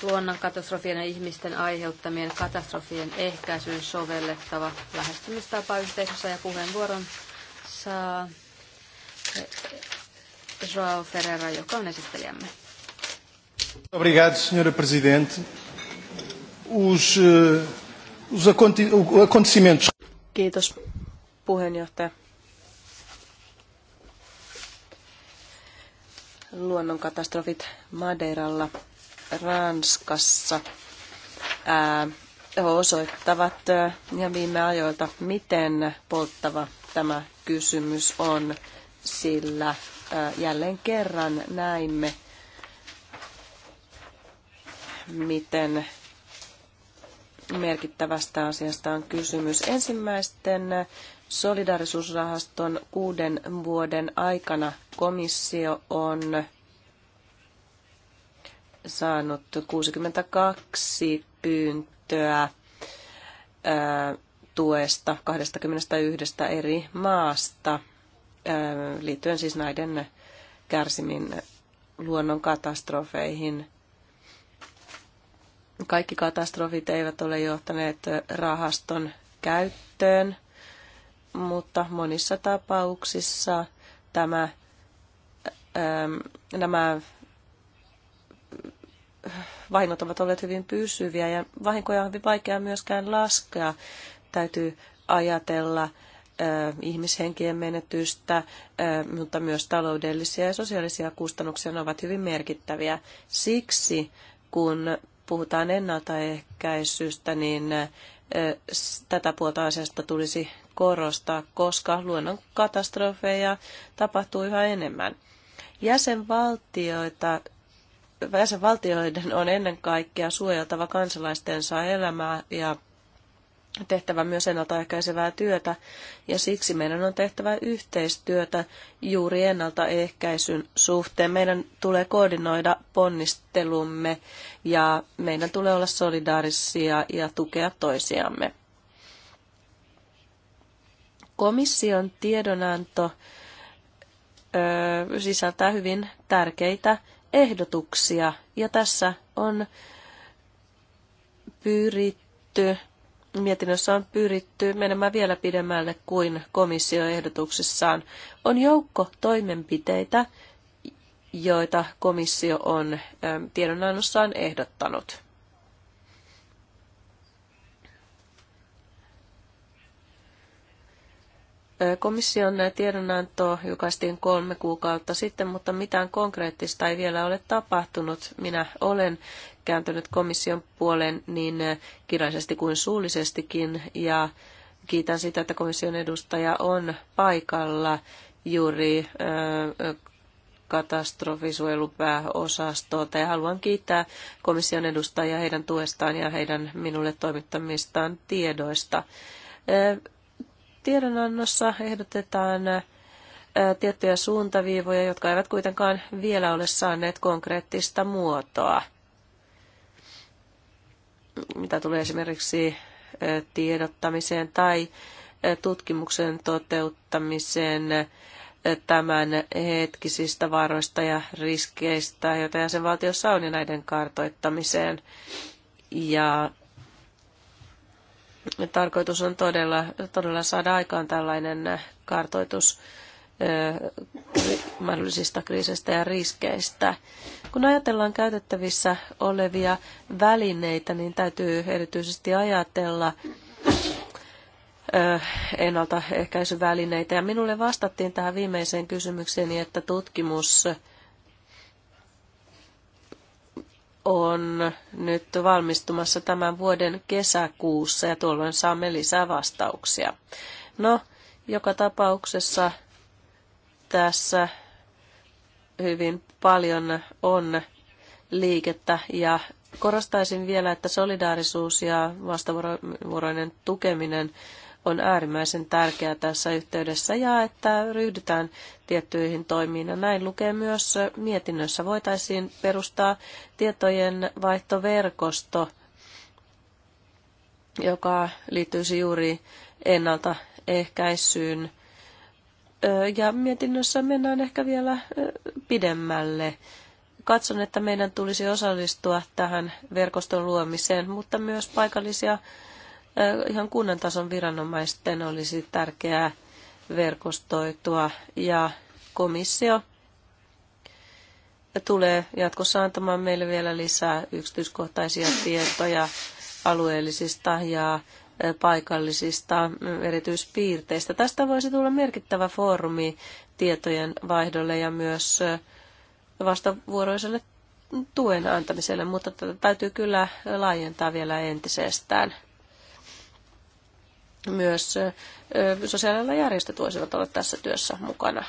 luonnonkatastrofien ja ihmisten aiheuttamien katastrofien ehkäisyyn sovellettava lähestymistapa yhteisössä ja puheenvuoron saa Joao Ferreira, joka on esittelijämme. Obrigado, senhora presidente. Os, eh, os acontecimentos... Kiitos, puheenjohtaja. Luonnonkatastrofit Madeiralla Ranskassa ää, osoittavat ja viime ajoilta, miten polttava tämä kysymys on, sillä ää, jälleen kerran näimme, miten merkittävästä asiasta on kysymys. Ensimmäisten solidarisuusrahaston kuuden vuoden aikana komissio on saanut 62 pyyntöä tuesta 21 eri maasta liittyen siis näiden kärsimin luonnon katastrofeihin. Kaikki katastrofit eivät ole johtaneet rahaston käyttöön, mutta monissa tapauksissa tämä, nämä vahingot ovat olleet hyvin pysyviä ja vahinkoja on hyvin vaikea myöskään laskea. Täytyy ajatella ihmishenkien menetystä, mutta myös taloudellisia ja sosiaalisia kustannuksia ne ovat hyvin merkittäviä. Siksi, kun puhutaan ennaltaehkäisystä, niin tätä puolta asiasta tulisi korostaa, koska luonnon katastrofeja tapahtuu yhä enemmän. Jäsenvaltioita jäsenvaltioiden on ennen kaikkea suojeltava kansalaistensa elämää ja tehtävä myös ennaltaehkäisevää työtä, ja siksi meidän on tehtävä yhteistyötä juuri ennaltaehkäisyn suhteen. Meidän tulee koordinoida ponnistelumme, ja meidän tulee olla solidaarisia ja tukea toisiamme. Komission tiedonanto ö, sisältää hyvin tärkeitä ehdotuksia ja tässä on pyritty, mietinnössä on pyritty menemään vielä pidemmälle kuin komissio On joukko toimenpiteitä, joita komissio on tiedonannossaan ehdottanut. Komission tiedonanto julkaistiin kolme kuukautta sitten, mutta mitään konkreettista ei vielä ole tapahtunut. Minä olen kääntynyt komission puoleen niin kirjallisesti kuin suullisestikin ja kiitän sitä, että komission edustaja on paikalla juuri katastrofisuojelupääosastolta ja haluan kiittää komission edustajia heidän tuestaan ja heidän minulle toimittamistaan tiedoista. Tiedonannossa ehdotetaan tiettyjä suuntaviivoja, jotka eivät kuitenkaan vielä ole saaneet konkreettista muotoa. Mitä tulee esimerkiksi tiedottamiseen tai tutkimuksen toteuttamiseen tämän hetkisistä varoista ja riskeistä, joita jäsenvaltiossa on ja näiden kartoittamiseen. Ja tarkoitus on todella, todella saada aikaan tällainen kartoitus mahdollisista kriiseistä ja riskeistä. Kun ajatellaan käytettävissä olevia välineitä, niin täytyy erityisesti ajatella ennaltaehkäisyvälineitä. Ja minulle vastattiin tähän viimeiseen kysymykseen, että tutkimus on nyt valmistumassa tämän vuoden kesäkuussa ja tuolloin saamme lisää vastauksia. No, joka tapauksessa tässä hyvin paljon on liikettä ja korostaisin vielä, että solidaarisuus ja vastavuoroinen tukeminen on äärimmäisen tärkeää tässä yhteydessä ja että ryhdytään tiettyihin toimiin. Ja näin lukee myös mietinnössä. Voitaisiin perustaa tietojen vaihtoverkosto, joka liittyisi juuri ennaltaehkäisyyn. Ja mietinnössä mennään ehkä vielä pidemmälle katson, että meidän tulisi osallistua tähän verkoston luomiseen, mutta myös paikallisia ihan kunnan tason viranomaisten olisi tärkeää verkostoitua ja komissio tulee jatkossa antamaan meille vielä lisää yksityiskohtaisia tietoja alueellisista ja paikallisista mm, erityispiirteistä. Tästä voisi tulla merkittävä foorumi tietojen vaihdolle ja myös vastavuoroiselle tuen antamiselle, mutta tätä täytyy kyllä laajentaa vielä entisestään myös sosiaalialan järjestöt voisivat olla tässä työssä mukana.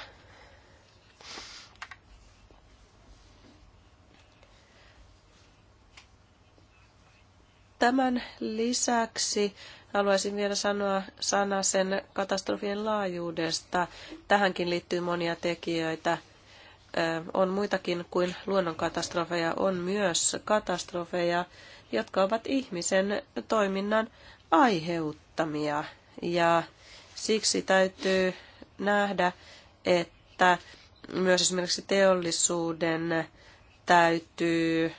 Tämän lisäksi haluaisin vielä sanoa sana sen katastrofien laajuudesta. Tähänkin liittyy monia tekijöitä. On muitakin kuin luonnonkatastrofeja, on myös katastrofeja, jotka ovat ihmisen toiminnan aiheut asettamia. Ja siksi täytyy nähdä, että myös esimerkiksi teollisuuden täytyy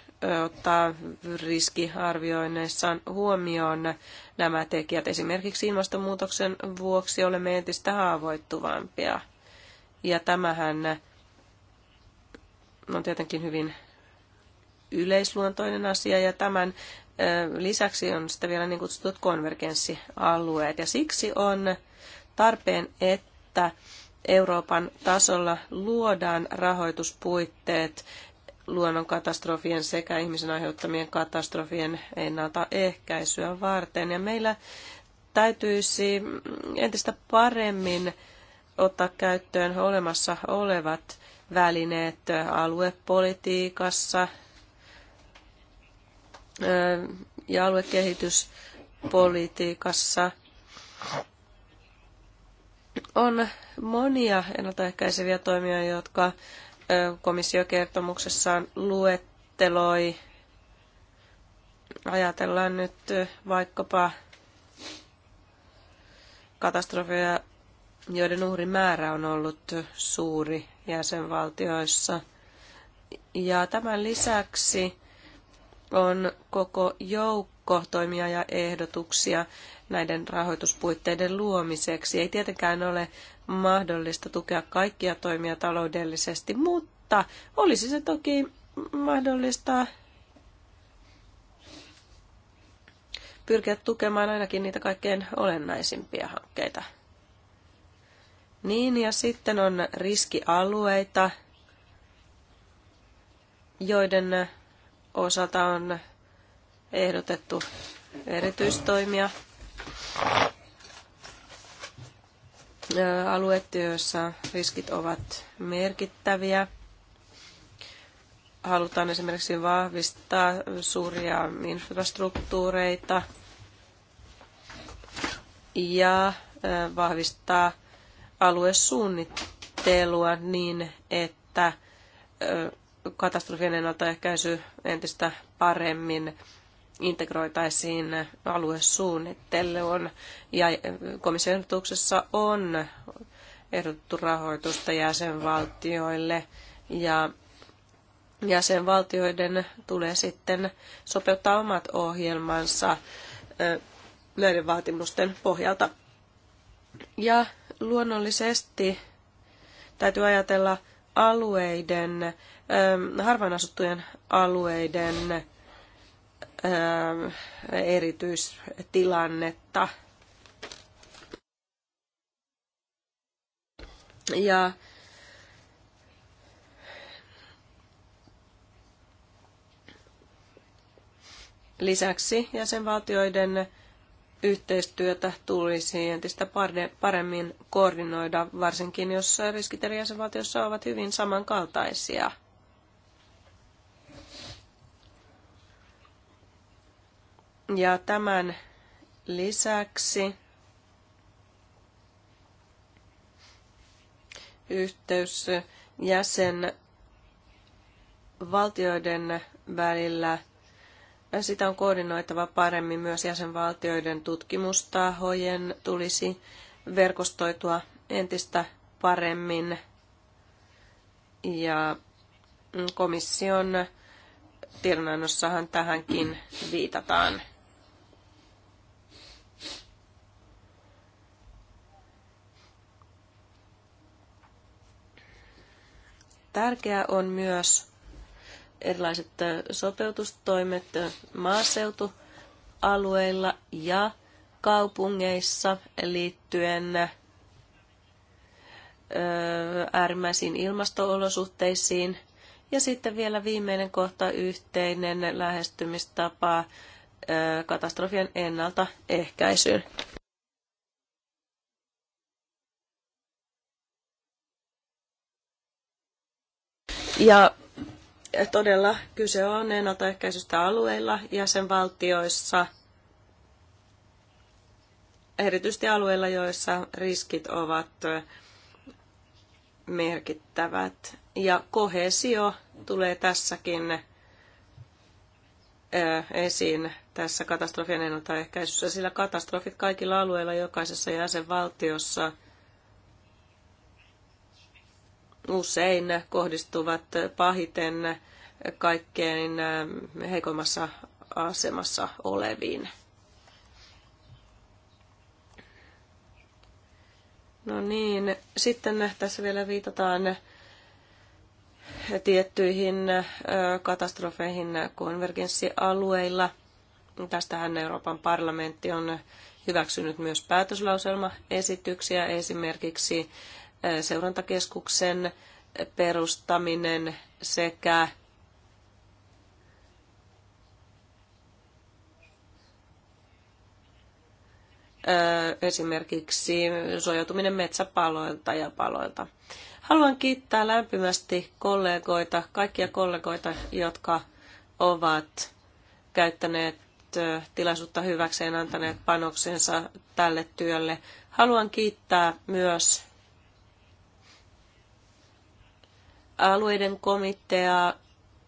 ottaa riskiarvioinneissaan huomioon nämä tekijät. Esimerkiksi ilmastonmuutoksen vuoksi olemme entistä haavoittuvampia. Ja tämähän on tietenkin hyvin yleisluontoinen asia ja tämän lisäksi on sitten vielä niin kutsutut konvergenssialueet. Ja siksi on tarpeen, että Euroopan tasolla luodaan rahoituspuitteet luonnonkatastrofien sekä ihmisen aiheuttamien katastrofien ennaltaehkäisyä varten. Ja meillä täytyisi entistä paremmin ottaa käyttöön olemassa olevat välineet aluepolitiikassa, ja aluekehityspolitiikassa on monia ennaltaehkäiseviä toimia, jotka komissiokertomuksessaan luetteloi. Ajatellaan nyt vaikkapa katastrofeja, joiden uhrimäärä on ollut suuri jäsenvaltioissa. Ja tämän lisäksi on koko joukko toimia ja ehdotuksia näiden rahoituspuitteiden luomiseksi. Ei tietenkään ole mahdollista tukea kaikkia toimia taloudellisesti, mutta olisi se toki mahdollista pyrkiä tukemaan ainakin niitä kaikkein olennaisimpia hankkeita. Niin, ja sitten on riskialueita, joiden osalta on ehdotettu erityistoimia alueet, joissa riskit ovat merkittäviä. Halutaan esimerkiksi vahvistaa suuria infrastruktuureita ja vahvistaa aluesuunnittelua niin, että katastrofien ennaltaehkäisy entistä paremmin integroitaisiin aluesuunnitteluun. Ja komission ehdotuksessa on ehdotettu rahoitusta jäsenvaltioille ja jäsenvaltioiden tulee sitten sopeuttaa omat ohjelmansa näiden vaatimusten pohjalta. Ja luonnollisesti täytyy ajatella alueiden harvaan asuttujen alueiden erityistilannetta. Ja lisäksi jäsenvaltioiden yhteistyötä tulisi entistä paremmin koordinoida, varsinkin jos riskit eri jäsenvaltioissa ovat hyvin samankaltaisia – Ja tämän lisäksi yhteys jäsen valtioiden välillä sitä on koordinoitava paremmin myös jäsenvaltioiden tutkimustahojen tulisi verkostoitua entistä paremmin ja komission tiedonannossahan tähänkin viitataan. Tärkeää on myös erilaiset sopeutustoimet maaseutualueilla ja kaupungeissa liittyen äärimmäisiin ilmastoolosuhteisiin. Ja sitten vielä viimeinen kohta, yhteinen lähestymistapa katastrofien ennaltaehkäisyyn. Ja todella kyse on ennaltaehkäisystä alueilla, ja sen valtioissa erityisesti alueilla, joissa riskit ovat merkittävät. Ja kohesio tulee tässäkin esiin tässä katastrofien ennaltaehkäisyssä, sillä katastrofit kaikilla alueilla jokaisessa jäsenvaltiossa – usein kohdistuvat pahiten kaikkein eh, heikoimmassa asemassa oleviin. No niin, sitten tässä vielä viitataan tiettyihin eh, katastrofeihin konvergenssialueilla. Tästähän Euroopan parlamentti on hyväksynyt myös päätöslauselmaesityksiä, esimerkiksi seurantakeskuksen perustaminen sekä esimerkiksi suojautuminen metsäpaloilta ja paloilta. Haluan kiittää lämpimästi kollegoita, kaikkia kollegoita, jotka ovat käyttäneet tilaisuutta hyväkseen antaneet panoksensa tälle työlle. Haluan kiittää myös alueiden komitea,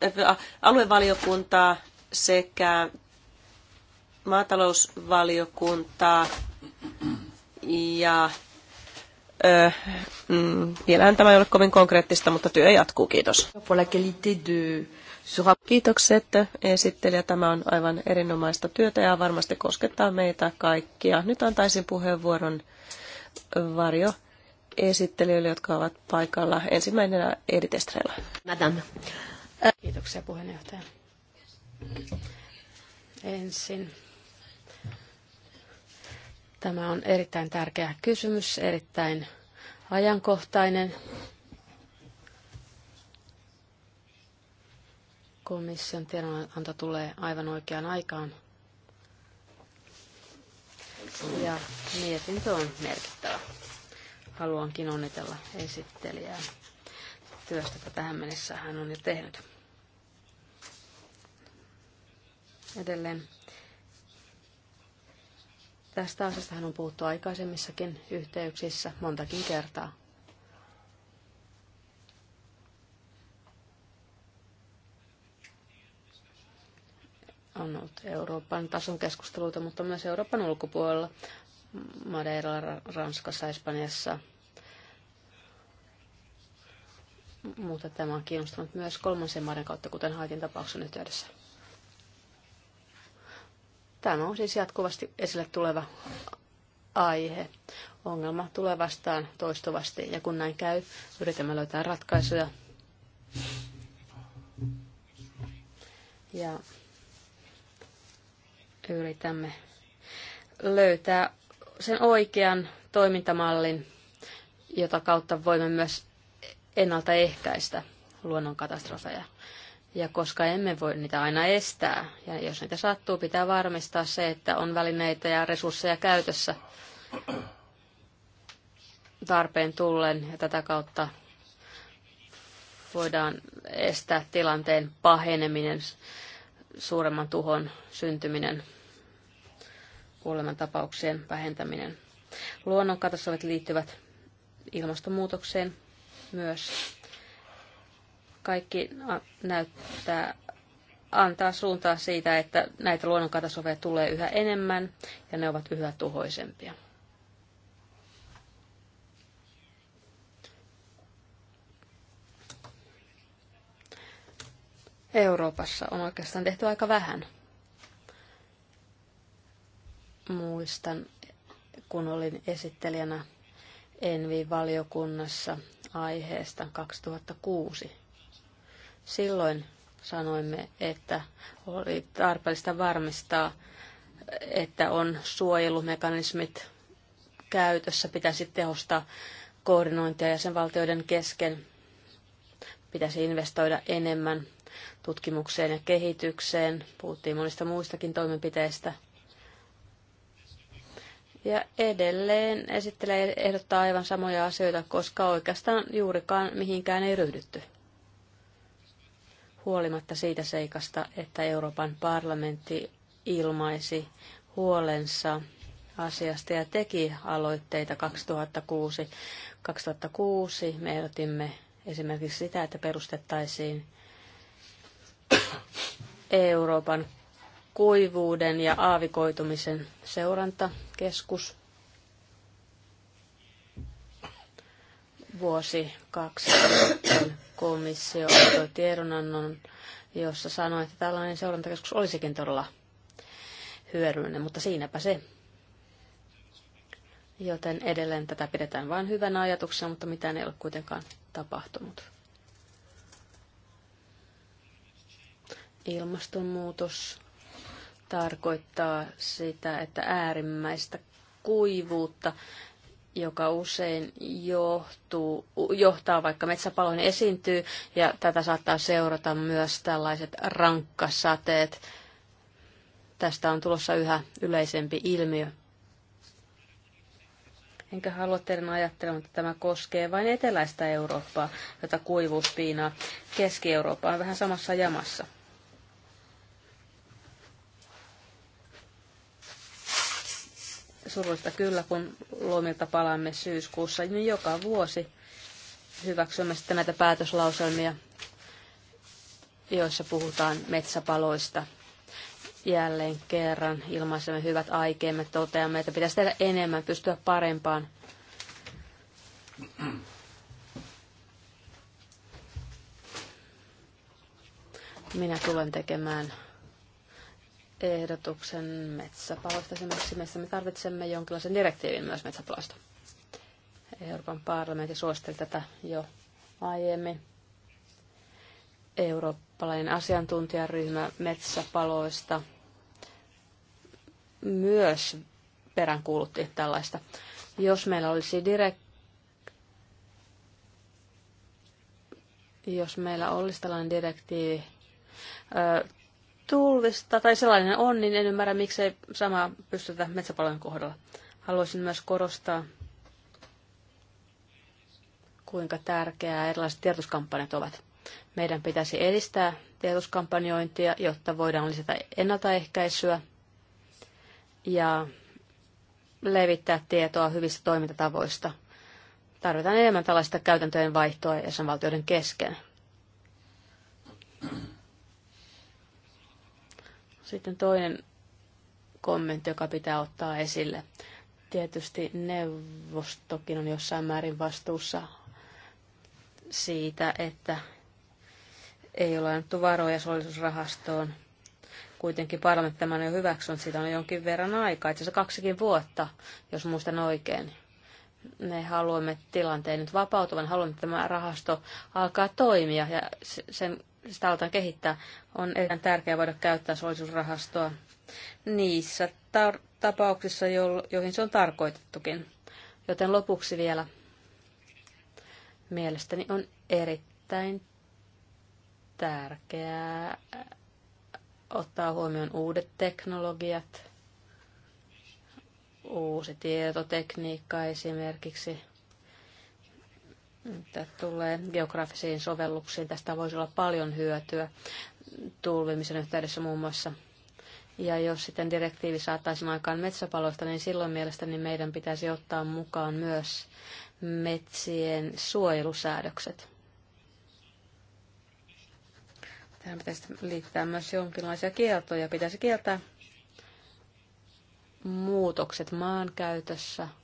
äh, aluevaliokuntaa sekä maatalousvaliokuntaa ja ö, äh, mm, vielähän tämä ei ole kovin konkreettista, mutta työ jatkuu. Kiitos. Kiitokset esittelijä. Tämä on aivan erinomaista työtä ja varmasti koskettaa meitä kaikkia. Nyt antaisin puheenvuoron Varjo esittelijöille, jotka ovat paikalla. Ensimmäisenä Edith Estrella. Madame. Kiitoksia puheenjohtaja. Ensin Tämä on erittäin tärkeä kysymys, erittäin ajankohtainen. Komission tiedonanto tulee aivan oikeaan aikaan. Ja mietintö on merkittävä. Haluankin onnitella esittelijää työstä, jota tähän mennessä hän on jo tehnyt. Edelleen Tästä asiasta on puhuttu aikaisemmissakin yhteyksissä montakin kertaa. On ollut Euroopan tason keskusteluita, mutta myös Euroopan ulkopuolella Madeiralla, Ranskassa, Espanjassa. Mutta tämä on kiinnostunut myös kolmansien maiden kautta, kuten Haitin tapauksen yhteydessä. Tämä on siis jatkuvasti esille tuleva aihe. Ongelma tulee vastaan toistuvasti ja kun näin käy, yritämme löytää ratkaisuja. Ja yritämme löytää sen oikean toimintamallin, jota kautta voimme myös ennaltaehkäistä luonnonkatastrofeja. Ja koska emme voi niitä aina estää, ja jos niitä sattuu, pitää varmistaa se, että on välineitä ja resursseja käytössä tarpeen tullen, ja tätä kautta voidaan estää tilanteen paheneminen, suuremman tuhon syntyminen kuolemantapauksien vähentäminen. Luonnonkatastrofit liittyvät ilmastonmuutokseen myös. Kaikki näyttää antaa suuntaa siitä, että näitä luonnonkatastrofeja tulee yhä enemmän ja ne ovat yhä tuhoisempia. Euroopassa on oikeastaan tehty aika vähän Muistan, kun olin esittelijänä Envi-valiokunnassa aiheesta 2006. Silloin sanoimme, että oli tarpeellista varmistaa, että on suojelumekanismit käytössä, pitäisi tehostaa koordinointia jäsenvaltioiden kesken, pitäisi investoida enemmän tutkimukseen ja kehitykseen. Puhuttiin monista muistakin toimenpiteistä. Ja edelleen esittelee ehdottaa aivan samoja asioita, koska oikeastaan juurikaan mihinkään ei ryhdytty. Huolimatta siitä seikasta, että Euroopan parlamentti ilmaisi huolensa asiasta ja teki aloitteita 2006. 2006 me ehdotimme esimerkiksi sitä, että perustettaisiin Euroopan kuivuuden ja aavikoitumisen seurantakeskus. Vuosi kaksi komissio antoi tiedonannon, jossa sanoi, että tällainen seurantakeskus olisikin todella hyödyllinen, mutta siinäpä se. Joten edelleen tätä pidetään vain hyvänä ajatuksena, mutta mitään ei ole kuitenkaan tapahtunut. Ilmastonmuutos tarkoittaa sitä, että äärimmäistä kuivuutta, joka usein johtuu, johtaa vaikka metsäpaloihin esiintyy, ja tätä saattaa seurata myös tällaiset rankkasateet. Tästä on tulossa yhä yleisempi ilmiö. Enkä halua teidän ajattelemaan, että tämä koskee vain eteläistä Eurooppaa, jota kuivuuspiinaa. Keski-Eurooppa on vähän samassa jamassa. surullista kyllä, kun lomilta palaamme syyskuussa, niin joka vuosi hyväksymme sitten näitä päätöslauselmia, joissa puhutaan metsäpaloista. Jälleen kerran ilmaisemme hyvät aikeemme, toteamme, että pitäisi tehdä enemmän, pystyä parempaan. Minä tulen tekemään ehdotuksen metsäpaloista. Esimerkiksi meissä me tarvitsemme jonkinlaisen direktiivin myös metsäpaloista. Euroopan parlamentti suositteli tätä jo aiemmin. Eurooppalainen asiantuntijaryhmä metsäpaloista myös peräänkuulutti tällaista. Jos meillä olisi direk... Jos meillä olisi tällainen direktiivi, tulvista, tai sellainen on, niin en ymmärrä, miksei sama pystytä metsäpalojen kohdalla. Haluaisin myös korostaa, kuinka tärkeää erilaiset tiedotuskampanjat ovat. Meidän pitäisi edistää tiedotuskampanjointia, jotta voidaan lisätä ennaltaehkäisyä ja levittää tietoa hyvistä toimintatavoista. Tarvitaan enemmän tällaista käytäntöjen vaihtoa jäsenvaltioiden kesken. Sitten toinen kommentti, joka pitää ottaa esille. Tietysti neuvostokin on jossain määrin vastuussa siitä, että ei ole annettu varoja solidisuusrahastoon. Kuitenkin parlamentti tämän on jo hyväksynyt, siitä on jonkin verran aikaa, itse asiassa kaksikin vuotta, jos muistan oikein. Me haluamme tilanteen nyt vapautuvan, haluamme, että tämä rahasto alkaa toimia ja sen sitä aletaan kehittää, on erittäin tärkeää voida käyttää solidisuusrahastoa niissä tar- tapauksissa, jo- joihin se on tarkoitettukin. Joten lopuksi vielä mielestäni on erittäin tärkeää ottaa huomioon uudet teknologiat, uusi tietotekniikka esimerkiksi – mitä tulee geografisiin sovelluksiin. Tästä voisi olla paljon hyötyä tulvimisen yhteydessä muun muassa. Ja jos sitten direktiivi saataisiin aikaan metsäpaloista, niin silloin mielestäni meidän pitäisi ottaa mukaan myös metsien suojelusäädökset. Tähän pitäisi liittää myös jonkinlaisia kieltoja. Pitäisi kieltää muutokset maankäytössä –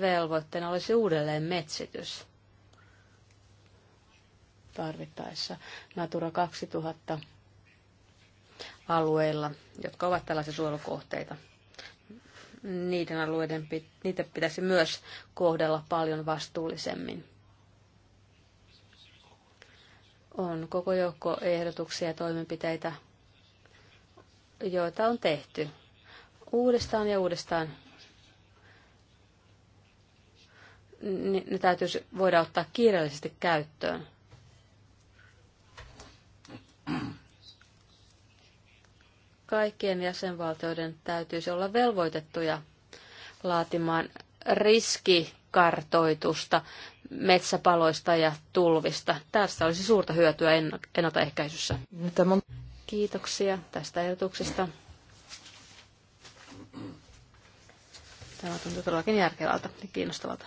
velvoitteena olisi uudelleen metsitys tarvittaessa Natura 2000 alueilla, jotka ovat tällaisia suojelukohteita. Niiden alueiden, niitä pitäisi myös kohdella paljon vastuullisemmin. On koko joukko ehdotuksia ja toimenpiteitä, joita on tehty uudestaan ja uudestaan niin ne täytyisi voida ottaa kiireellisesti käyttöön. Kaikkien jäsenvaltioiden täytyisi olla velvoitettuja laatimaan riskikartoitusta metsäpaloista ja tulvista. Tästä olisi suurta hyötyä ennaltaehkäisyssä. Kiitoksia tästä ehdotuksesta. Tämä tuntuu todellakin järkevältä ja kiinnostavalta.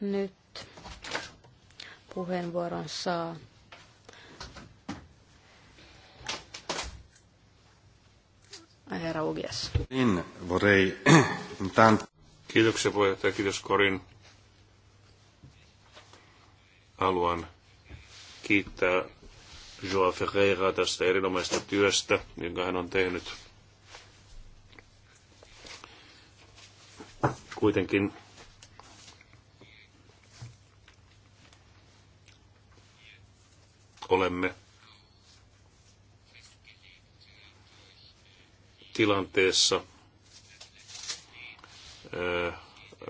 Nyt puheenvuoron saa herra Ugias. Niin, Kiitoksia puheenjohtaja, kiitos Korin. Haluan kiittää Joa Ferreira tästä erinomaisesta työstä, jonka hän on tehnyt. Kuitenkin olemme tilanteessa äh,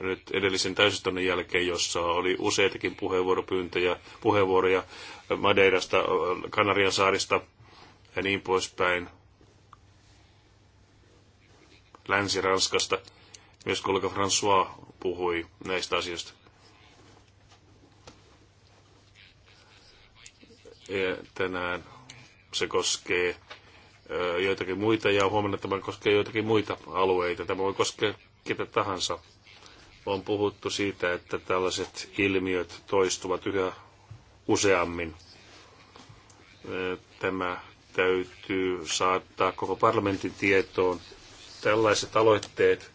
nyt edellisen täysistunnon jälkeen, jossa oli useitakin puheenvuoropyyntöjä, puheenvuoroja Madeirasta, Kanarian saarista ja niin poispäin, Länsi-Ranskasta. Myös kollega François puhui näistä asioista. tänään se koskee joitakin muita ja huomenna tämä koskee joitakin muita alueita. Tämä voi koskea ketä tahansa. On puhuttu siitä, että tällaiset ilmiöt toistuvat yhä useammin. Tämä täytyy saattaa koko parlamentin tietoon. Tällaiset aloitteet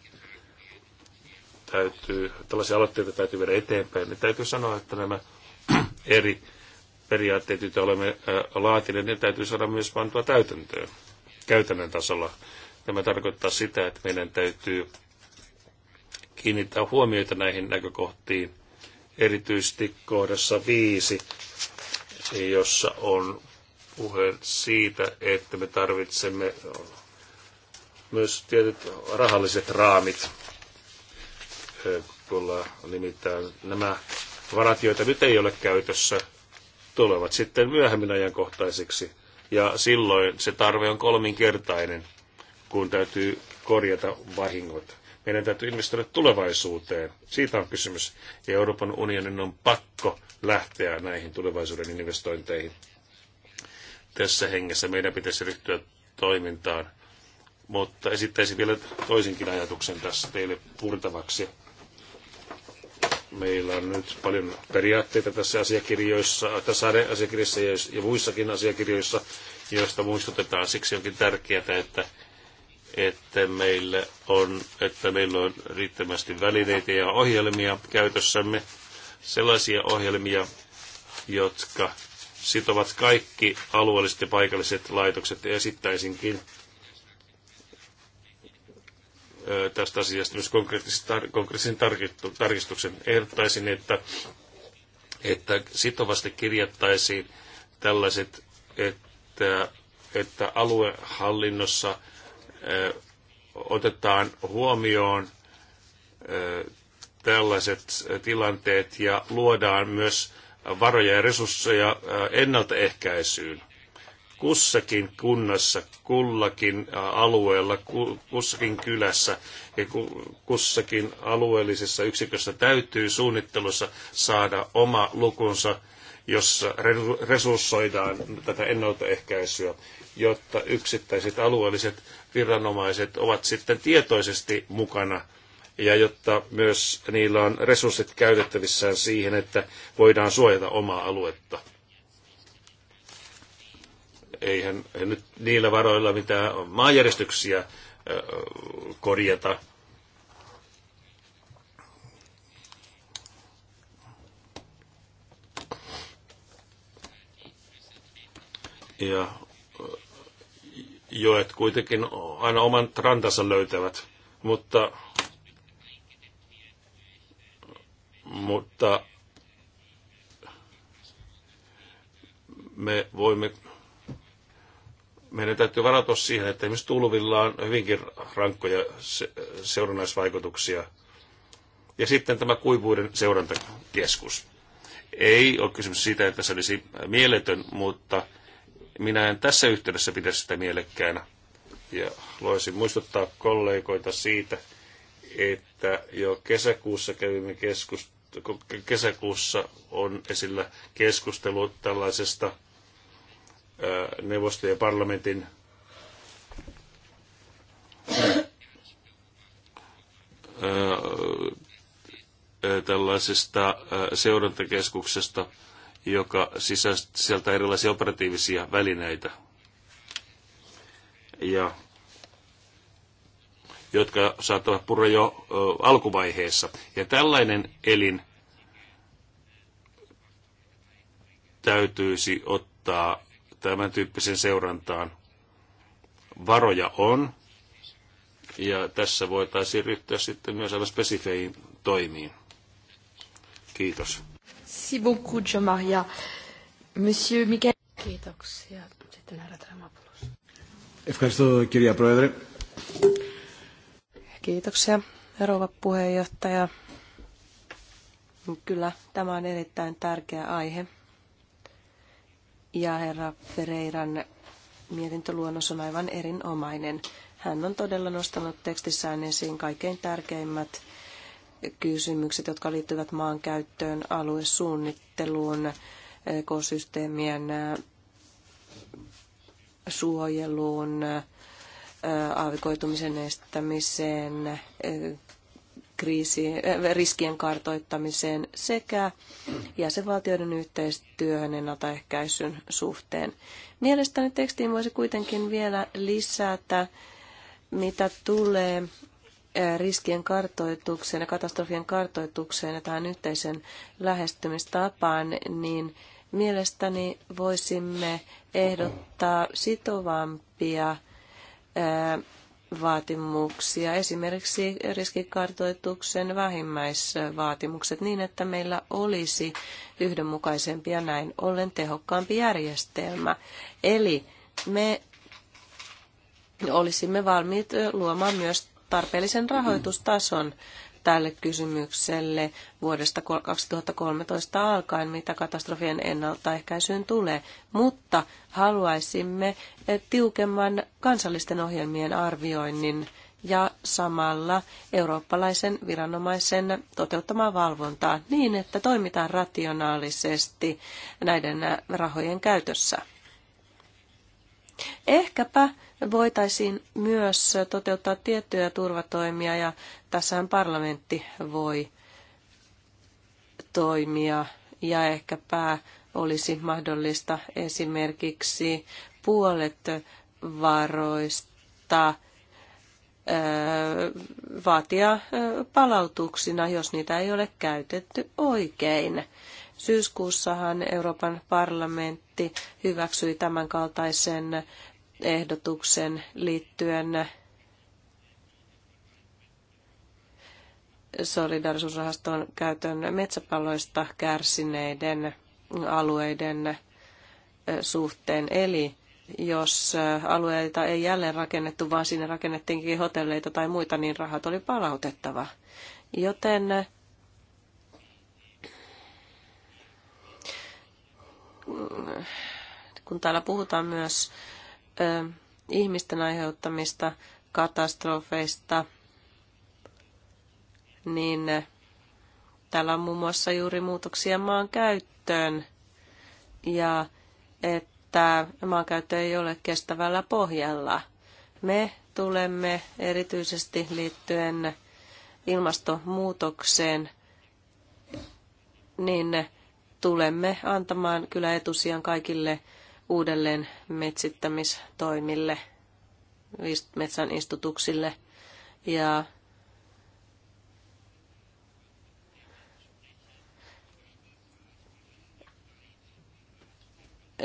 täytyy, tällaisia aloitteita täytyy viedä eteenpäin. Niin täytyy sanoa, että nämä eri periaatteet, joita olemme laatineet, ne täytyy saada myös pantua täytäntöön käytännön tasolla. Tämä tarkoittaa sitä, että meidän täytyy kiinnittää huomiota näihin näkökohtiin, erityisesti kohdassa viisi, jossa on puhe siitä, että me tarvitsemme myös tietyt rahalliset raamit, kun nimittäin nämä varat, joita nyt ei ole käytössä, tulevat sitten myöhemmin ajankohtaisiksi. Ja silloin se tarve on kolminkertainen, kun täytyy korjata vahingot. Meidän täytyy investoida tulevaisuuteen. Siitä on kysymys. Ja Euroopan unionin on pakko lähteä näihin tulevaisuuden investointeihin. Tässä hengessä meidän pitäisi ryhtyä toimintaan. Mutta esittäisin vielä toisinkin ajatuksen tässä teille purtavaksi Meillä on nyt paljon periaatteita tässä asiakirjoissa, tässä asiakirjassa ja muissakin asiakirjoissa, joista muistutetaan. Siksi onkin tärkeää, että, että, meillä on, että meillä on riittävästi välineitä ja ohjelmia käytössämme, sellaisia ohjelmia, jotka sitovat kaikki alueelliset ja paikalliset laitokset. Esittäisinkin tästä asiasta myös konkreettisen tarkistuksen. Ehdottaisin, että, että sitovasti kirjattaisiin tällaiset, että, että aluehallinnossa otetaan huomioon tällaiset tilanteet ja luodaan myös varoja ja resursseja ennaltaehkäisyyn kussakin kunnassa, kullakin alueella, kussakin kylässä ja kussakin alueellisessa yksikössä täytyy suunnittelussa saada oma lukunsa, jossa resurssoidaan tätä ennaltaehkäisyä, jotta yksittäiset alueelliset viranomaiset ovat sitten tietoisesti mukana ja jotta myös niillä on resurssit käytettävissään siihen, että voidaan suojata omaa aluetta eihän nyt niillä varoilla mitään maanjärjestyksiä korjata. Ja joet kuitenkin aina oman rantansa löytävät, mutta, mutta me voimme meidän täytyy varautua siihen, että esimerkiksi tulvilla on hyvinkin rankkoja seurannaisvaikutuksia. Ja sitten tämä kuivuuden seurantakeskus. Ei ole kysymys siitä, että se olisi mieletön, mutta minä en tässä yhteydessä pidä sitä mielekkäänä. Ja loisin muistuttaa kollegoita siitä, että jo kesäkuussa kävimme keskust kesäkuussa on esillä keskustelu tällaisesta neuvoston ja parlamentin tällaisesta seurantakeskuksesta, joka sisältää erilaisia operatiivisia välineitä, ja jotka saattavat purra jo alkuvaiheessa. Ja tällainen elin täytyisi ottaa tämän tyyppisen seurantaan. Varoja on, ja tässä voitaisiin ryhtyä sitten myös aivan spesifeihin toimiin. Kiitos. Si beaucoup, Maria. Monsieur Mikael. Kiitoksia. Sitten herra Tramopoulos. Kiitoksia, rouva puheenjohtaja. Kyllä, tämä on erittäin tärkeä aihe ja herra Pereiran mietintöluonnos on aivan erinomainen. Hän on todella nostanut tekstissään esiin kaikkein tärkeimmät kysymykset, jotka liittyvät maankäyttöön, aluesuunnitteluun, ekosysteemien suojeluun, aavikoitumisen estämiseen, kriisien, äh, riskien kartoittamiseen sekä jäsenvaltioiden yhteistyöhön ennaltaehkäisyn suhteen. Mielestäni tekstiin voisi kuitenkin vielä lisätä, mitä tulee äh, riskien kartoitukseen ja katastrofien kartoitukseen ja tähän yhteisen lähestymistapaan, niin mielestäni voisimme ehdottaa sitovampia äh, vaatimuksia, esimerkiksi riskikartoituksen vähimmäisvaatimukset niin, että meillä olisi yhdenmukaisempi ja näin ollen tehokkaampi järjestelmä. Eli me olisimme valmiit luomaan myös tarpeellisen rahoitustason tälle kysymykselle vuodesta 2013 alkaen, mitä katastrofien ennaltaehkäisyyn tulee, mutta haluaisimme eh, tiukemman kansallisten ohjelmien arvioinnin ja samalla eurooppalaisen viranomaisen toteuttamaa valvontaa niin, että toimitaan rationaalisesti näiden eh, rahojen käytössä. Ehkäpä voitaisiin myös toteuttaa tiettyjä turvatoimia ja tässähän parlamentti voi toimia ja ehkäpä olisi mahdollista esimerkiksi puolet varoista vaatia palautuksina, jos niitä ei ole käytetty oikein. Syyskuussahan Euroopan parlamentti hyväksyi tämänkaltaisen ehdotuksen liittyen solidarisuusrahaston käytön metsäpaloista kärsineiden alueiden suhteen. Eli jos alueita ei jälleen rakennettu, vaan sinne rakennettiinkin hotelleita tai muita, niin rahat oli palautettava. Joten kun täällä puhutaan myös ihmisten aiheuttamista katastrofeista, niin täällä on muun muassa juuri muutoksia maan käyttöön ja että maankäyttö ei ole kestävällä pohjalla. Me tulemme erityisesti liittyen ilmastonmuutokseen, niin tulemme antamaan kyllä etusijan kaikille uudelleen metsittämistoimille, metsän istutuksille ja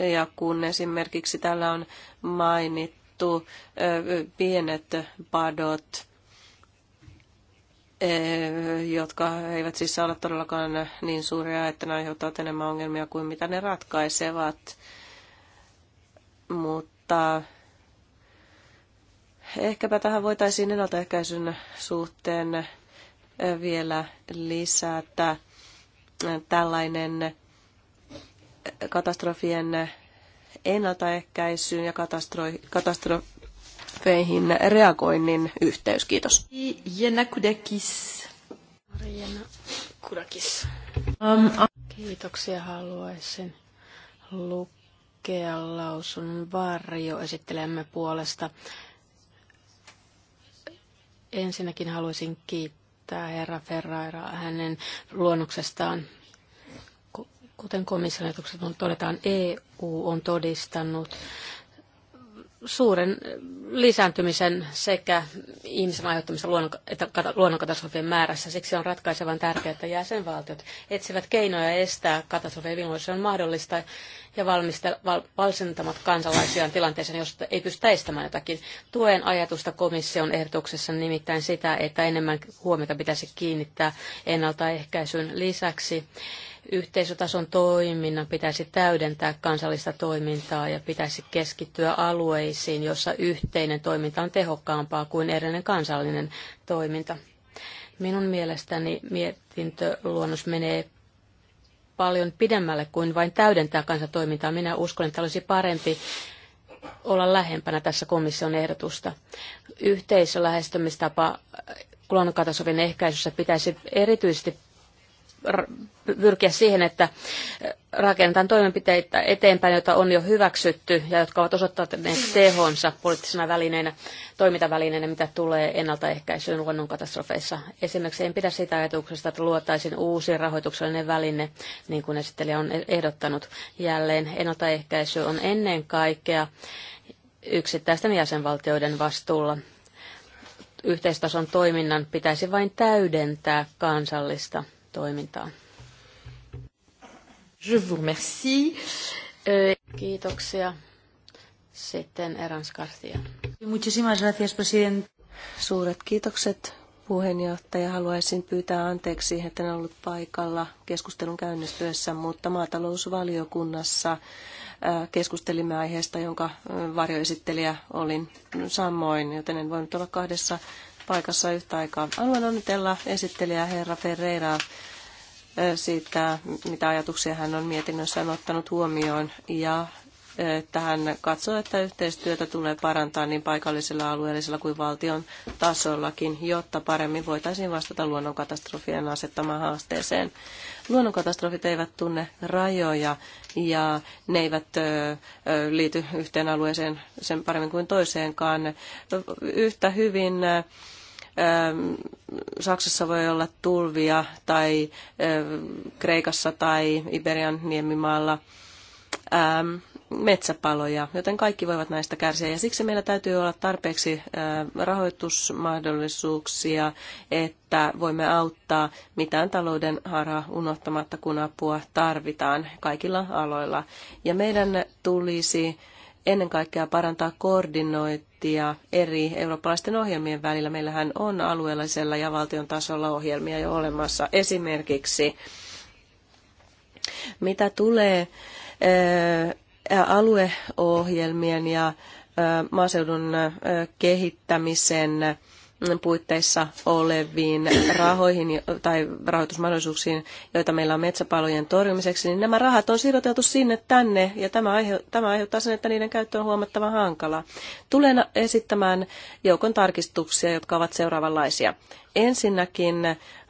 ja kun esimerkiksi täällä on mainittu pienet padot, jotka eivät siis saa olla todellakaan niin suuria, että ne aiheuttavat enemmän ongelmia kuin mitä ne ratkaisevat mutta ehkäpä tähän voitaisiin ennaltaehkäisyn suhteen vielä lisätä tällainen katastrofien ennaltaehkäisyyn ja katastrofeihin reagoinnin yhteys. Kiitos. Jena Kudakis. Jena Kudakis. Um, Kiitoksia haluaisin lukea Kean lausun varjo esittelemme puolesta. Ensinnäkin haluaisin kiittää herra Ferraira hänen luonnoksestaan. Kuten komission todetaan, EU on todistanut suuren lisääntymisen sekä ihmisen aiheuttamista luonnonkatastrofien määrässä. Siksi on ratkaisevan tärkeää, että jäsenvaltiot etsivät keinoja estää katastrofeja milloin se on mahdollista ja valsentamat kansalaisiaan tilanteeseen, jos ei pystytä estämään jotakin. Tuen ajatusta komission ehdotuksessa nimittäin sitä, että enemmän huomiota pitäisi kiinnittää ennaltaehkäisyn lisäksi Yhteisötason toiminnan pitäisi täydentää kansallista toimintaa ja pitäisi keskittyä alueisiin, joissa yhteinen toiminta on tehokkaampaa kuin erillinen kansallinen toiminta. Minun mielestäni mietintöluonnos menee paljon pidemmälle kuin vain täydentää kansatoimintaa. Minä uskon, että olisi parempi olla lähempänä tässä komission ehdotusta. Yhteisölähestymistapa luonnonkatastrofin ehkäisyssä pitäisi erityisesti pyrkiä siihen, että rakennetaan toimenpiteitä eteenpäin, joita on jo hyväksytty ja jotka ovat osoittaneet tehonsa poliittisena välineenä, toimintavälineenä, mitä tulee ennaltaehkäisyyn luonnonkatastrofeissa. Esimerkiksi en pidä sitä ajatuksesta, että luotaisiin uusi rahoituksellinen väline, niin kuin esittelijä on ehdottanut jälleen. Ennaltaehkäisy on ennen kaikkea yksittäisten jäsenvaltioiden vastuulla yhteistason toiminnan pitäisi vain täydentää kansallista toimintaa. Je vous remercie. Euh, Kiitoksia. Sitten Erans Garcia. Muchísimas gracias, president. Suuret kiitokset puheenjohtaja. Haluaisin pyytää anteeksi, että en ollut paikalla keskustelun käynnistyessä, mutta maatalousvaliokunnassa äh, keskustelimme aiheesta, jonka äh, varjoesittelijä olin samoin, joten en voinut olla kahdessa paikassa yhtä aikaa. Haluan onnitella esittelijä herra Ferreira siitä, mitä ajatuksia hän on mietinnössään ottanut huomioon ja että hän katsoo, että yhteistyötä tulee parantaa niin paikallisella, alueellisella kuin valtion tasollakin, jotta paremmin voitaisiin vastata luonnonkatastrofien asettamaan haasteeseen. Luonnonkatastrofit eivät tunne rajoja ja ne eivät liity yhteen alueeseen sen paremmin kuin toiseenkaan. Yhtä hyvin Saksassa voi olla tulvia tai Kreikassa tai Iberian niemimaalla metsäpaloja, joten kaikki voivat näistä kärsiä. Ja siksi meillä täytyy olla tarpeeksi rahoitusmahdollisuuksia, että voimme auttaa mitään talouden hara unohtamatta, kun apua tarvitaan kaikilla aloilla. Ja meidän tulisi ennen kaikkea parantaa koordinoita koordinointia eri eurooppalaisten ohjelmien välillä. Meillähän on alueellisella ja valtion tasolla ohjelmia jo olemassa. Esimerkiksi mitä tulee alueohjelmien ja maaseudun kehittämisen puitteissa oleviin rahoihin tai rahoitusmahdollisuuksiin, joita meillä on metsäpalojen torjumiseksi, niin nämä rahat on siirroteltu sinne tänne ja tämä, aihe, tämä aiheuttaa sen, että niiden käyttö on huomattavan hankalaa. Tulen esittämään joukon tarkistuksia, jotka ovat seuraavanlaisia. Ensinnäkin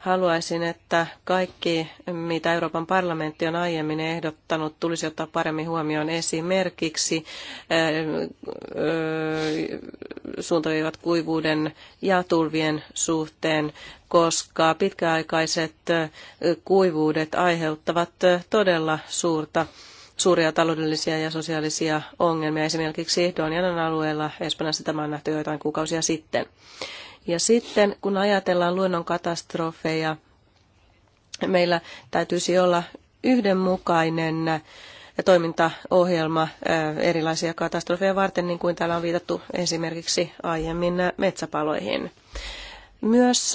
Haluaisin, että kaikki, mitä Euroopan parlamentti on aiemmin ehdottanut, tulisi ottaa paremmin huomioon esimerkiksi eh, suuntaviivat kuivuuden ja tulvien suhteen, koska pitkäaikaiset eh, kuivuudet aiheuttavat eh, todella suurta suuria taloudellisia ja sosiaalisia ongelmia. Esimerkiksi Donianan alueella Espanjassa tämä on nähty joitain kuukausia sitten. Ja sitten kun ajatellaan luonnon katastrofeja, meillä täytyisi olla yhdenmukainen toimintaohjelma erilaisia katastrofeja varten, niin kuin täällä on viitattu esimerkiksi aiemmin metsäpaloihin. Myös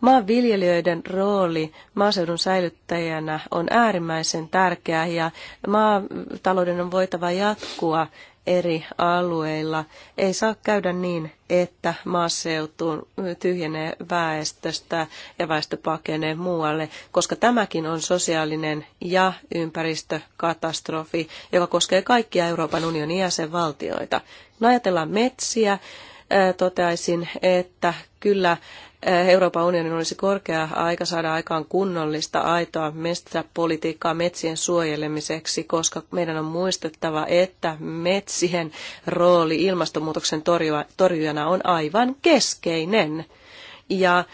maanviljelijöiden rooli maaseudun säilyttäjänä on äärimmäisen tärkeä ja maatalouden on voitava jatkua eri alueilla. Ei saa käydä niin, että maaseutu tyhjenee väestöstä ja väestö pakenee muualle, koska tämäkin on sosiaalinen ja ympäristökatastrofi, joka koskee kaikkia Euroopan unionin jäsenvaltioita. Kun no, ajatellaan metsiä, toteaisin, että kyllä Euroopan unionin olisi korkea aika saada aikaan kunnollista, aitoa metsäpolitiikkaa metsien suojelemiseksi, koska meidän on muistettava, että metsien rooli ilmastonmuutoksen torjujana on aivan keskeinen. Ja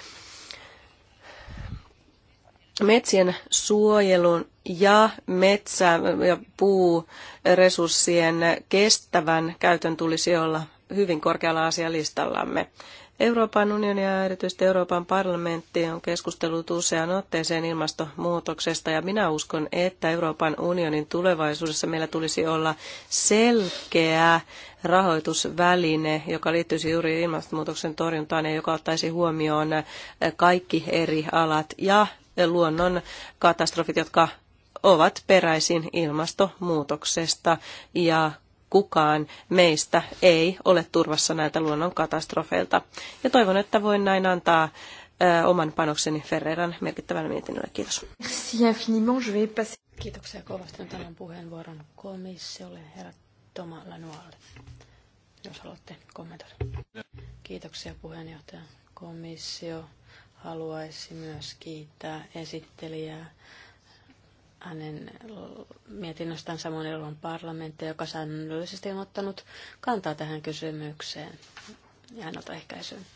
metsien suojelun ja metsä- ja puuresurssien kestävän käytön tulisi olla hyvin korkealla asialistallamme. Euroopan unioni ja erityisesti Euroopan parlamentti on keskustellut useaan otteeseen ilmastonmuutoksesta ja minä uskon, että Euroopan unionin tulevaisuudessa meillä tulisi olla selkeä rahoitusväline, joka liittyisi juuri ilmastonmuutoksen torjuntaan ja joka ottaisi huomioon kaikki eri alat ja luonnon katastrofit, jotka ovat peräisin ilmastonmuutoksesta ja kukaan meistä ei ole turvassa näiltä luonnonkatastrofeilta. Ja toivon, että voin näin antaa oman panokseni Ferreiran merkittävän mietinnölle. Kiitos. Kiitoksia kovasti tämän puheenvuoron komissiolle, herra Toma Lanualle, jos haluatte kommentoida. Kiitoksia puheenjohtaja. Komissio haluaisi myös kiittää esittelijää hänen mietinnöstään samoin Euroopan parlamentti, joka säännöllisesti on ottanut kantaa tähän kysymykseen ja ennaltaehkäisyyn.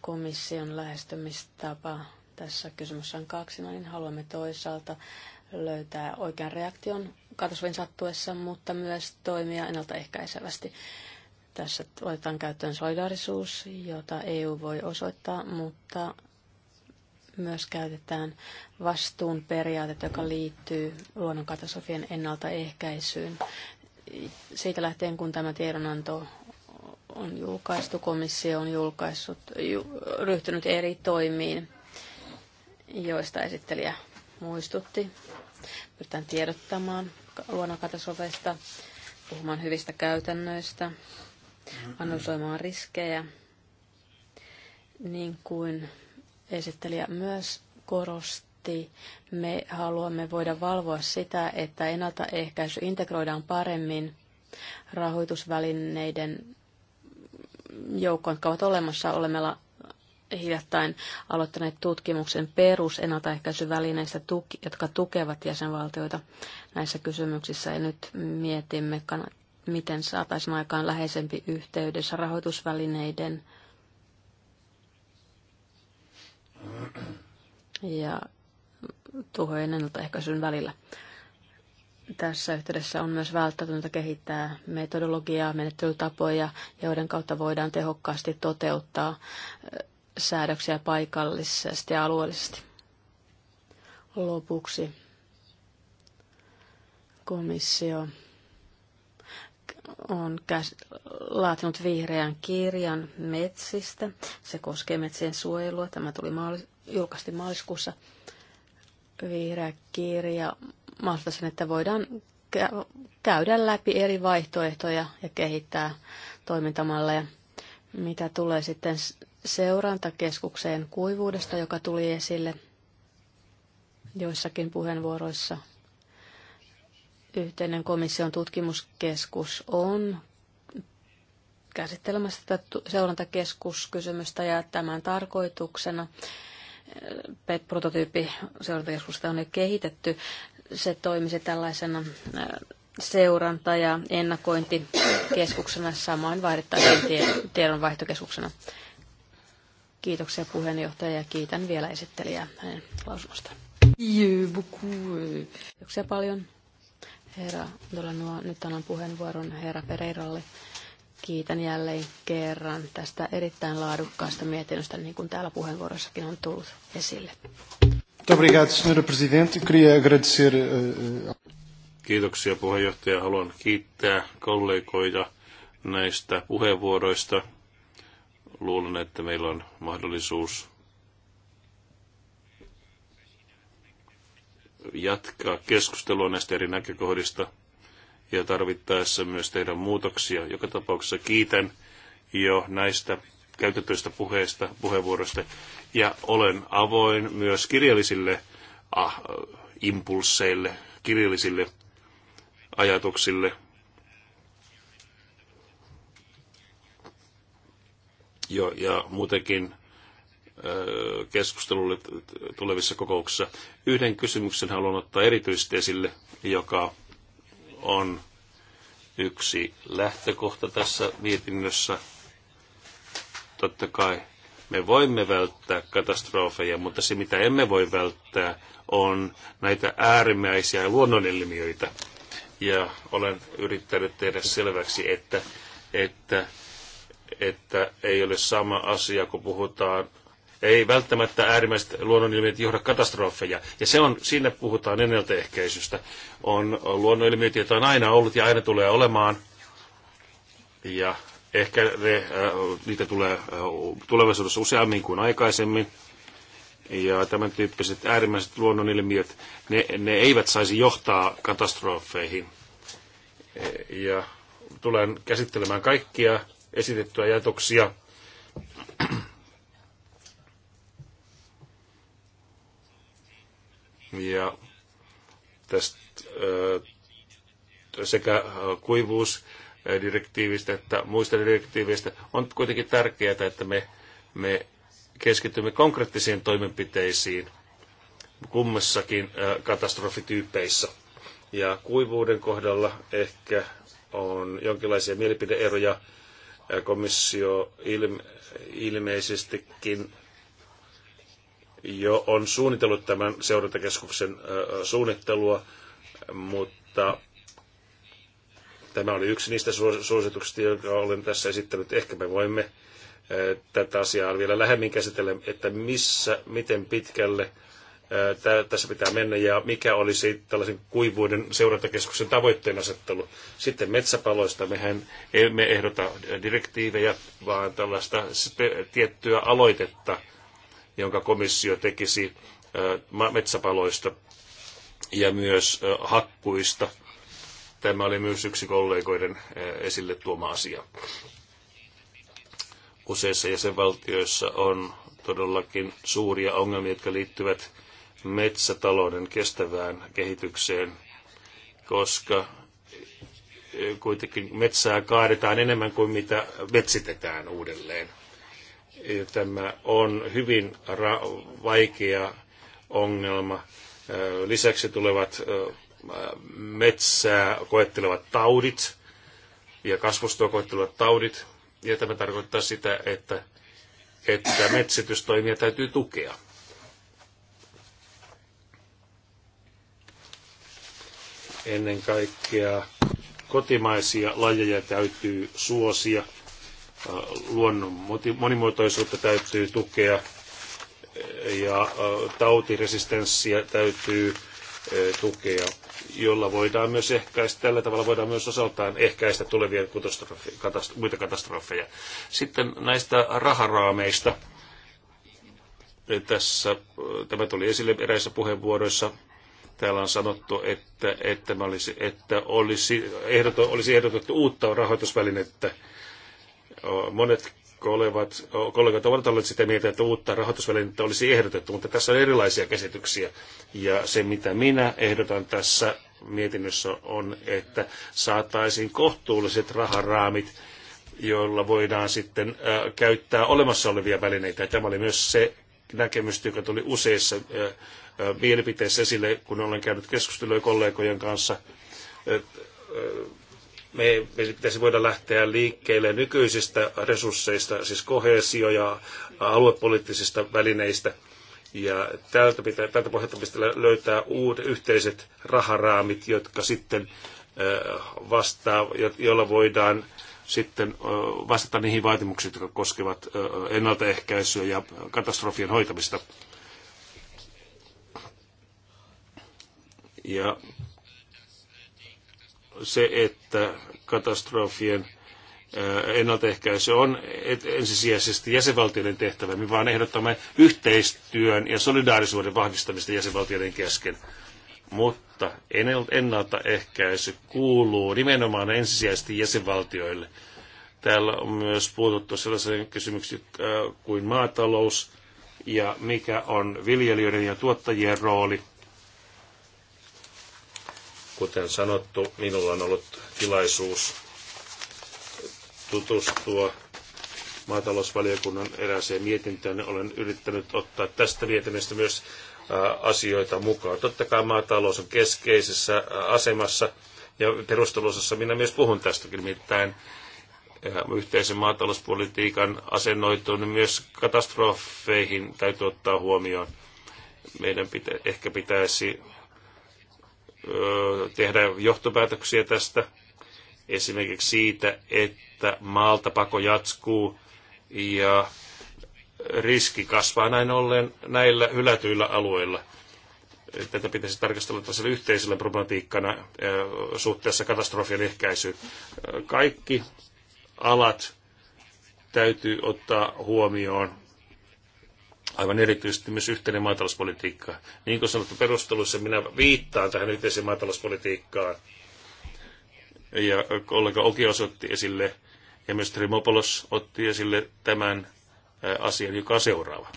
Komission lähestymistapa tässä kysymys on kaksinainen. No niin haluamme toisaalta löytää oikean reaktion katosvin sattuessa, mutta myös toimia ennaltaehkäisevästi. Tässä otetaan käyttöön solidaarisuus, jota EU voi osoittaa, mutta myös käytetään vastuun periaatetta, joka liittyy luonnonkatastrofien ennaltaehkäisyyn. Siitä lähtien, kun tämä tiedonanto on julkaistu, komissio on julkaissut, ryhtynyt eri toimiin, joista esittelijä muistutti. Pyritään tiedottamaan luonnonkatastrofeista, puhumaan hyvistä käytännöistä, analysoimaan riskejä, niin kuin esittelijä myös korosti, me haluamme voida valvoa sitä, että ennaltaehkäisy integroidaan paremmin rahoitusvälineiden joukkoon, jotka ovat olemassa. Olemme hiljattain aloittaneet tutkimuksen perus ennaltaehkäisyvälineistä, jotka tukevat jäsenvaltioita näissä kysymyksissä. Ja nyt mietimme, miten saataisiin aikaan läheisempi yhteydessä rahoitusvälineiden ja tuhojen ennaltaehkäisyn välillä. Tässä yhteydessä on myös välttämätöntä kehittää metodologiaa, menettelytapoja, joiden kautta voidaan tehokkaasti toteuttaa säädöksiä paikallisesti ja alueellisesti. Lopuksi komissio on laatinut vihreän kirjan metsistä. Se koskee metsien suojelua. Tämä tuli maalis- julkaisti maaliskuussa. Vihreä kirja mahdollistaa sen, että voidaan käydä läpi eri vaihtoehtoja ja kehittää toimintamalleja. Mitä tulee sitten seurantakeskukseen kuivuudesta, joka tuli esille joissakin puheenvuoroissa – Yhteinen komission tutkimuskeskus on käsittelemässä tätä seurantakeskuskysymystä ja tämän tarkoituksena eh, PET-prototyyppi seurantakeskusta on jo kehitetty. Se toimisi tällaisena eh, seuranta- ja ennakointikeskuksena, samoin vaihdettaisiin tiedonvaihtokeskuksena. Kiitoksia puheenjohtaja ja kiitän vielä esittelijää hänen lausunnostaan. Kiitoksia paljon. Herra Dolanua, nyt annan puheenvuoron herra Pereiralle. Kiitän jälleen kerran tästä erittäin laadukkaasta mietinnöstä, niin kuin täällä puheenvuorossakin on tullut esille. Eh, eh, Kiitoksia puheenjohtaja. Haluan kiittää kollegoita näistä puheenvuoroista. Luulen, että meillä on mahdollisuus jatkaa keskustelua näistä eri näkökohdista ja tarvittaessa myös tehdä muutoksia. Joka tapauksessa kiitän jo näistä käytetyistä puheista, puheenvuoroista ja olen avoin myös kirjallisille ah, impulseille, kirjallisille ajatuksille. Jo, ja muutenkin keskustelulle tulevissa kokouksissa. Yhden kysymyksen haluan ottaa erityisesti esille, joka on yksi lähtökohta tässä mietinnössä. Totta kai me voimme välttää katastrofeja, mutta se mitä emme voi välttää on näitä äärimmäisiä luonnonilmiöitä. Ja olen yrittänyt tehdä selväksi, että, että, että ei ole sama asia, kun puhutaan ei välttämättä äärimmäiset luonnonilmiöt johda katastrofeja. Ja se on, siinä puhutaan ennaltaehkäisystä. On luonnonilmiöt, joita on aina ollut ja aina tulee olemaan. Ja ehkä ne, äh, niitä tulee äh, tulevaisuudessa useammin kuin aikaisemmin. Ja tämän tyyppiset äärimmäiset luonnonilmiöt, ne, ne eivät saisi johtaa katastrofeihin. Äh, ja tulen käsittelemään kaikkia esitettyjä ajatuksia ja tästä sekä kuivuusdirektiivistä että muista direktiiveistä. On kuitenkin tärkeää, että me, me keskitymme konkreettisiin toimenpiteisiin kummassakin katastrofityypeissä. Ja kuivuuden kohdalla ehkä on jonkinlaisia mielipideeroja. Komissio ilme- ilmeisestikin jo on suunnitellut tämän seurantakeskuksen suunnittelua, mutta tämä oli yksi niistä suosituksista, jotka olen tässä esittänyt. Ehkä me voimme tätä asiaa vielä lähemmin käsitellä, että missä, miten pitkälle tässä pitää mennä ja mikä olisi tällaisen kuivuuden seurantakeskuksen tavoitteen asettelu. Sitten metsäpaloista mehän emme ehdota direktiivejä, vaan tällaista tiettyä aloitetta – jonka komissio tekisi metsäpaloista ja myös hakkuista. Tämä oli myös yksi kollegoiden esille tuoma asia. Useissa jäsenvaltioissa on todellakin suuria ongelmia, jotka liittyvät metsätalouden kestävään kehitykseen, koska kuitenkin metsää kaadetaan enemmän kuin mitä metsitetään uudelleen tämä on hyvin vaikea ongelma. Lisäksi tulevat metsää koettelevat taudit ja kasvustoa koettelevat taudit. Ja tämä tarkoittaa sitä, että, että metsitystoimia täytyy tukea. Ennen kaikkea kotimaisia lajeja täytyy suosia – luonnon monimuotoisuutta täytyy tukea ja tautiresistenssia täytyy tukea, jolla voidaan myös ehkäistä, tällä tavalla voidaan myös osaltaan ehkäistä tulevia katastrofe, katastrofe, muita katastrofeja. Sitten näistä raharaameista. Tässä, tämä tuli esille eräissä puheenvuoroissa. Täällä on sanottu, että, että, olisi, että olisi, ehdoto, olisi ehdotettu uutta rahoitusvälinettä monet kollegat, kollegat ovat olleet sitä mieltä, että uutta rahoitusvälinettä olisi ehdotettu, mutta tässä on erilaisia käsityksiä. Ja se, mitä minä ehdotan tässä mietinnössä on, että saataisiin kohtuulliset raharaamit, joilla voidaan sitten käyttää olemassa olevia välineitä. Ja tämä oli myös se näkemys, joka tuli useissa mielipiteissä esille, kun olen käynyt keskusteluja kollegojen kanssa me, pitäisi voida lähteä liikkeelle nykyisistä resursseista, siis kohesio- ja aluepoliittisista välineistä. Ja tältä, pitää, tältä pohjalta pitää löytää uudet yhteiset raharaamit, jotka sitten vastaa, joilla voidaan sitten vastata niihin vaatimuksiin, jotka koskevat ennaltaehkäisyä ja katastrofien hoitamista. Ja se, että katastrofien ennaltaehkäisy on ensisijaisesti jäsenvaltioiden tehtävä. Me vaan ehdottamme yhteistyön ja solidaarisuuden vahvistamista jäsenvaltioiden kesken. Mutta ennaltaehkäisy kuuluu nimenomaan ensisijaisesti jäsenvaltioille. Täällä on myös puututtu sellaisen kysymyksiin kuin maatalous ja mikä on viljelijöiden ja tuottajien rooli – Kuten sanottu, minulla on ollut tilaisuus tutustua maatalousvaliokunnan erääseen mietintöön. Olen yrittänyt ottaa tästä mietinnöstä myös asioita mukaan. Totta kai maatalous on keskeisessä asemassa ja perustelusessa minä myös puhun tästäkin, nimittäin yhteisen maatalouspolitiikan niin myös katastrofeihin täytyy ottaa huomioon. Meidän pitä, ehkä pitäisi tehdä johtopäätöksiä tästä, esimerkiksi siitä, että maalta pako jatkuu ja riski kasvaa näin ollen näillä hylätyillä alueilla. Tätä pitäisi tarkastella tällaisella yhteisellä problematiikkana suhteessa katastrofien ehkäisyyn. Kaikki alat täytyy ottaa huomioon aivan erityisesti myös yhteinen maatalouspolitiikka. Niin kuin sanottu perusteluissa, minä viittaan tähän yhteiseen maatalouspolitiikkaan. Ja kollega Oki osoitti esille, ja myös Trimopolos otti esille tämän asian, joka on seuraava.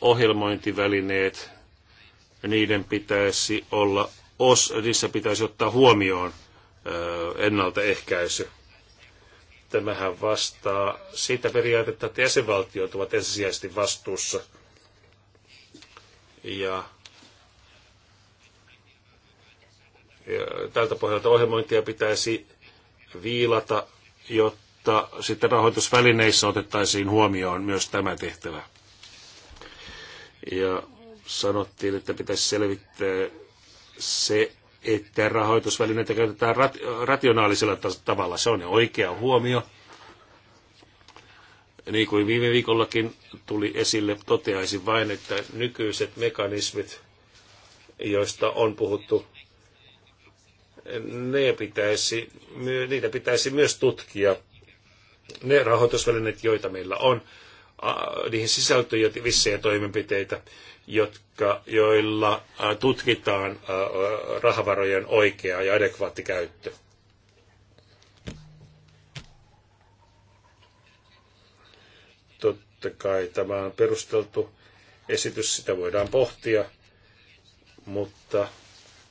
Ohjelmointivälineet, niiden pitäisi olla, os, niissä pitäisi ottaa huomioon ennaltaehkäisy Tämähän vastaa siitä periaatetta, että jäsenvaltiot ovat ensisijaisesti vastuussa. Ja tältä pohjalta ohjelmointia pitäisi viilata, jotta sitten rahoitusvälineissä otettaisiin huomioon myös tämä tehtävä. Ja sanottiin, että pitäisi selvittää se, että rahoitusvälineitä käytetään rat, rationaalisella tavalla. Se on oikea huomio. Niin kuin viime viikollakin tuli esille, toteaisin vain, että nykyiset mekanismit, joista on puhuttu, ne pitäisi, niitä pitäisi myös tutkia. Ne rahoitusvälineet, joita meillä on, niihin sisältöjä vissejä toimenpiteitä, jotka, joilla äh, tutkitaan äh, äh, rahavarojen oikea ja adekvaatti käyttö. Totta kai tämä on perusteltu esitys, sitä voidaan pohtia, mutta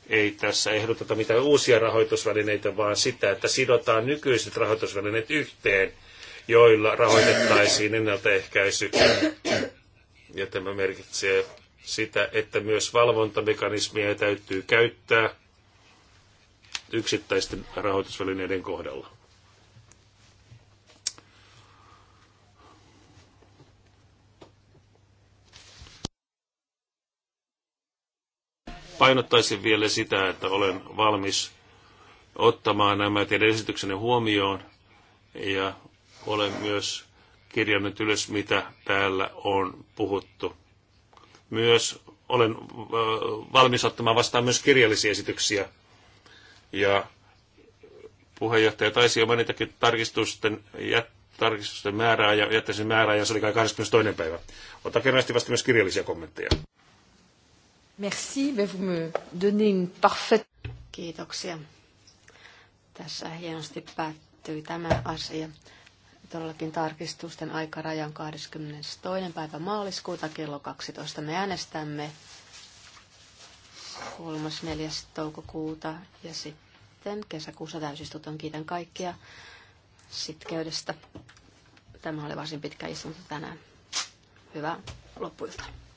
ei tässä ehdoteta mitään uusia rahoitusvälineitä, vaan sitä, että sidotaan nykyiset rahoitusvälineet yhteen, joilla rahoitettaisiin ennaltaehkäisy. Ja tämä merkitsee sitä, että myös valvontamekanismia täytyy käyttää yksittäisten rahoitusvälineiden kohdalla. Painottaisin vielä sitä, että olen valmis ottamaan nämä teidän esityksenne huomioon ja olen myös kirjannut ylös, mitä täällä on puhuttu myös olen valmis ottamaan vastaan myös kirjallisia esityksiä. Ja puheenjohtaja taisi jo mainitakin tarkistusten, jät, tarkistusten määrää ja jättäisin määrää, ja se oli kai 22. päivä. Ota kerrallisesti vasta myös kirjallisia kommentteja. Merci, mais vous me donnez une parfaite... Kiitoksia. Tässä hienosti päättyy tämä asia todellakin tarkistusten aikarajan 22. päivä maaliskuuta kello 12. Me äänestämme 3.4. toukokuuta ja sitten kesäkuussa täysistuntoon. Kiitän kaikkia sitkeydestä. Tämä oli varsin pitkä istunto tänään. Hyvää loppuiltaa.